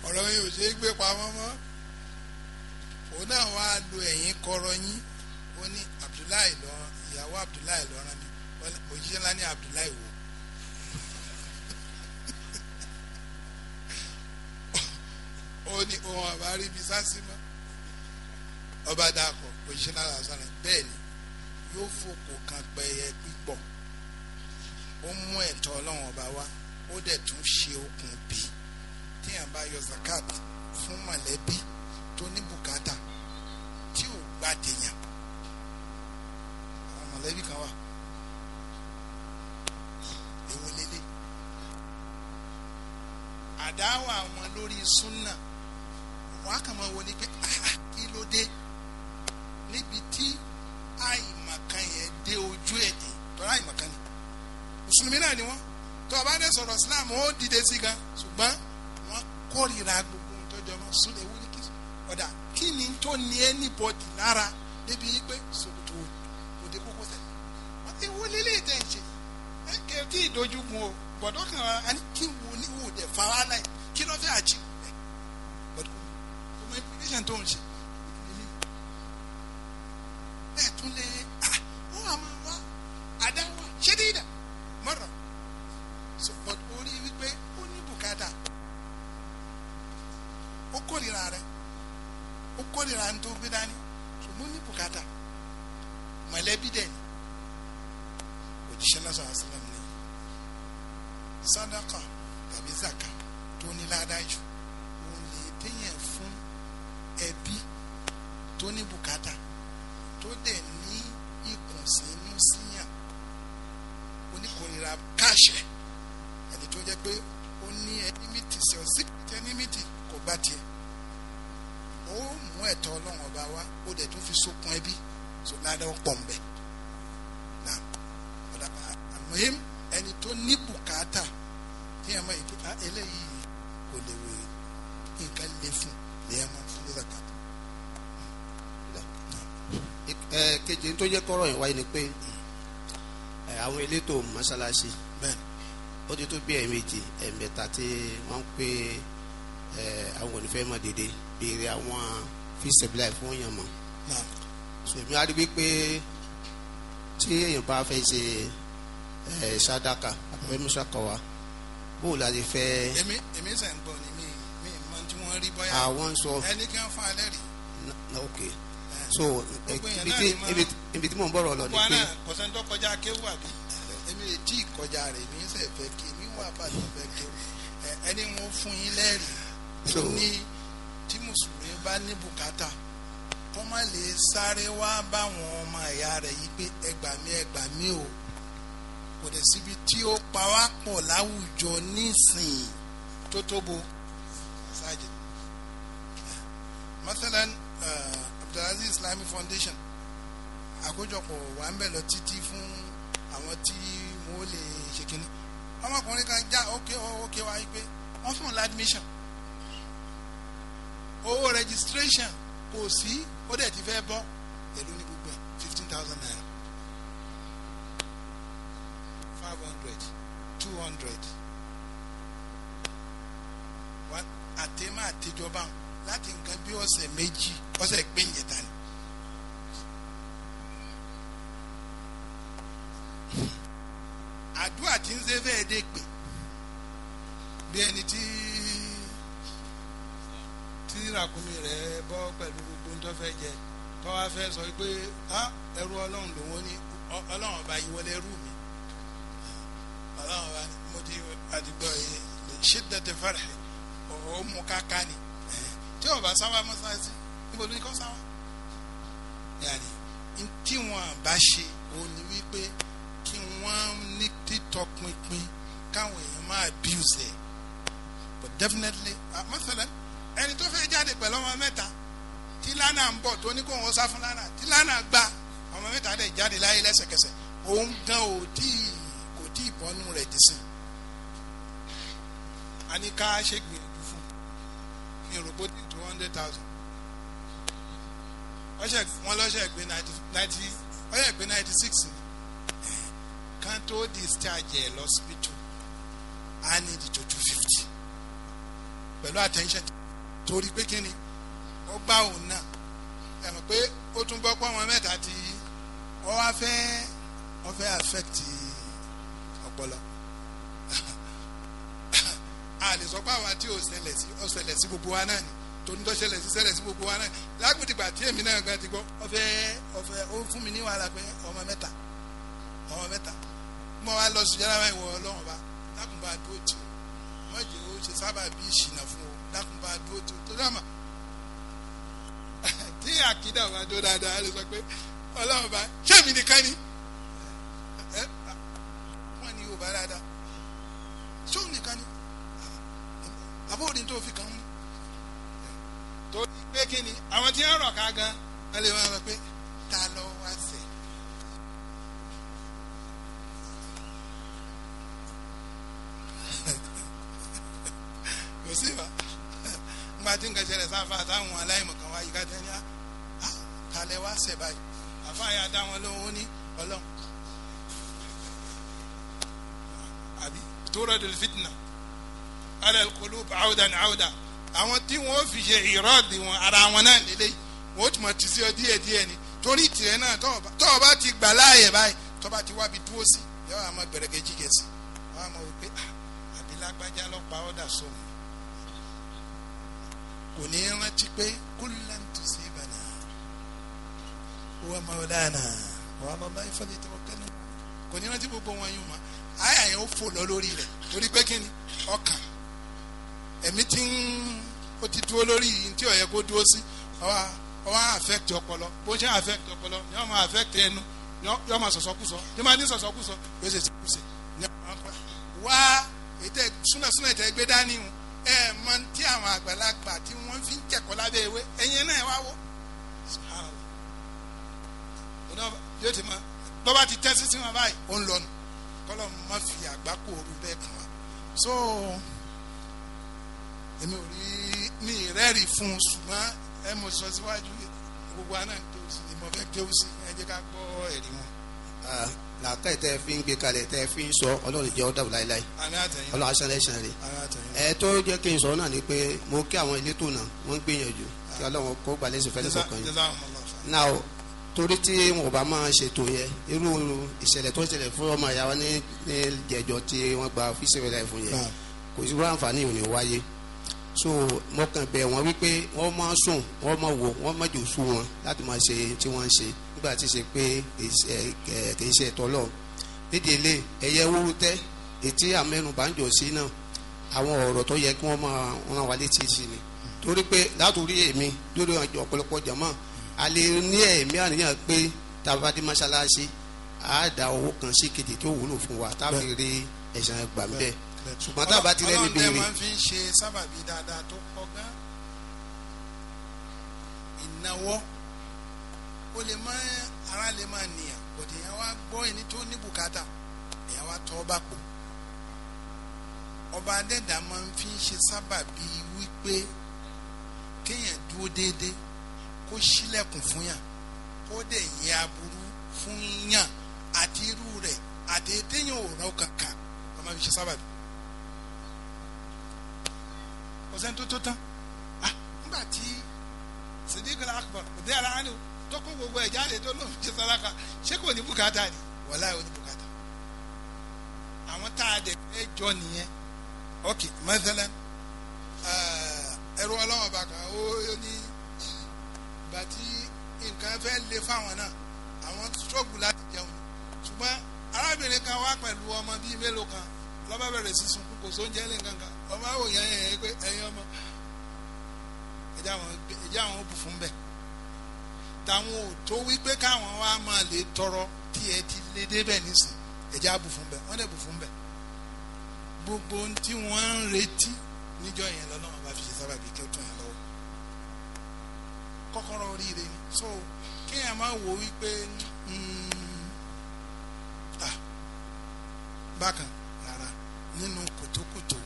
ọ̀rọ̀ yìí ò ṣe é gbé pamọ́ mọ́ òun náà wá lo ẹ̀yìn kọrọ yín ó ní Abdullahi lọ ìyàwó Abdullahi lọ mi òjíṣẹ́ ńlá ní Abdullahi wò. ó ní òun ọba rí ibi sásí mọ́ ọba dàkọ̀ òṣìṣẹ́ náà làwọn sọ̀rọ̀ bẹ́ẹ̀ ni yóò fòkò kan pẹ̀yẹ pípọ̀ ó mú ẹ̀tọ́ ọlọ́run ọba wá ó dẹ̀ tún ṣe okùn bí téèyàn bá yọ zakat fún mọ̀lẹ́bí tó ní bùkátà tí ò gbà dèèyàn àwọn mọ̀lẹ́bí kan wà àdáwọ̀ àwọn lórí súnà wàá kàn máa wọ ni pé ah, ah, kí ló dé níbi tí àìmọ̀kan yẹn dé ojú ẹ̀ ní tọ́lá àìmọ̀kan ni mùsùlùmí náà ni wọ́n tó o bá dé sọ̀rọ̀ Islam ó dìde sí gan ṣùgbọ́n wọ́n kórìíra gbogbo ìtọ́jú ọmọ sólè wúlí ọ̀dà kí ni tó ní anybody lára débi pé sòkòtò òde kókó sẹ́yìn wọ́n ti wú lílé ìtẹ̀ ń ṣe ẹ̀ kẹ́ tí ìdójúgun o gbọ́dọ̀ kan ara kí wo ni wò dé fara kí ló fẹ́ àjì vision tó ń ṣe bẹ́ẹ̀ tún lé ah, wọ́n á máa wá àdáwà ṣé dídà mọ́rọ̀ so but orí wípé ó ní bùkátà ó kórìíra rẹ̀ ó kórìíra ní tó gbé dání ṣùgbọ́n ó ní bùkátà mọ̀lẹ́bí dẹ̀ ni òjíṣẹ́ náà sọ̀rọ̀ sílẹ̀ mi sàdákà tàbí zaka tó ní ládàá òun lè téèyàn ẹbí tó ní bùkátà tó dẹ̀ ní ìkùnsínú síyàn oníkòrira káṣẹ ẹni tó jẹ́ pé ó ní ẹnímìtì sí ọsí ẹnímìtì kò gbá tiẹ̀ ó mú ẹ̀tọ́ ọlọ́run ọba wa ó dẹ̀ tún fi sókun ẹbí so ládàá pọ̀ ń bẹ̀ náà ọ̀dà àmọ́yé ẹni tó ní bùkátà ní ẹ̀mọ́ ìpínlẹ̀ eléyìí kò lè wé nǹkan lè fún ní ẹ̀mọ́ zakat kejì tó jẹ́ kọ́rọ̀ yẹn wáyé ni pé àwọn elétò mọ́sálásí ó ti tó bí ẹ̀ẹ̀mejì ẹ̀ẹ̀mẹ́ta tí wọ́n ń pè àwọn onífẹ́ mọ̀ dédé béèrè àwọn fíṣẹ̀bíláì fún yàn mọ́ sèmi á rí wípé tí èèyàn bá fẹ́ ṣe ṣádáka àbẹ̀mísàkọ̀wá bóòlù àti fẹ́. èmi èmi sẹ̀ ń bọ̀ ni ẹlẹ́rìí bọ́yá àwọn sọ ẹni kí wọ́n fún ẹlẹ́rìí. ok so ibi tí mò ń bọ̀rọ̀ lọ ni pé. wọn kò sẹ́ni tó kọjá kéwù àbí èmi lè tí ì kọjá rẹ̀ mi ń sẹ̀fẹ̀ kí mi wà bàtà fẹ́ kéwù ẹni wọn fún yín lẹ́rìí tó ní tí mùsùlùmí bá ní bùkátà kó má lè sáré wá báwọn ọmọ ẹ̀yà rẹ̀ yìí pé ẹgbà mí ẹgbà mí o kò dẹ̀ síbi tí ó pa wá pọ̀ láwùjọ nísìnyí tó tó مثلا uh, Abdul Aziz Islamic Foundation àkójọpọ̀ wà ń bẹ̀ lọ títí fún àwọn tí wọ́n lè ṣe kínní ọmọkùnrin kan já ókè ókè wá pé wọ́n fún un ládmíṣàn owó registration kò sí ó dẹ̀ ti fẹ́ bọ́ èlò ní gbogbo ẹ̀ fifteen thousand naira five hundred two hundred àtẹ̀mọ́ àtẹ̀jọba láti nǹkan bí ọ̀sẹ̀ méjì ọ̀sẹ̀ pé ń jẹta ni. àdúrà tí ń ṣe fẹ́ẹ́ dé pè bí ẹni tí tí ràkúnmí rẹ̀ bọ́ pẹ̀lú gbogbo ń tọ́fẹ́ jẹ tọ́wá fẹ́ sọ pé ẹrú ọlọ́run lòun ní ọlọ́run ọba yìí wọlé ẹrú mi ọlọ́run ọba mo ti àdìgbò yìí ṣídẹ̀tẹ̀ fẹ́rẹ̀ ọ̀hún mú káká ni tí wọn bá sáwá mọ́sáàsì níbo ló ní kọ́ sáwá yàrá tí wọn bá ṣe òun ni wípé kí wọ́n ní títọpinpin káwọn èèyàn máa abuse ẹ̀ but definitely àmọ́sọ̀lẹ̀ ẹni tó fẹ́ jáde pẹ̀lú ọmọ mẹ́ta tí lánà ń bọ̀ tó ní kó wọn sá fún lánà tí lánà gba ọmọ mẹ́ta dẹ̀ jáde láyé lẹ́sẹ̀kẹsẹ̀ òun gan ò tí kò tí ì bọ́nú rẹ̀ dì sí i a ní ká ṣègbè mi rò two hundred thousand wọ́n lọ́sẹ̀ pé ninety wọ́n yẹ pé ninety six kan tó discharge ẹ̀ lọ́sibítù á ní ìdìjọ́ two fifty pẹ̀lú attention torí pé kí ni ó gbá òun náà ẹ mọ̀ pé ó tún gbọ́ pọ́n wọn mẹ́ta tí wọ́n wá fẹ́ wọ́n fẹ́ affect ọpọlọ a lè sọ pé àwa tí ò ṣẹlẹ̀ sí ó ṣẹlẹ̀ sí gbogbo wa náà ni tòun tó ṣẹlẹ̀ sí ṣẹlẹ̀ sí gbogbo wa náà ni lágbèdìgbà tí èmi náà gan ti gbọ́ ọ̀fẹ́ ọ̀fẹ́ ó fún mi ní wàhálà pé ọmọ mẹ́ta ọmọ mẹ́ta mo wá lọ sùn yàrá ìwọ ọlọ́run ba lákùnbà dúró tì mọ́ jẹ́ ó ṣe sábà bí ìṣìnà fún o lákùnbà dúró tì tó dáàmà tí àkídà wa dó dáadáa lè sọ pé ọlọ́run ba ṣé èmi nìkan ni wọ́n ní yorùbá dáadáa ṣé òun nìkan ni àbóòdì tó fi kàn mú torí pé kí ni àwọn tí ń rọ̀ ká gan wọ́n lè wọ́n lọ pé ta lọ wá sẹ̀. kò sí wa nígbà tí nǹkan ṣẹlẹ̀ sáfà táwọn aláìmọ̀kan wá yìí ká tẹ́ ní à ah, ah, ta lẹ wá sẹ̀ báyìí àfáàyà dá wọn lóhùn ní ọlọ́run àbí tó rọ̀ dùn fìtìnà ala alqulub awdan awda àwọn tí wọ́n fi ṣe ìrọ́ọ̀dì wọn ara wọn náà lélẹ̀ wọ́n ti mọ̀ ti sí ọ díẹ̀ díẹ̀ ni torí tìrẹ náà tọ́ ọ bá ti gbà láàyè báyìí tọ́ bá ti wá bi dúró sí yọ àmọ́ bẹ̀rẹ̀gẹ̀ jíjẹ sí wọ́n á mọ̀ wípé ah, àbí lágbájá lọ́pàá ọ̀dà sóhun kò ní rántí pé kullan tusibana huwa maulana wa ala Allahi falyatawakkalna kò ní rántí gbogbo wọn yóò mọ̀ àyà yẹn ó fò lọ lórí rẹ̀ torí pé kí ni ọkàn ẹ̀mí tí ń ó ti dúró lórí yìí tí ó kó dúró sí ọwọ́ ọwọ́ affect ọpọlọ bó ṣe affect ọpọlọ yọ máa affect ẹnu yọ máa sọ̀sọ̀kùsọ yọ máa ní sọ̀sọ̀kùsọ yóò ṣe ṣèkùsẹ̀ yọ máa pa wá ètò súnàsúnà ìtẹ́ gbé dání o ẹ mọ tí àwọn àgbàlagbà tí wọ́n fi ń jẹ̀kọ́ lábẹ́ ewé ẹ̀yìn náà wá wọ́ yóò ti mọ lọ́ba ti tẹ́ sí sí wọn báyìí ó ń lọ nù kọ́lọ́ mọ́ fi àgbákò òru bẹ́ẹ̀ kàn wá so èmi ò rí mi ìrẹ́rì fún un ṣùgbọ́n ẹ mọ̀ sọ síwájú gbogbo àná kéwù sí ìmọ̀ fẹ́ kéwù sí ẹ jẹ́ ká gbọ́ ẹ̀rí wọn. làákà tẹ fi ń gbé kalẹ̀ tẹ fi ń sọ ọlọ́run jẹ́ ọ́dà láéláé ọlọ́run aṣáláṣán rẹ̀ ẹ tó jẹ́ kí n sọ náà ni pé mo kí àwọn elétò náà wọ́n gbìyànjú kí ọlọ́run kó gbalẹ̀ sí fẹ́ẹ́ sọ̀kan yìí. now torí tí wọn bá máa ṣètò yẹn irú ìṣẹ̀lẹ̀ tó ṣẹlẹ̀ fún ọmọ ìyá wa ní jẹ̀jọ́ tí wọ́n gba ọ́fíìsì rẹ̀ fún yẹn kò sí wọ́n àǹfààní ò ní wáyé so mo kàn bẹ̀ wọ́n wípé wọ́n máa sùn wọ́n máa wò wọ́n máa jò sú wọn láti máa ṣe tí wọ́n ń ṣe nígbà tí ṣe pé kì í ṣe ẹ̀tọ́ lọ nídìí ilé ẹ̀yẹ wúrú tẹ́ ètí àmẹ́nubà ń jọ sí náà àwọn ọ̀rọ̀ tó yẹ kí wọ́n máa ran wa létí sí ni torí pé látòrí èmi lórí ọ̀pọ̀lọpọ̀ jàmọ́ a lè ní ẹ̀mí àníyàn pé tabadi mọ́ṣáláṣí a dá owó kan sí kejì tó wúlò fún wa tábìrì ẹ̀sán ẹgbàá ń bẹ́ẹ̀ ṣùgbọ́n tá a bá ti rẹ́ ní béèrè. ọlọ́run máa fi ń ṣe sábàbí dáadáa tó pọ̀ gan ìnáwó ó lè mọ ara lè máa nìyàn bọ̀dé yẹn wá gbọ́ ẹni tó ní bùkátà ẹ̀yà wá tọ́ ọba pò ọba adẹ́dàá máa ń fi ń ṣe sábàbí wípé kéèyàn dúró déédéé kó ṣílẹ̀kùn fún yàn kó dẹ̀ yẹ aburú fún yàn àti irú rẹ̀ àti ètèyàn ò rọ kàkà ọmọ fi ṣe sábàbí kò sẹ́ni tó tó tán ah nígbà tí Siddiqul Akbar òde ara hàn tó kó gbogbo ẹ̀ jáde tó lóun ṣe sàráà ṣé kò ní bùkátà ni wàláhì ò ní bùkátà àwọn tá a dẹ̀ fẹ́ jọ nìyẹn ok mathalan eh, ẹ̀rọ ọlọ́wọ́ bá kan ó ní bàtí nǹkan fẹ́ lé fáwọn náà àwọn ṣọ́ọ̀bù láti jẹun ṣùgbọ́n arábìnrin kan wá pẹ̀lú ọmọ bíi mélòó kan lọ́ba bẹ̀rẹ̀ sísun kú kò sóúnjẹ lè kankan ọmọ àwòyàn yẹn pé ẹyin ọmọ ẹjẹ àwọn òbù fún bẹ́ẹ̀ táwọn ò tó wípé káwọn wá máa lè tọrọ tí ẹ ti lé débẹ̀ nísìn ẹjẹ àbù fún bẹ́ẹ̀ wọ́n dẹ̀ bù fún bẹ́ẹ̀ gbogbo ohun tí wọ́n ń retí níjọ́ yẹn lọ́nà wọn bá fi ṣe sábàbí kí ó tún yẹn lọ́wọ́ kọ́kọ́rọ́ oríire ni so kéèyàn máa wò wípé hmm, ah, bákan nínú kòtòkòtò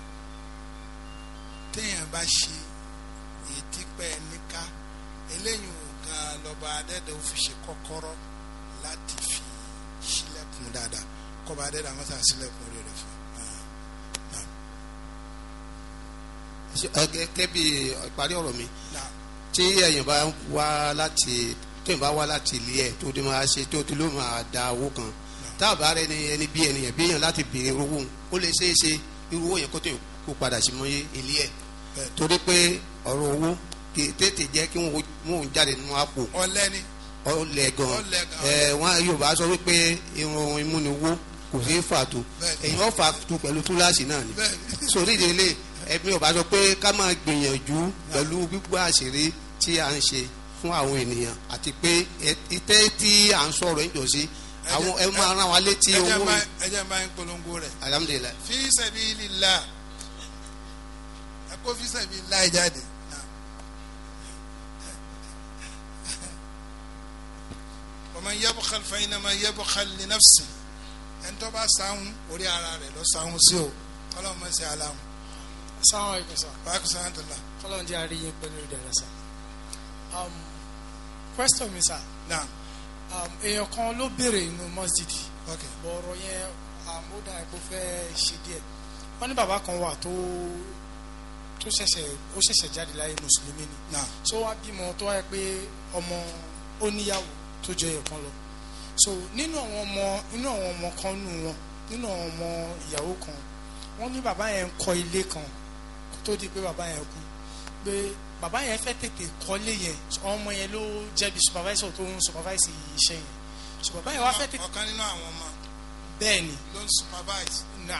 téèyàn bá ṣe ètí pẹ́ níká eléyìí ò gan lọ́ba adẹ́dẹ́ ò fi ṣe kọ́kọ́rọ́ láti fi ṣílẹ̀kùn dáadáa kọ́ba adẹ́dẹ́ àwọn tá a ṣílẹ̀kùn orí rẹ̀ fún un. gẹ́gẹ́ bí ìparí ọ̀rọ̀ mi tí èèyàn bá wá láti tó ìbá wá láti ilé ẹ̀ tó dé máa ṣe tó ti ló máa da owó kan táàbà rẹ ni ẹni bí ẹnìyàn bí èèyàn láti béèrè owó ó lè ṣeé ṣe irú owó yẹn kó tó kó padà sí mọ́ ilé ẹ̀ torí pé ọ̀rọ̀ owó kì í tètè jẹ́ kí wọ́n ò jáde nínú àpò ọlẹ́ni ọlẹ́ gan ẹ wọ́n Yorùbá sọ wípé irun imú ni owó kò sí fàtó èèyàn fàtó pẹ̀lú túláàsì náà ni sórí ìdílé ẹbí Yorùbá sọ pé ká máa gbìyànjú pẹ̀lú gbígbó àṣírí tí à ń ṣe fún àwọn ènìyàn àti pé ìtẹ́ tí à ń sọ̀rọ̀ ìjọsí àwọn ẹ máa rán wa létí owó yìí. ẹ jẹ́ máa ń polongo rẹ̀. alhamdulilayi. fi sabilillah ẹ kó fi sabilillah jáde. ọmọ yabukal fẹ́yìn ọmọ yabukal ní nafsi ẹni tó bá sáhùn orí ara rẹ̀ lọ sáhùn sí o kọ́lọ́ mọ̀ sí aláhùn. sáhùn ẹ̀kọ́ sọ. báàkì sáhùn tó la. kọ́lọ́ ń jẹ́ àríyìn pẹ̀lú ìdẹ̀rẹ̀ sọ. Um, question mi sir. naam. Um, èèyàn kan ló béèrè inú mọ́sídìí ọ̀rọ̀ yẹn àmúdà um, ẹ̀kọ́ fẹ́ ṣe díẹ̀ wọ́n ní bàbá kan wà tó tó ṣẹ̀ṣẹ̀ ó ṣẹ̀ṣẹ̀ jáde láyé mùsùlùmí ni so wá bímọ tó wáyé pé ọmọ oníyàwó tó jẹ ẹ̀kan lọ so nínú àwọn ọmọ nínú àwọn ọmọ kan nù wọn nínú àwọn ọmọ ìyàwó kan wọ́n ní bàbá yẹn ń kọ́ ilé kan tó di pé bàbá yẹn kú pé bàbá yẹn fẹ́ tètè kọ́lé yẹn ọmọ yẹn ló jẹ́bi supervisor tó ń supervise iṣẹ́ yẹn so bàbá yẹn wá fẹ́ tètè. ọ̀kan nínú àwọn ọmọ. bẹ́ẹ̀ni ló ń supervise. na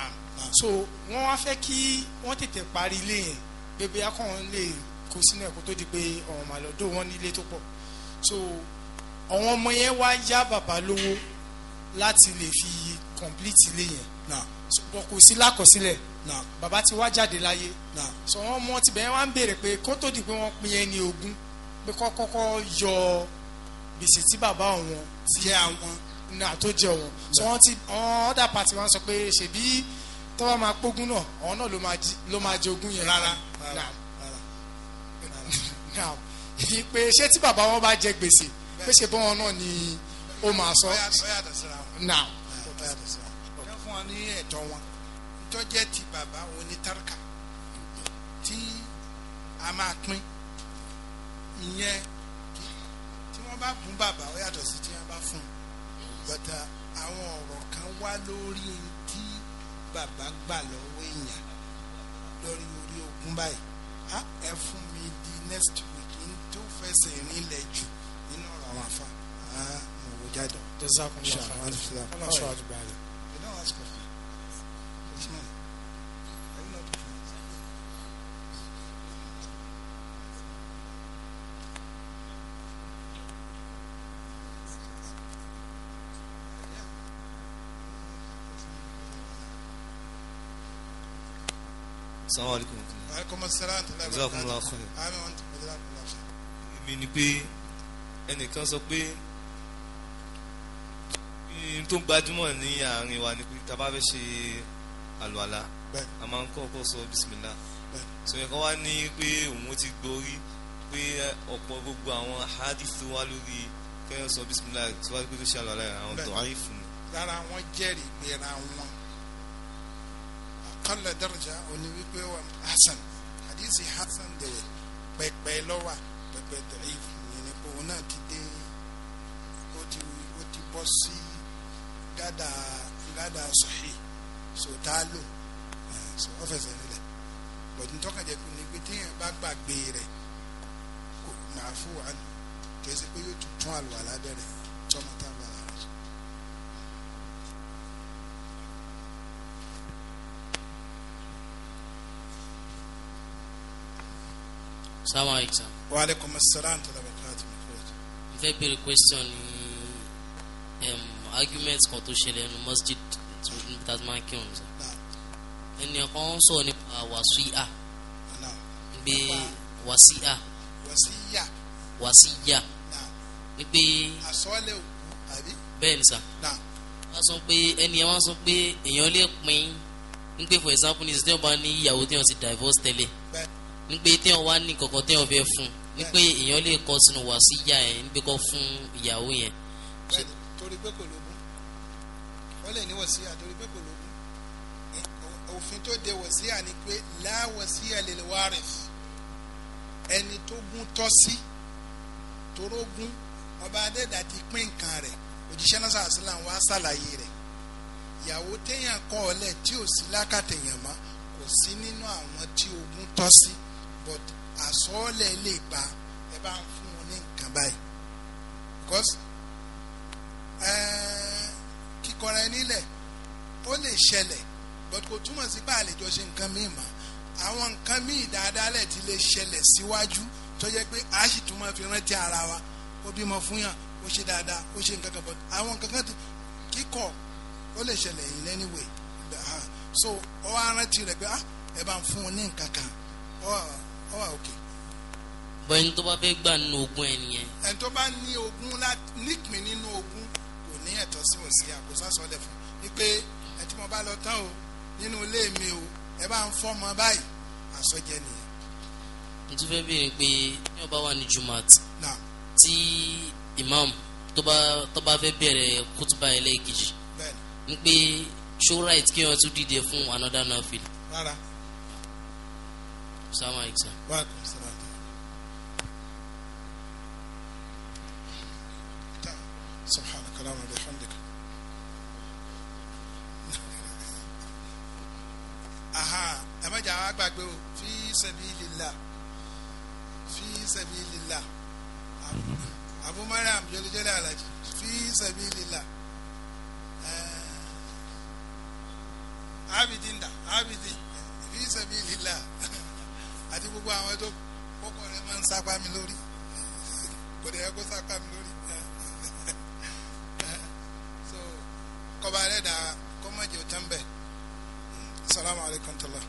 so wọ́n wá fẹ́ kí wọ́n tètè parí ilé yẹn bébí akọ́wọn lè kó sínú ẹ̀kọ́ tó di pé ọ̀hún màlọ́dọ̀ wọn nílé tó pọ̀ so àwọn ọmọ yẹn wá yá bàbá lówó láti lè fi complete ilé yẹn náà kò sí lákọsílẹ̀ náà bàbá ti wá jáde láyé náà sọ wọn mọ tibẹ̀ wá ń béèrè pé kó tó di pé wọ́n pín ẹni ogún pé kọ́ kọ́kọ́ yọ gbèsè tí bàbá wọn ti yẹ àwọn náà tó jẹ wọn sọ wọn ti ọ̀dà pàtì wọn sọ pé ṣèbí tọ́wọ́ máa pógún náà ọ̀hún náà ló máa jẹ yẹn rárá náà pé ṣé tí bàbá wọn bá jẹ gbèsè pé ṣe bọ́ wọn náà ni ó máa sọ náà fún wọn ní ẹ̀tọ́ wọn tọ́jẹ́ ti bàbá onítàrkà tí a máa pín ìyẹn tí wọ́n bá bùn bàbá ó yàtọ̀ sí tí wọ́n bá fún un bàtà uh, àwọn ọ̀rọ̀ kan wá lórí tí bàbá gbà lọ́wọ́ èèyàn lórí orí ogún báyìí ẹ fún mi di next week n tó fẹsẹ̀ rinlẹ̀ jù nínú ọ̀rọ̀ àwọn afa mo wò jáde. jésù àkùnjọ àfa ọlọ́sọ àdúgbò àlẹ́. Assalamu alaikum. salaam tó lágbàá tó lágbàá àmì wọn tó gbẹdẹ láti lọ. èmi ni pé ẹnìkan sọ pé n tó gbajúmọ̀ ní àárín wa ni pé tá a bá fẹ́ ṣe àlùwàlá a máa ń kọ́kọ́ sọ bisimilá sọyìn kan wá ní pé òun ti gborí pé ọ̀pọ̀ gbogbo àwọn àádìsí wa lórí kẹ́hìn sọ bisimilá tí wàá pé tó ṣe àlùwàlá yẹn àwọn tó ayé fún mi. lára wọn jẹ́rìí pé ra wọn akalla daraja òní wípé wà hasan hadisi hasan de pẹpẹ lọwà pẹpẹ da'if ìyẹnì pé òun náà ti dé ó ti ó ti bọ́ sí gádà gádà sahih sòtálò so ọfẹsẹ nílẹ bọdún tọkàjẹ kù ní pé téèyàn bá gbàgbé rẹ kò Assalamu alaikum. Wa alaikum assalam tó dábàá káàtì mi kúrò. Mo fẹ́ béèrè question ní um, argument kan tó ṣẹlẹ̀ ní masjid tasman kirun sọ. Ẹnì kan sọ nípa wàsíà. Gbé wàsíà. Wàsíà. Wàsíà. Ní pé. Àsọ́lẹ̀ òkú àbí. Bẹ́ẹ̀ ni sà. Wọ́n sọ pé ẹni ẹ̀ wọ́n sọ pé èèyàn lè pín ní pé for example ní ìsìtẹ́ ọba ní ìyàwó tí wọ́n ti divorce tẹ́lẹ̀ ń pé téèyàn wá ní kankan téèyàn fẹ́ fún ní pé èèyàn lè kọ sínú wàsíyà yẹn ń pé kọ́ fún ìyàwó yẹn. torí pé kò lógún wọ́n lè ní wàsíyà torí pé kò lógún òfin tó de wàsíyà ni pé láwàsíyà lè wárẹ̀ ẹni tó gún tọ́ sí torógún ọba adẹ́dà ti pín nǹkan rẹ̀ òjíṣẹ́ náà sàásìlà wa ṣàlàyé rẹ̀ ìyàwó téèyàn kọ́ ọ lẹ̀ tí ò sí lákàtẹ̀yàn mọ́ kò sí nínú àwọn tí ogún tọ́ sí but àsọ̀ọ́lẹ̀ lè gba ẹ bá ń fún wọn ní nǹkan báyìí because eh, kíkọra ẹni lẹ̀ ó lè ṣẹlẹ̀ but kò túmọ̀ sí bá a lè jọ ṣe nǹkan míì mọ́ àwọn nǹkan míì dáadáa lẹ̀ ti lè ṣẹlẹ̀ síwájú tó jẹ́ pé a sì tún fi rántí ara wa ó bímọ fún yàn ó ṣe dáadáa ó ṣe nǹkan kan but àwọn nǹkan kan kíkọ ó lè ṣẹlẹ̀ in any way ah, so ọ wá rántí rẹ̀ pé ah ẹ bá ń fún un ní nǹkan kan ọ wà òkè. bọ́ ẹni tó bá fẹ́ gbà nínú ogún ẹ nìyẹn. ẹni tó bá ní ogún nípìn nínú ogún kò ní ẹ̀tọ́ sí òsì àkóso àsọlẹ̀ fún ni pé ẹ tí mo bá lọ tán o nínú ilé mi o ẹ bá ń fọ́mọ báyìí àsọjẹ nìyẹn. mo tún fẹ́ béèrè pé ní ọba wà ní jumat tí imam tó bá tó bá fẹ́ bẹ̀rẹ̀ kútùbà ẹlẹ́ẹ̀kejì ní pé show right kí wọ́n tún dìde fún another nafil. rárá. السلام عليكم وعليكم السلام سبحان كلام بحمدك أها أما جاء أكبر في سبيل الله في سبيل الله أبو مريم جل جلالة في سبيل الله عبد الله عبد في سبيل الله àti gbogbo àwọn tó kọ́kọ́ rẹ̀ máa ń sápá mi lórí kò dẹ̀ yẹ kó sápá mi lórí kọba rẹ̀ dà kọ́mọ̀jì ò tán bẹ̀ salamu alaykum tala.